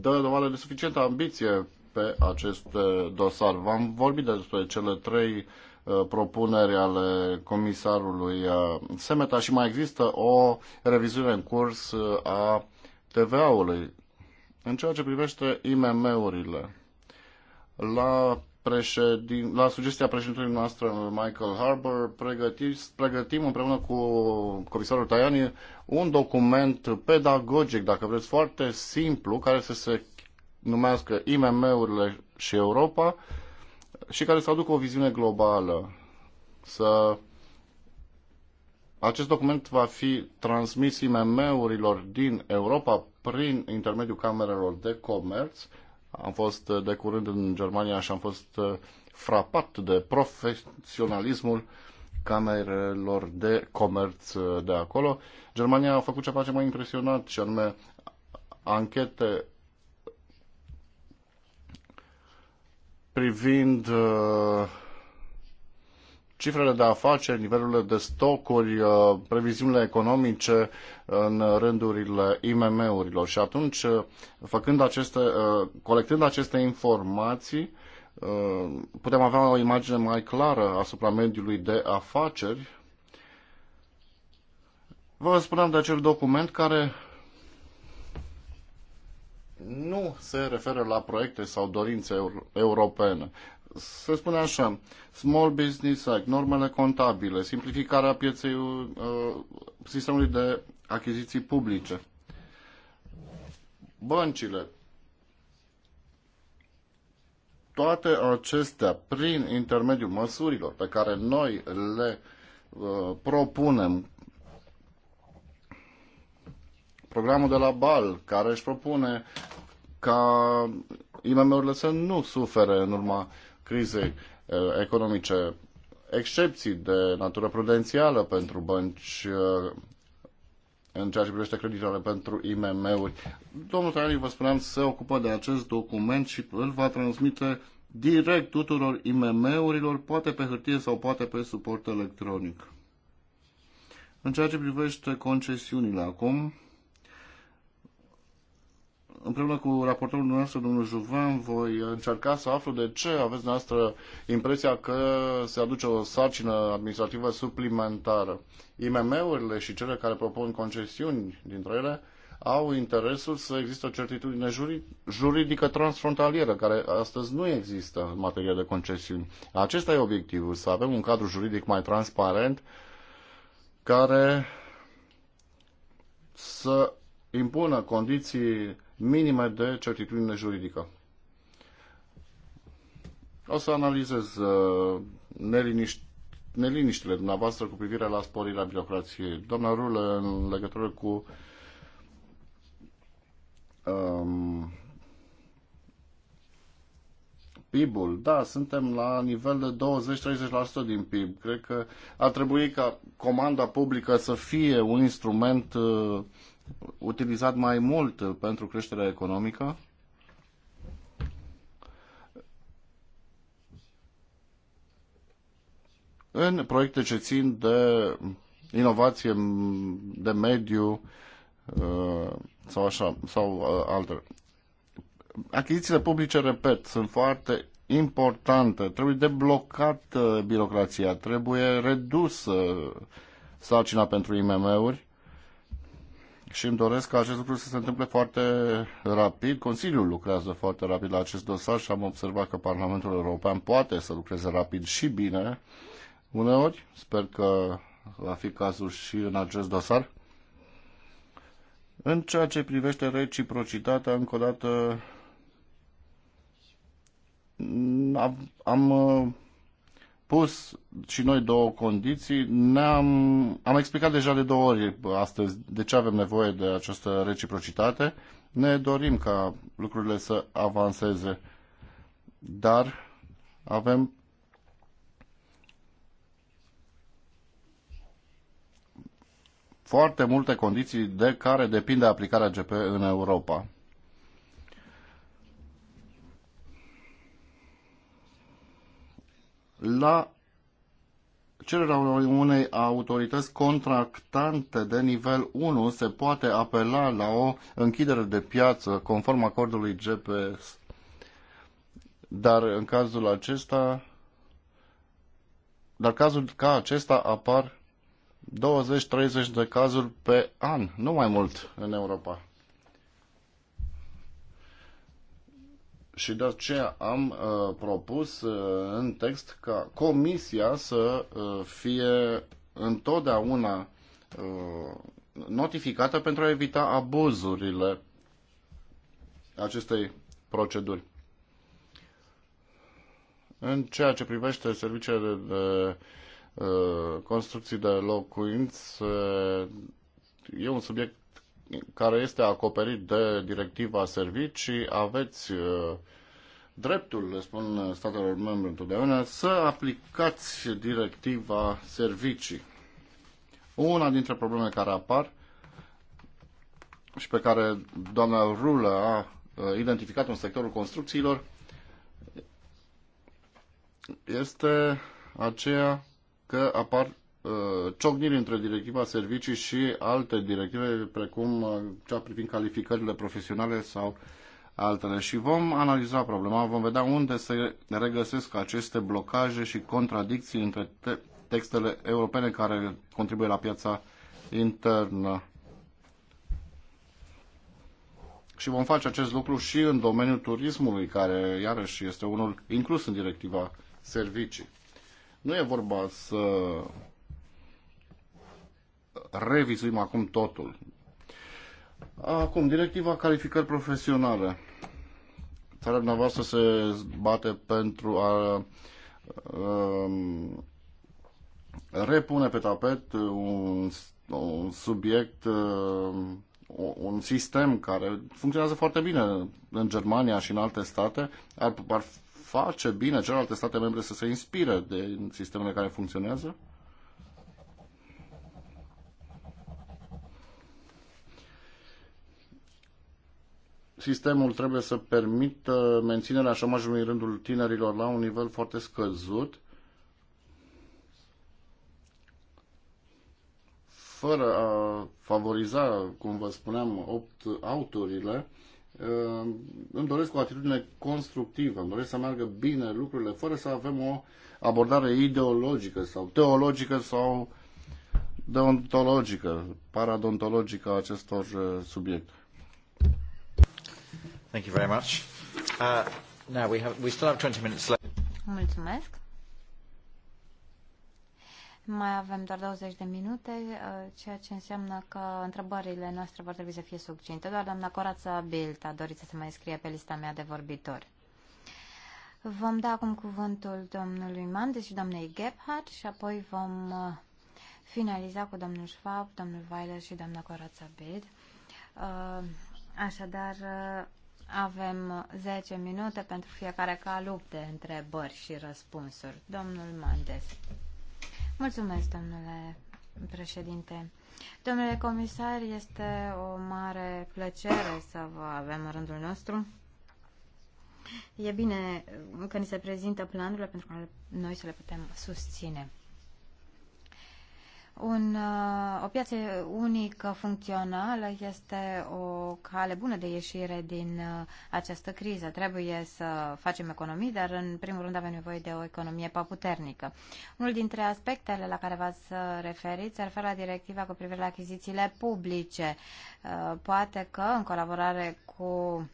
dă dovadă de suficientă ambiție pe acest uh, dosar. V-am vorbit despre cele trei uh, propuneri ale comisarului uh, Semeta și mai există o revizuire în curs a TVA-ului în ceea ce privește IMM-urile. La președin, la sugestia președintelui noastră, Michael Harbour, pregătim, pregătim împreună cu comisarul Tajani un document pedagogic, dacă vreți, foarte simplu, care să se numească IMM-urile și Europa și care să aducă o viziune globală. Să... Acest document va fi transmis IMM-urilor din Europa prin intermediul camerelor de comerț am fost de curând în Germania și am fost uh, frapat de profesionalismul camerelor de comerț uh, de acolo. Germania a făcut ceva ce m-a impresionat și anume anchete privind uh, cifrele de afaceri, nivelurile de stocuri, uh, previziunile economice în rândurile IMM-urilor. Și atunci, uh, făcând aceste, uh, colectând aceste informații, putem avea o imagine mai clară asupra mediului de afaceri. Vă spuneam de acel document care nu se referă la proiecte sau dorințe europene se spune așa, Small Business Act, normele contabile, simplificarea pieței uh, sistemului de achiziții publice, băncile, toate acestea prin intermediul măsurilor pe care noi le uh, propunem programul de la BAL care își propune ca IMM-urile să nu sufere în urma crize uh, economice, excepții de natură prudențială pentru bănci uh, în ceea ce privește creditele pentru IMM-uri. Domnul Traiani, vă spuneam, se ocupă de acest document și îl va transmite direct tuturor IMM-urilor, poate pe hârtie sau poate pe suport electronic. În ceea ce privește concesiunile acum, împreună cu raportorul nostru, domnul Juvan, voi încerca să aflu de ce aveți noastră impresia că se aduce o sarcină administrativă suplimentară. IMM-urile și cele care propun concesiuni dintre ele au interesul să există o certitudine juridică transfrontalieră, care astăzi nu există în materie de concesiuni. Acesta e obiectivul, să avem un cadru juridic mai transparent care să impună condiții minime de certitudine juridică. O să analizez uh, neliniști, neliniștile dumneavoastră cu privire la sporirea birocrației. Doamna Rulă, în legătură cu um, PIB-ul, da, suntem la nivel de 20-30% din PIB. Cred că ar trebui ca comanda publică să fie un instrument uh, utilizat mai mult uh, pentru creșterea economică. în proiecte ce țin de inovație de mediu uh, sau așa, sau uh, altele. Achizițiile publice, repet, sunt foarte importante. Trebuie deblocată birocrația, trebuie redusă sarcina pentru IMM-uri și îmi doresc ca acest lucru să se întâmple foarte rapid. Consiliul lucrează foarte rapid la acest dosar și am observat că Parlamentul European poate să lucreze rapid și bine uneori. Sper că va fi cazul și în acest dosar. În ceea ce privește reciprocitatea, încă o dată am, am pus și noi două condiții. Ne-am, am explicat deja de două ori astăzi de ce avem nevoie de această reciprocitate. Ne dorim ca lucrurile să avanseze, dar avem foarte multe condiții de care depinde aplicarea GP în Europa. la cererea unei autorități contractante de nivel 1 se poate apela la o închidere de piață conform acordului GPS. Dar în cazul acesta, dar cazul ca acesta apar 20-30 de cazuri pe an, nu mai mult în Europa. și de aceea am uh, propus uh, în text ca comisia să uh, fie întotdeauna uh, notificată pentru a evita abuzurile acestei proceduri. În ceea ce privește serviciile de, de uh, construcții de uh, e un subiect care este acoperit de directiva servicii, aveți uh, dreptul, le spun statelor membre întotdeauna, să aplicați directiva servicii. Una dintre probleme care apar și pe care doamna Rulă a uh, identificat în sectorul construcțiilor este aceea că apar Uh, ciocniri între directiva servicii și alte directive, precum uh, cea privind calificările profesionale sau altele. Și vom analiza problema, vom vedea unde se regăsesc aceste blocaje și contradicții între te- textele europene care contribuie la piața internă. Și vom face acest lucru și în domeniul turismului, care iarăși este unul inclus în directiva servicii. Nu e vorba să revizuim acum totul. Acum, directiva calificări profesionale. Țara dumneavoastră se bate pentru a, a, um, a repune pe tapet un, un subiect, um, un sistem care funcționează foarte bine în Germania și în alte state. Ar, ar face bine celelalte state membre să se inspire de sistemele care funcționează? Sistemul trebuie să permită menținerea șomajului în rândul tinerilor la un nivel foarte scăzut, fără a favoriza, cum vă spuneam, opt autorile, ehm, îmi doresc o atitudine constructivă, îmi doresc să meargă bine lucrurile, fără să avem o abordare ideologică sau teologică sau deontologică, paradontologică a acestor eh, subiecte. Thank you very much. Uh, now we have we still have 20 minutes left. Mulțumesc. Mai avem doar 20 de minute, uh, ceea ce înseamnă că întrebările noastre vor trebui să fie succinte. Doar doamna Corața Bilt a dorit să se mai scrie pe lista mea de vorbitori. Vom da acum cuvântul domnului Mandes și doamnei Gebhardt și apoi vom uh, finaliza cu domnul Schwab, domnul Weiler și doamna Corața Bild. Uh, așadar, avem 10 minute pentru fiecare calup de întrebări și răspunsuri. Domnul Mandes. Mulțumesc, domnule președinte. Domnule comisar, este o mare plăcere să vă avem în rândul nostru. E bine că ni se prezintă planurile pentru că noi să le putem susține. Un, uh, o piață unică funcțională este o cale bună de ieșire din uh, această criză. Trebuie să facem economii, dar în primul rând avem nevoie de o economie paputernică. Unul dintre aspectele la care v-ați uh, referit se referă la directiva cu privire la achizițiile publice. Poate că, în colaborare cu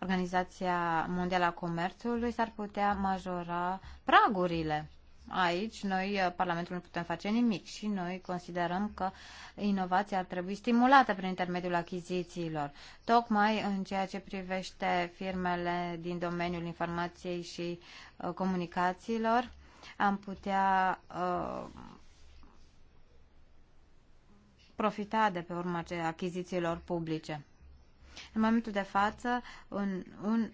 Organizația Mondială a Comerțului, s-ar putea majora pragurile aici noi, uh, Parlamentul, nu putem face nimic și noi considerăm că inovația ar trebui stimulată prin intermediul achizițiilor, tocmai în ceea ce privește firmele din domeniul informației și uh, comunicațiilor. Am putea uh, profita de pe urma achizițiilor publice. În momentul de față, un, un,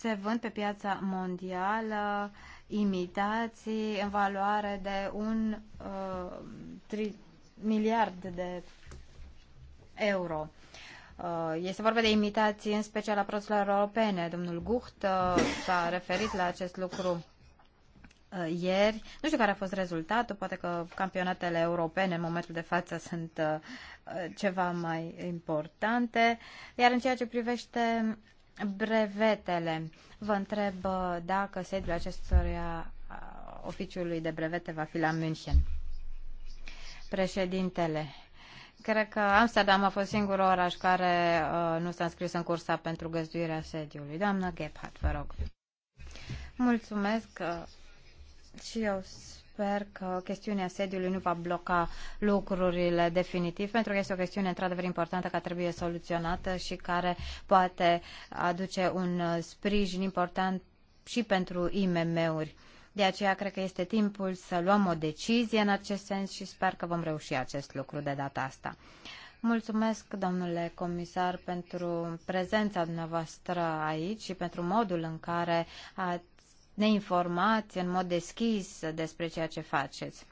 se vând pe piața mondială imitații în valoare de un uh, tri, miliard de euro. Uh, este vorba de imitații în special a produselor europene. Domnul Gucht uh, s-a referit la acest lucru uh, ieri. Nu știu care a fost rezultatul, poate că campionatele europene în momentul de față sunt ceva mai importante. Iar în ceea ce privește brevetele. Vă întreb uh, dacă sediul acestui uh, oficiului de brevete va fi la München. Președintele, cred că Amsterdam a fost singurul oraș care uh, nu s-a înscris în cursa pentru găzduirea sediului. Doamna Gebhardt, vă rog. Mulțumesc uh, și eu sper că chestiunea sediului nu va bloca lucrurile definitiv, pentru că este o chestiune într-adevăr importantă care trebuie soluționată și care poate aduce un sprijin important și pentru IMM-uri. De aceea cred că este timpul să luăm o decizie în acest sens și sper că vom reuși acest lucru de data asta. Mulțumesc, domnule comisar, pentru prezența dumneavoastră aici și pentru modul în care ați Neinformați, în mod deschis despre ceea ce faceți.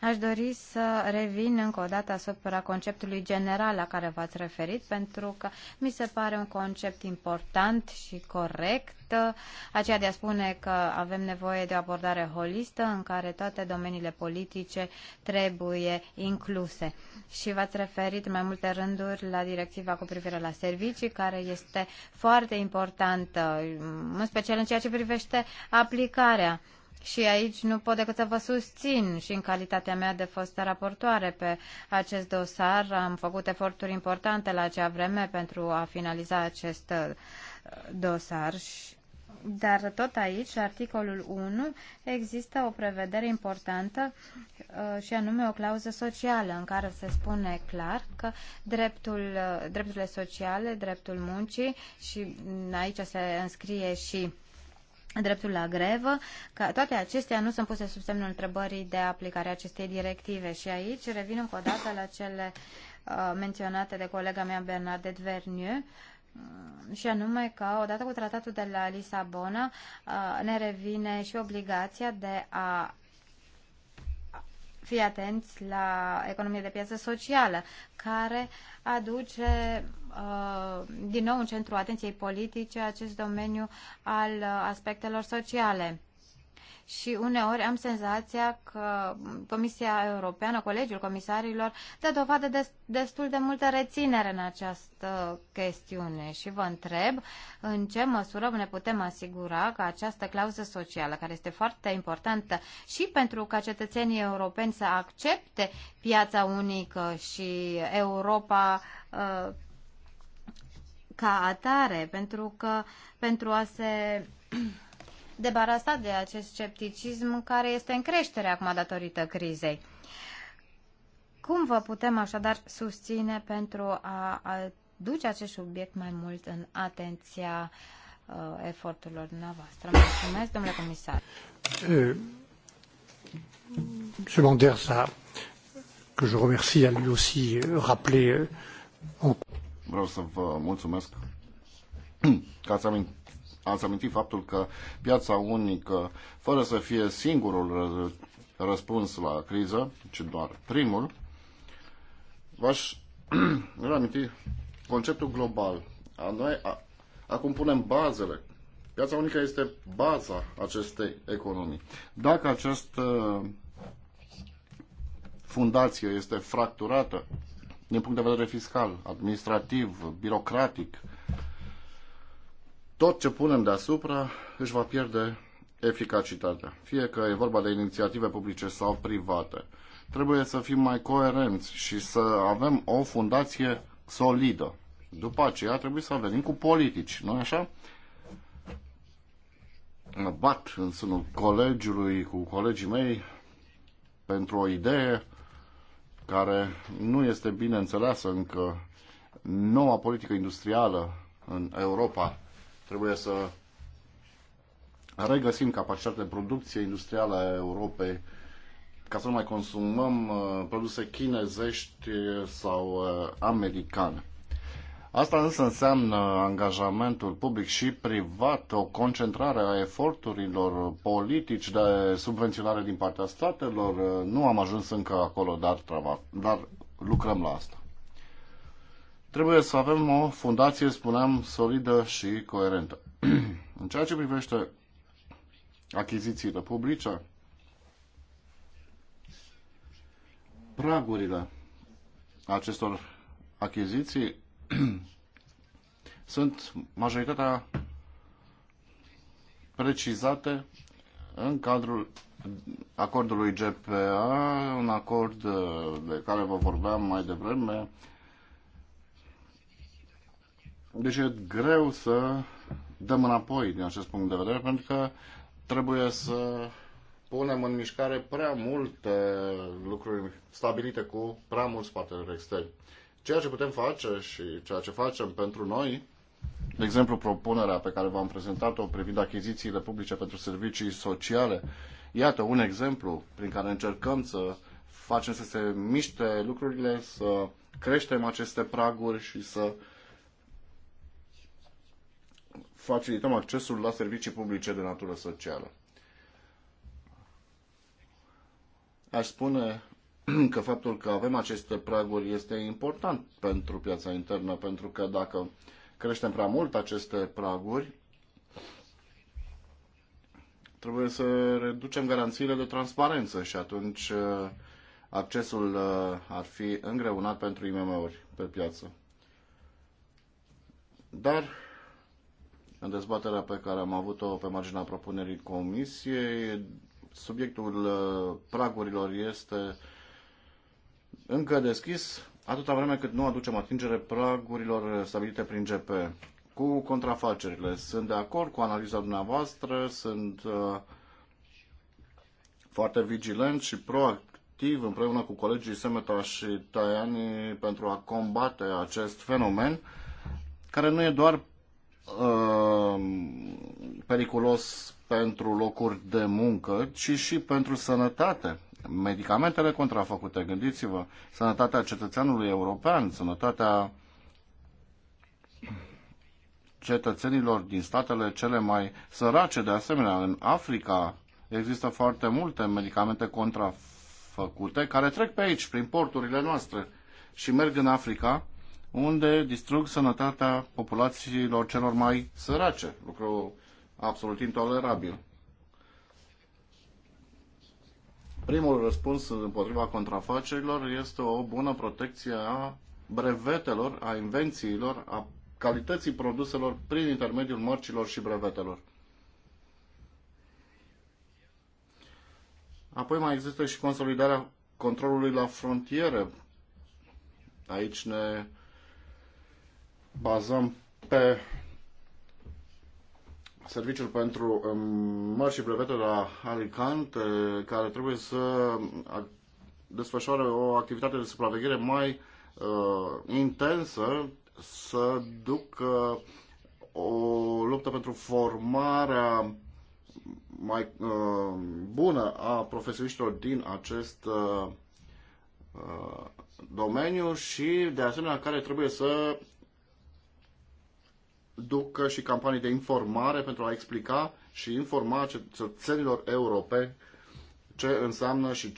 Aș dori să revin încă o dată asupra conceptului general la care v-ați referit, pentru că mi se pare un concept important și corect, aceea de a spune că avem nevoie de o abordare holistă în care toate domeniile politice trebuie incluse. Și v-ați referit mai multe rânduri la directiva cu privire la servicii, care este foarte importantă, în special în ceea ce privește aplicarea și aici nu pot decât să vă susțin și în calitatea mea de fostă raportoare pe acest dosar. Am făcut eforturi importante la acea vreme pentru a finaliza acest uh, dosar. Dar tot aici, la articolul 1, există o prevedere importantă uh, și anume o clauză socială în care se spune clar că dreptul, uh, drepturile sociale, dreptul muncii și aici se înscrie și dreptul la grevă, că toate acestea nu sunt puse sub semnul întrebării de aplicare a acestei directive. Și aici revin încă o dată la cele uh, menționate de colega mea Bernadette Vernieu, uh, și anume că odată cu tratatul de la Lisabona uh, ne revine și obligația de a Fii atenți la economia de piață socială, care aduce uh, din nou în centru atenției politice acest domeniu al uh, aspectelor sociale și uneori am senzația că Comisia Europeană, Colegiul Comisarilor, dă dovadă de destul de multă reținere în această chestiune și vă întreb în ce măsură ne putem asigura că această clauză socială, care este foarte importantă și pentru ca cetățenii europeni să accepte piața unică și Europa uh, ca atare, pentru că pentru a se debarasat de acest scepticism care este în creștere acum datorită crizei. Cum vă putem așadar susține pentru a duce acest subiect mai mult în atenția uh, eforturilor dumneavoastră? Mulțumesc, domnule comisar. Secondaire, euh, ça, que je remercie à lui aussi rappeler. Euh, Vreau să vă mulțumesc că ați amintit ați amintit faptul că piața unică, fără să fie singurul răspuns la criză, ci doar primul, v-aș reaminti conceptul global. A noi a, acum punem bazele. Piața unică este baza acestei economii. Dacă această fundație este fracturată din punct de vedere fiscal, administrativ, birocratic, tot ce punem deasupra își va pierde eficacitatea, fie că e vorba de inițiative publice sau private. Trebuie să fim mai coerenți și să avem o fundație solidă. După aceea trebuie să venim cu politici, nu așa? Mă bat în sânul colegiului cu colegii mei pentru o idee care nu este bine înțeleasă încă noua politică industrială în Europa Trebuie să regăsim capacitatea de producție industrială a Europei ca să nu mai consumăm uh, produse chinezești uh, sau uh, americane. Asta însă înseamnă angajamentul public și privat, o concentrare a eforturilor politici de subvenționare din partea statelor. Nu am ajuns încă acolo, dar, dar lucrăm la asta. Trebuie să avem o fundație, spuneam, solidă și coerentă. În ceea ce privește achizițiile publice, pragurile acestor achiziții sunt majoritatea precizate în cadrul acordului GPA, un acord uh, de care vă vorbeam mai devreme, deci e greu să dăm înapoi din acest punct de vedere, pentru că trebuie să punem în mișcare prea multe lucruri stabilite cu prea mulți parteneri externi. Ceea ce putem face și ceea ce facem pentru noi, de exemplu propunerea pe care v-am prezentat-o privind achizițiile publice pentru servicii sociale, iată un exemplu prin care încercăm să facem să se miște lucrurile, să creștem aceste praguri și să uh, facilităm accesul la servicii publice de natură socială. Aș spune că faptul că avem aceste praguri este important pentru piața internă, pentru că dacă creștem prea mult aceste praguri, trebuie să reducem garanțiile de transparență și atunci uh, accesul uh, ar fi îngreunat pentru IMM-uri pe piață. Dar în dezbaterea pe care am avut-o pe marginea propunerii comisiei, subiectul uh, pragurilor este încă deschis, atâta vreme cât nu aducem atingere pragurilor stabilite prin GP. Cu contrafacerile, sunt de acord cu analiza dumneavoastră, sunt uh, foarte vigilent și proactiv împreună cu colegii Semeta și Taiani pentru a combate acest fenomen, care nu e doar Um, periculos pentru locuri de muncă, ci și pentru sănătate. Medicamentele contrafăcute, gândiți-vă, sănătatea cetățeanului european, sănătatea cetățenilor din statele cele mai sărace, de asemenea, în Africa există foarte multe medicamente contrafăcute care trec pe aici, prin porturile noastre și merg în Africa unde distrug sănătatea populațiilor celor mai sărace. Lucru absolut intolerabil. Primul răspuns împotriva contrafacerilor este o bună protecție a brevetelor, a invențiilor, a calității produselor prin intermediul mărcilor și brevetelor. Apoi mai există și consolidarea controlului la frontiere. Aici ne bazăm pe Serviciul pentru um, Mări și Brevete de la Alicante, care trebuie să desfășoare o activitate de supraveghere mai uh, intensă, să ducă o luptă pentru formarea mai uh, bună a profesioniștilor din acest uh, uh domeniu și, de asemenea, care trebuie să ducă și campanii de informare pentru a explica și informa cetățenilor europeni ce înseamnă și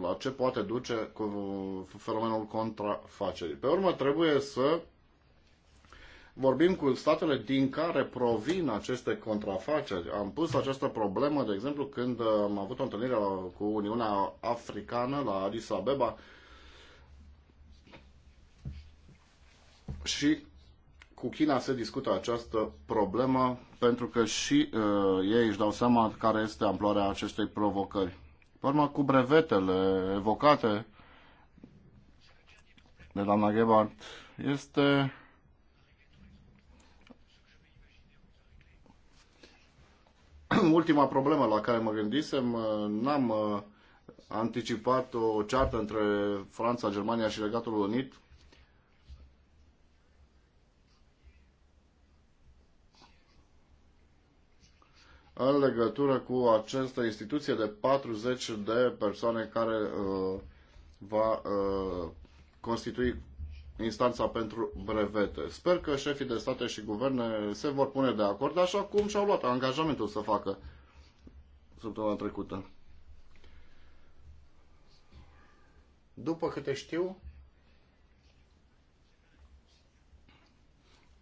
la ce poate duce cu fenomenul contrafacerii. Pe urmă, trebuie să vorbim cu statele din care provin aceste contrafaceri. Am pus această problemă, de exemplu, când am avut o întâlnire cu Uniunea Africană la Addis Abeba și cu China se discută această problemă pentru că și uh, ei își dau seama care este amploarea acestei provocări. Pe cu brevetele evocate de doamna Gebhardt, este ultima problemă la care mă gândisem. Uh, n-am uh, anticipat o ceartă între Franța, Germania și Regatul Unit în legătură cu această instituție de 40 de persoane care uh, va uh, constitui instanța pentru brevete. Sper că șefii de state și guverne se vor pune de acord, așa cum și-au luat angajamentul să facă săptămâna trecută. După câte știu,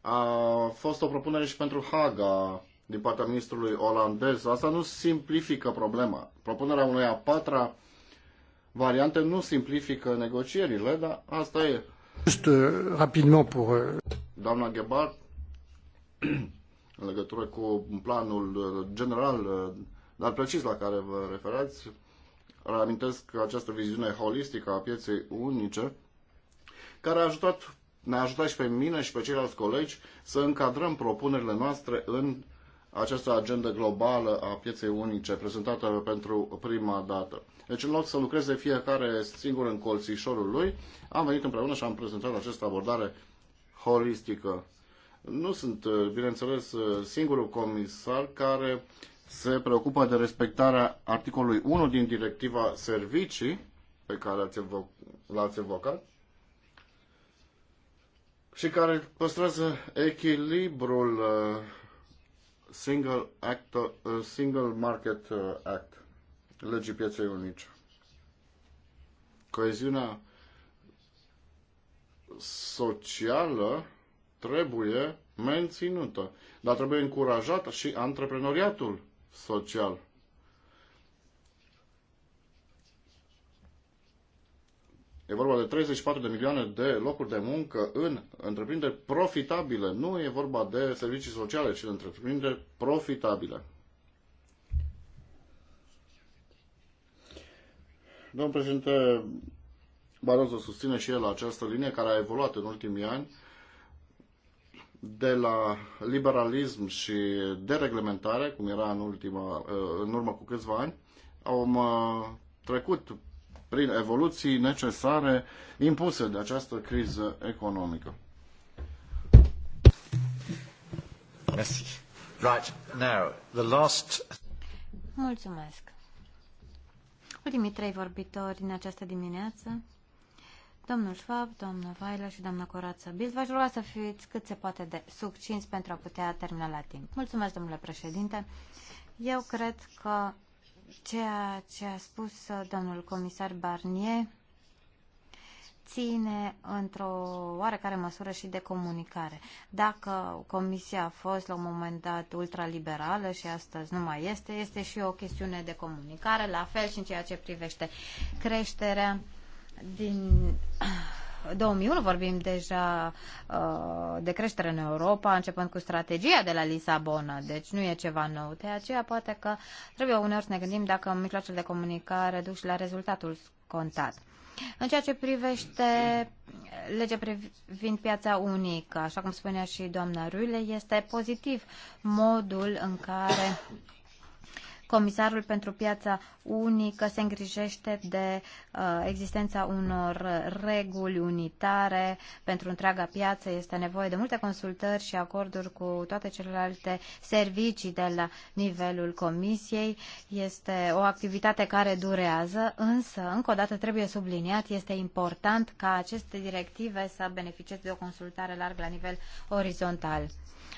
a fost o propunere și pentru Haga din partea ministrului olandez. Asta nu simplifică problema. Propunerea unei a patra variante nu simplifică negocierile, dar asta e. Just uh, rapidement pour... Uh, Doamna Ghebar, în legătură cu planul uh, general, uh, dar precis la care vă referați, reamintesc această viziune holistică a pieței unice, care a ajutat, ne-a ajutat și pe mine și pe ceilalți colegi să încadrăm propunerile noastre în această agendă globală a pieței unice prezentată pentru prima dată. Deci în loc să lucreze fiecare singur în colțișorul lui, am venit împreună și am prezentat această abordare holistică. Nu sunt, bineînțeles, singurul comisar care se preocupă de respectarea articolului 1 din directiva servicii pe care l-ați evoc evocat și care păstrează echilibrul uh, Single, Act, uh, Single Market uh, Act, legii pieței unice. Coeziunea socială trebuie menținută, dar trebuie încurajată și antreprenoriatul social. E vorba de 34 de milioane de locuri de muncă în întreprinderi profitabile. Nu e vorba de servicii sociale, ci de întreprinderi profitabile. Domnul președinte Barroso susține și el această linie care a evoluat în ultimii ani de la liberalism și dereglementare, cum era în, ultima, în urmă cu câțiva ani, am uh, trecut prin evoluții necesare impuse de această criză economică. Merci. Right, now, the last... Mulțumesc. Ultimii trei vorbitori din această dimineață, domnul Schwab, doamna Vaila și doamna Corață Bild, v-aș ruga să fiți cât se poate de succinți pentru a putea termina la timp. Mulțumesc, domnule președinte. Eu cred că ceea ce a spus uh, domnul comisar Barnier ține într-o oarecare măsură și de comunicare. Dacă comisia a fost la un moment dat ultraliberală și astăzi nu mai este, este și o chestiune de comunicare, la fel și în ceea ce privește creșterea din 2001 vorbim deja uh, de creștere în Europa, începând cu strategia de la Lisabona, deci nu e ceva nou. De aceea poate că trebuie uneori să ne gândim dacă mijloacele de comunicare duc și la rezultatul contat. În ceea ce privește legea privind piața unică, așa cum spunea și doamna Ruile, este pozitiv modul în care Comisarul pentru piața unică se îngrijește de uh, existența unor reguli unitare pentru întreaga piață. Este nevoie de multe consultări și acorduri cu toate celelalte servicii de la nivelul Comisiei. Este o activitate care durează, însă, încă o dată trebuie subliniat, este important ca aceste directive să beneficieze de o consultare larg la nivel orizontal.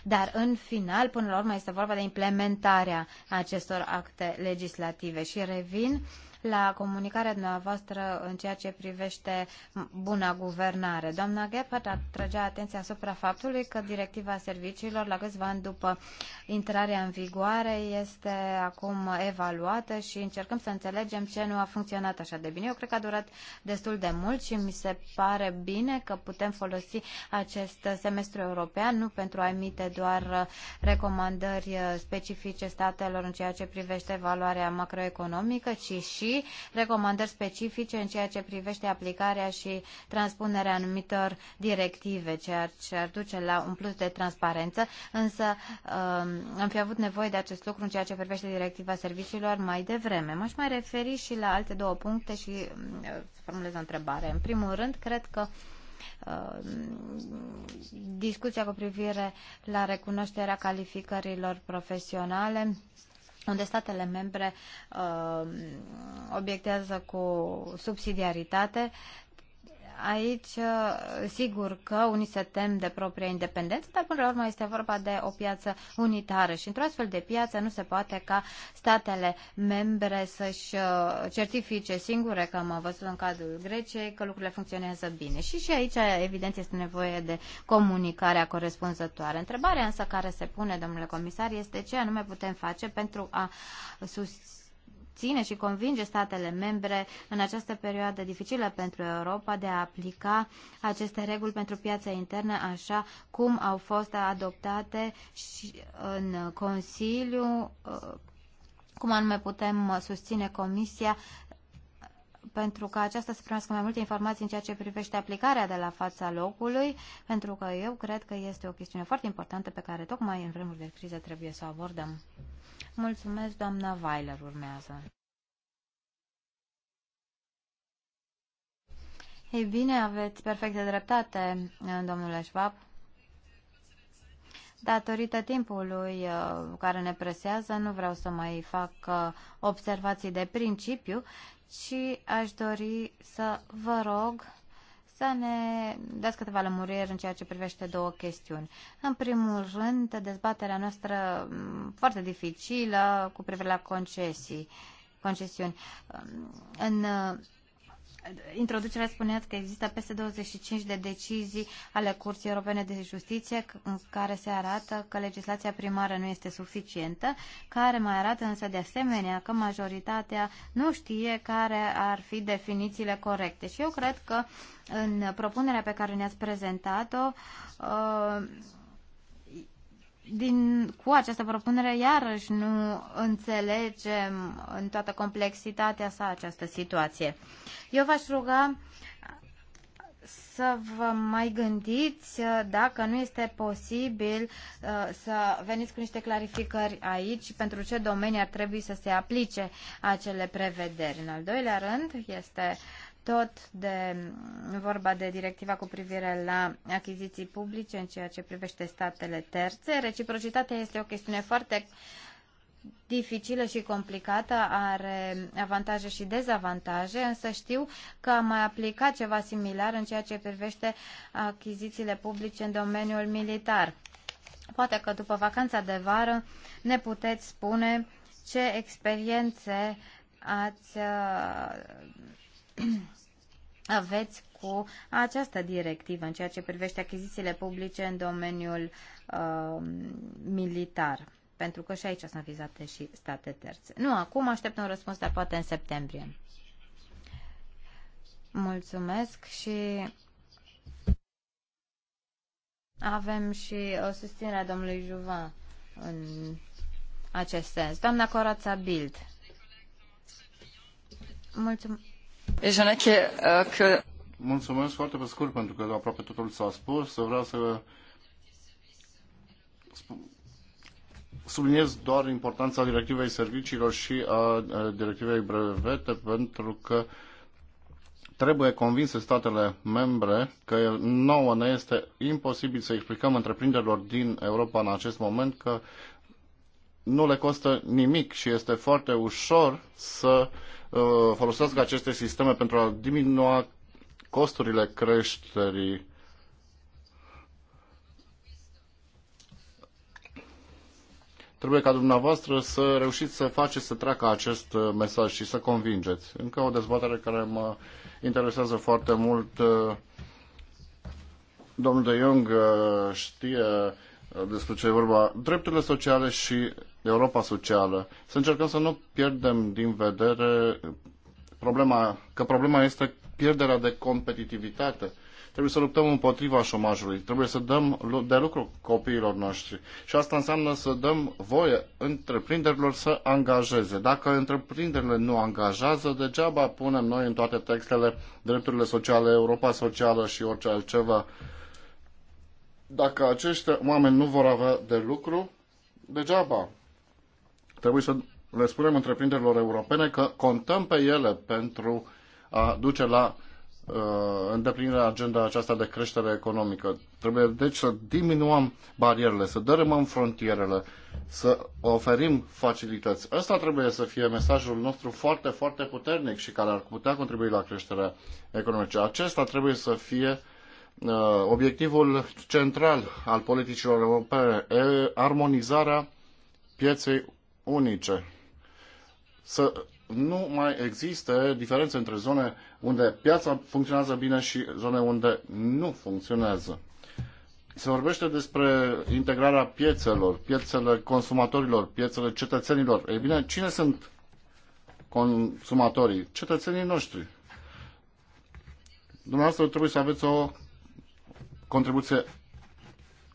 Dar în final, până la urmă, este vorba de implementarea acestor acte legislative și revin uh, la comunicarea dumneavoastră în ceea ce privește buna guvernare. Doamna Gephardt atragea atenția asupra faptului că directiva serviciilor la câțiva ani după intrarea în vigoare este acum evaluată și încercăm să înțelegem ce nu a funcționat așa de bine. Eu cred că a durat destul de mult și mi se pare bine că putem folosi acest semestru european nu pentru a emite doar recomandări specifice statelor în ceea ce privește evaluarea macroeconomică, ci și recomandări specifice în ceea ce privește aplicarea și transpunerea anumitor directive, ceea ce ar duce la un plus de transparență, însă um, am fi avut nevoie de acest lucru în ceea ce privește directiva serviciilor mai devreme. M-aș mai referi și la alte două puncte și um, formulez o întrebare. În primul rând, cred că um, discuția cu privire la recunoașterea calificărilor profesionale unde statele membre uh, obiectează cu subsidiaritate, Aici, uh, sigur că unii se tem de propria independență, dar până la urmă este vorba de o piață unitară și într-o astfel de piață nu se poate ca statele membre să-și uh, certifice singure, că am văzut în cadrul Greciei, că lucrurile funcționează bine. Și și aici, evident, este nevoie de comunicarea corespunzătoare. Întrebarea însă care se pune, domnule comisar, este ce anume putem face pentru a susține ține și convinge statele membre în această perioadă dificilă pentru Europa de a aplica aceste reguli pentru piața internă așa cum au fost adoptate și în Consiliu, uh, cum anume putem susține Comisia pentru că aceasta să primească mai multe informații în ceea ce privește aplicarea de la fața locului, pentru că eu cred că este o chestiune foarte importantă pe care tocmai în vremuri de criză trebuie să o abordăm. Mulțumesc, doamna Weiler urmează. Ei bine, aveți perfectă dreptate, domnule Schwab. Datorită timpului uh, care ne presează, nu vreau să mai fac uh, observații de principiu, ci aș dori să vă rog să ne dați câteva lămuriri în ceea ce privește două chestiuni. În primul rând, dezbaterea noastră mm, foarte dificilă cu privire la concesii, concesiuni. În introducerea spuneați că există peste 25 de decizii ale Curții Europene de Justiție în care se arată că legislația primară nu este suficientă, care mai arată însă de asemenea că majoritatea nu știe care ar fi definițiile corecte. Și eu cred că în propunerea pe care ne-ați prezentat-o, uh, din, cu această propunere iarăși nu înțelegem în toată complexitatea sa această situație. Eu v-aș ruga să vă mai gândiți uh, dacă nu este posibil uh, să veniți cu niște clarificări aici pentru ce domenii ar trebui să se aplice acele prevederi. În al doilea rând, este tot de vorba de directiva cu privire la achiziții publice în ceea ce privește statele terțe. Reciprocitatea este o chestiune foarte dificilă și complicată, are avantaje și dezavantaje, însă știu că am mai aplicat ceva similar în ceea ce privește achizițiile publice în domeniul militar. Poate că după vacanța de vară ne puteți spune ce experiențe ați aveți cu această directivă în ceea ce privește achizițiile publice în domeniul uh, militar? Pentru că și aici sunt vizate și state terțe. Nu, acum aștept un răspuns, dar poate în septembrie. Mulțumesc și avem și o uh, susținere domnului Juva în acest sens. Doamna Corața Bild. Mulțumesc. Mulțumesc foarte pe scurt pentru că aproape totul s-a spus. Vreau să subliniez doar importanța directivei serviciilor și a directivei brevete pentru că trebuie convinse statele membre că nouă ne este imposibil să explicăm întreprinderilor din Europa în acest moment că nu le costă nimic și este foarte ușor să uh, Uh, folosească aceste sisteme pentru a diminua costurile creșterii Trebuie ca dumneavoastră să reușiți să faceți să treacă acest uh, mesaj și să convingeți. Încă o dezbatere care mă interesează foarte mult. Uh, domnul de Jung știe despre ce e vorba, drepturile sociale și Europa socială. Să încercăm să nu pierdem din vedere problema, că problema este pierderea de competitivitate. Trebuie să luptăm împotriva șomajului, trebuie să dăm de lucru copiilor noștri. Și asta înseamnă să dăm voie întreprinderilor să angajeze. Dacă întreprinderile nu angajează, degeaba punem noi în toate textele drepturile sociale, Europa socială și orice altceva. Dacă acești oameni nu vor avea de lucru, degeaba. Trebuie să le spunem întreprinderilor europene că contăm pe ele pentru a duce la uh, îndeplinirea agenda aceasta de creștere economică. Trebuie deci să diminuăm barierele, să dărâmăm frontierele, să oferim facilități. Ăsta trebuie să fie mesajul nostru foarte, foarte puternic și care ar putea contribui la creșterea economică. Acesta trebuie să fie Uh, obiectivul central al politicilor europene e armonizarea pieței unice. Să nu mai existe diferențe între zone unde piața funcționează bine și zone unde nu funcționează. Se vorbește despre integrarea piețelor, piețele consumatorilor, piețele cetățenilor. Ei bine, cine sunt consumatorii? Cetățenii noștri. Dumneavoastră trebuie să aveți o contribuție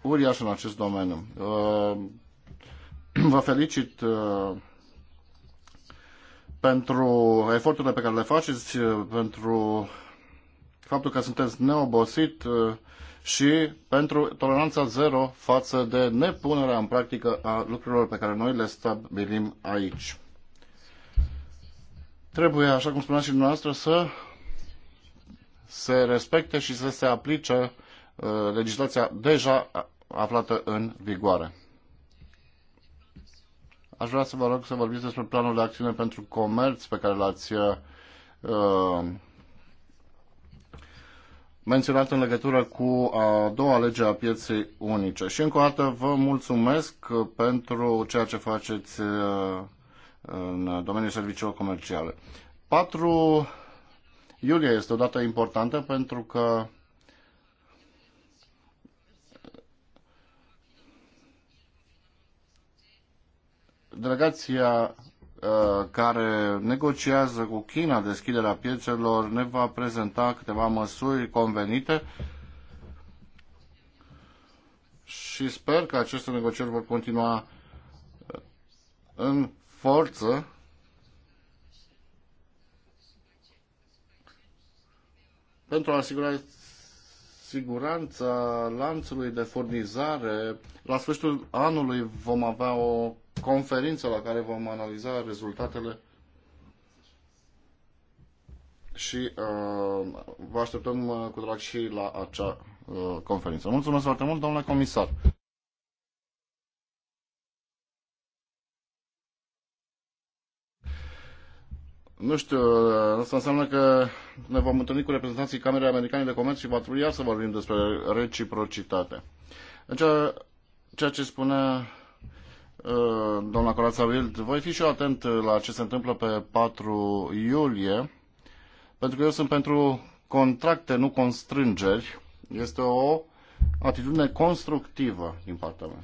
uriașă în acest domeniu. Uh, vă felicit uh, pentru eforturile pe care le faceți, uh, pentru faptul că sunteți neobosit și pentru toleranța zero față de nepunerea în practică a lucrurilor pe care noi le stabilim aici. Trebuie, așa cum spuneați și dumneavoastră, să se respecte și să se aplice Uh, legislația deja aflată în vigoare. Aș vrea să vă rog să vorbiți despre planul de acțiune pentru comerț pe care l-ați uh, menționat în legătură cu a doua lege a pieței unice. Și încă o dată vă mulțumesc pentru ceea ce faceți uh, în domeniul serviciilor comerciale. 4 iulie este o dată importantă pentru că Delegația uh, care negociază cu China deschiderea piețelor ne va prezenta câteva măsuri convenite și sper că aceste negocieri vor continua uh, în forță pentru a asigura siguranța lanțului de furnizare. La sfârșitul anului vom avea o conferință la care vom analiza rezultatele și uh, vă așteptăm uh, cu drag și la acea uh, conferință. Mulțumesc foarte mult, domnule comisar! Nu știu, uh, asta înseamnă că ne vom întâlni cu reprezentanții Camerei Americane de Comerț și va trebui să vorbim despre reciprocitate. Deci, ceea ce spunea Eh, doamna Corața Wild, voi fi și eu atent eh, la ce se întâmplă pe 4 iulie, pentru că eu sunt pentru contracte, nu constrângeri. Este o atitudine constructivă din partea mea.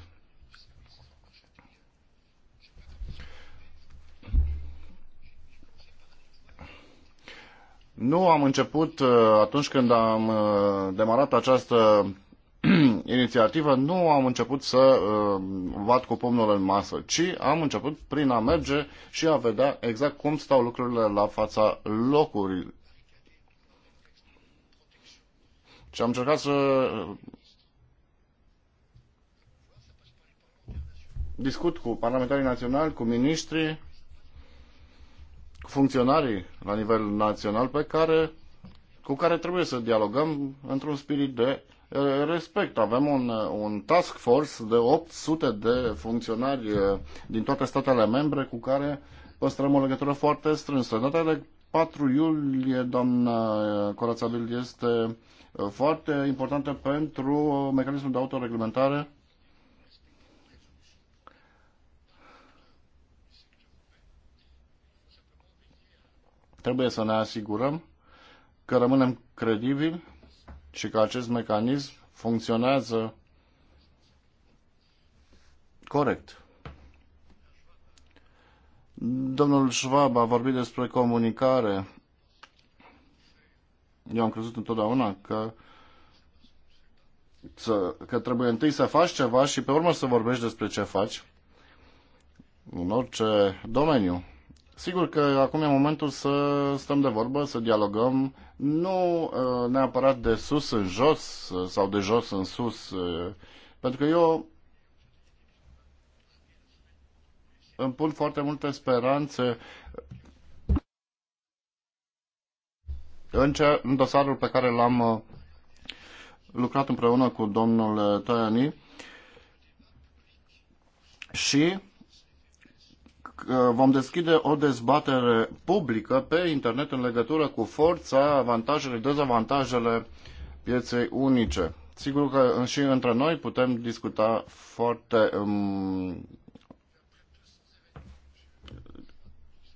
Nu am început eh, atunci când am demarat această inițiativă nu am început să uh, bat cu pomnul în masă, ci am început prin a merge și a vedea exact cum stau lucrurile la fața locurilor. Și am încercat să uh, discut cu parlamentarii naționali, cu miniștri, cu funcționarii la nivel național pe care, cu care trebuie să dialogăm într-un spirit de Eh, respect. Avem un, un task force de 800 de funcționari eh, din toate statele membre cu care păstrăm o legătură foarte strânsă. Data de 4 iulie, doamna eh, Corațabil, este foarte importantă pentru mecanismul de autoreglementare trebuie să ne asigurăm că rămânem credibili și că acest mecanism funcționează corect. Domnul Schwab a vorbit despre comunicare. Eu am crezut întotdeauna că, să, că trebuie întâi să faci ceva și pe urmă să vorbești despre ce faci în orice domeniu. Sigur că acum e momentul să stăm de vorbă, să dialogăm, nu uh, neapărat de sus în jos uh, sau de jos în sus, uh, pentru că eu îmi pun foarte multe speranțe în, ce, în dosarul pe care l-am lucrat împreună cu domnul Tăiani și vom deschide o dezbatere publică pe internet în legătură cu forța, avantajele, dezavantajele pieței unice. Sigur că și între noi putem discuta foarte um,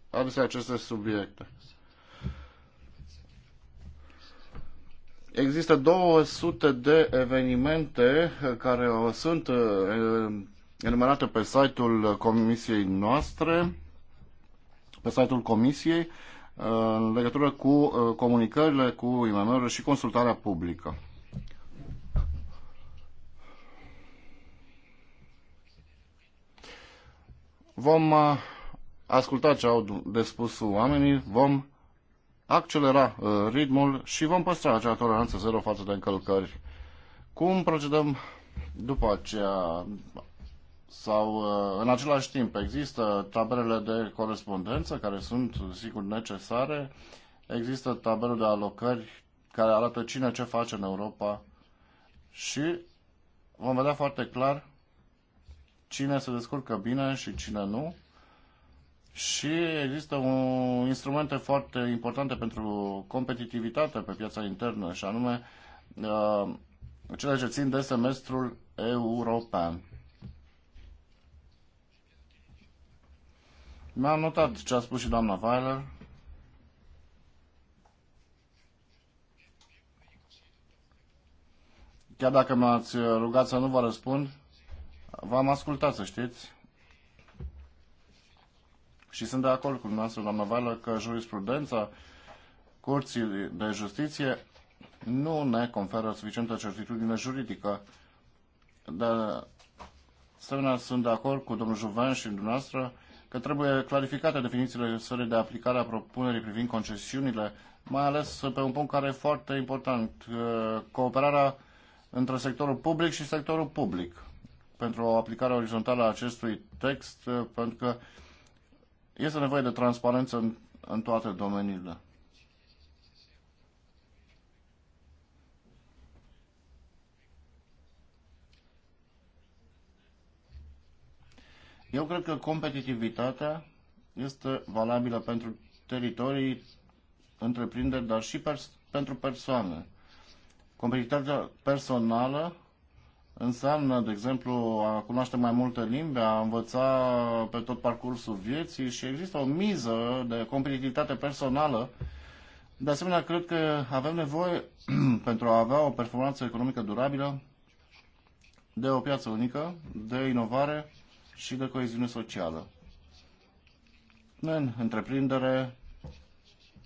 adesea aceste subiecte. Există 200 de evenimente care sunt uh, enumerate pe site-ul comisiei noastre, pe site-ul comisiei, în legătură cu uh, comunicările cu imm și consultarea publică. Vom uh, asculta ce au de spus oamenii, vom accelera uh, ritmul și vom păstra acea toleranță zero față de încălcări. Cum procedăm după aceea? sau uh, în același timp există tabelele de corespondență care sunt sigur necesare, există tabelul de alocări care arată cine ce face în Europa și vom vedea foarte clar cine se descurcă bine și cine nu. Și există un, instrumente foarte importante pentru competitivitate pe piața internă și anume uh, cele ce țin de semestrul european. Mi-am notat ce a spus și doamna Weiler. Chiar dacă m-ați uh, rugat să nu vă răspund, v-am ascultat, să știți. Și sunt de acord cu dumneavoastră, doamna Weiler, că jurisprudența Curții de Justiție nu ne conferă suficientă certitudine juridică. De asemenea, sunt de acord cu domnul Juven și dumneavoastră că trebuie clarificate definițiile sfere de aplicare a propunerii privind concesiunile, mai ales pe un punct care e foarte important, uh, cooperarea între sectorul public și sectorul public pentru o aplicare orizontală a acestui text, uh, pentru că este nevoie de transparență în, în toate domeniile. Eu cred că competitivitatea este valabilă pentru teritorii, întreprinderi, dar și pers- pentru persoane. Competitivitatea personală înseamnă, de exemplu, a cunoaște mai multe limbi, a învăța pe tot parcursul vieții și există o miză de competitivitate personală. De asemenea, cred că avem nevoie, pentru a avea o performanță economică durabilă, de o piață unică, de inovare și de coeziune socială în întreprindere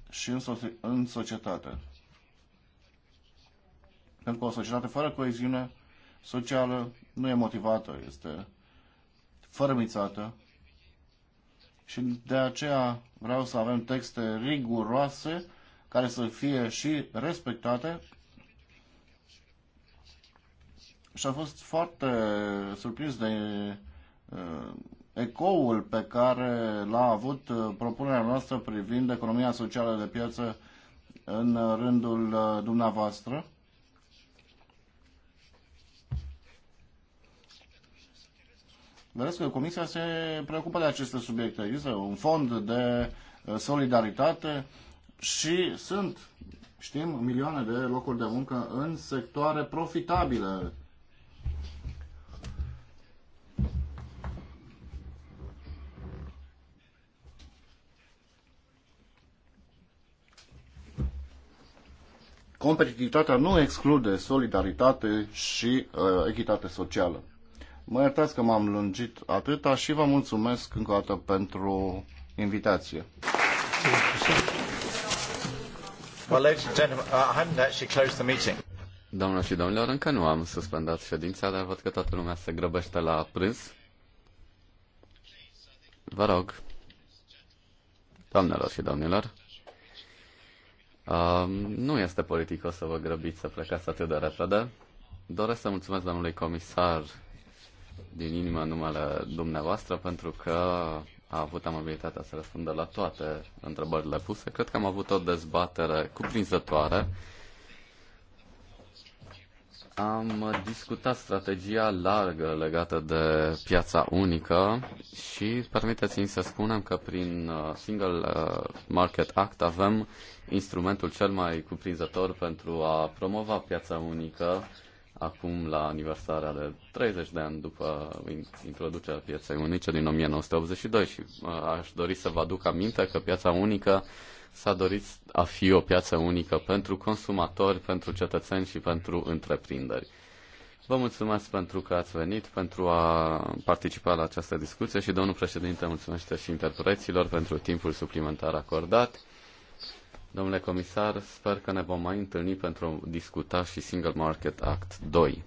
și în, so- în societate. Pentru că o societate fără coeziune socială nu e motivată, este fărămițată și de aceea vreau să avem texte riguroase care să fie și respectate și am fost foarte surprins de Uh, ecoul pe care l-a avut uh, propunerea noastră privind economia socială de piață în uh, rândul dumneavoastră? Vedeți că Comisia se preocupă de aceste subiecte. Există un fond de solidaritate și sunt, știm, milioane de locuri de muncă în sectoare profitabile competitivitatea nu exclude solidaritate și uh, echitate socială. Mă iertați că m-am lungit atâta și vă mulțumesc încă o dată pentru invitație. Well, ladies and gentlemen, uh, I haven't actually closed the meeting. Doamnelor și domnilor, încă nu am suspendat ședința, dar văd că toată lumea se grăbește la prânz. Vă rog. Doamnelor și domnilor. Um, nu este politic o să vă grăbiți să plecați atât de repede. Doresc să mulțumesc domnului comisar din inimă numele dumneavoastră pentru că a avut amabilitatea să răspundă la toate întrebările puse. Cred că am avut o dezbatere cuprinzătoare am discutat strategia largă legată de piața unică și permiteți-mi să spunem că prin uh, Single uh, Market Act avem instrumentul cel mai cuprinzător pentru a promova piața unică acum la aniversarea de 30 de ani după introducerea pieței unice din 1982 și uh, aș dori să vă aduc aminte că piața unică s-a dorit a fi o piață unică pentru consumatori, pentru cetățeni și pentru întreprinderi. Vă mulțumesc pentru că ați venit, pentru a participa la această discuție și domnul președinte mulțumește și interpreților pentru timpul suplimentar acordat. Domnule comisar, sper că ne vom mai întâlni pentru a discuta și Single Market Act 2.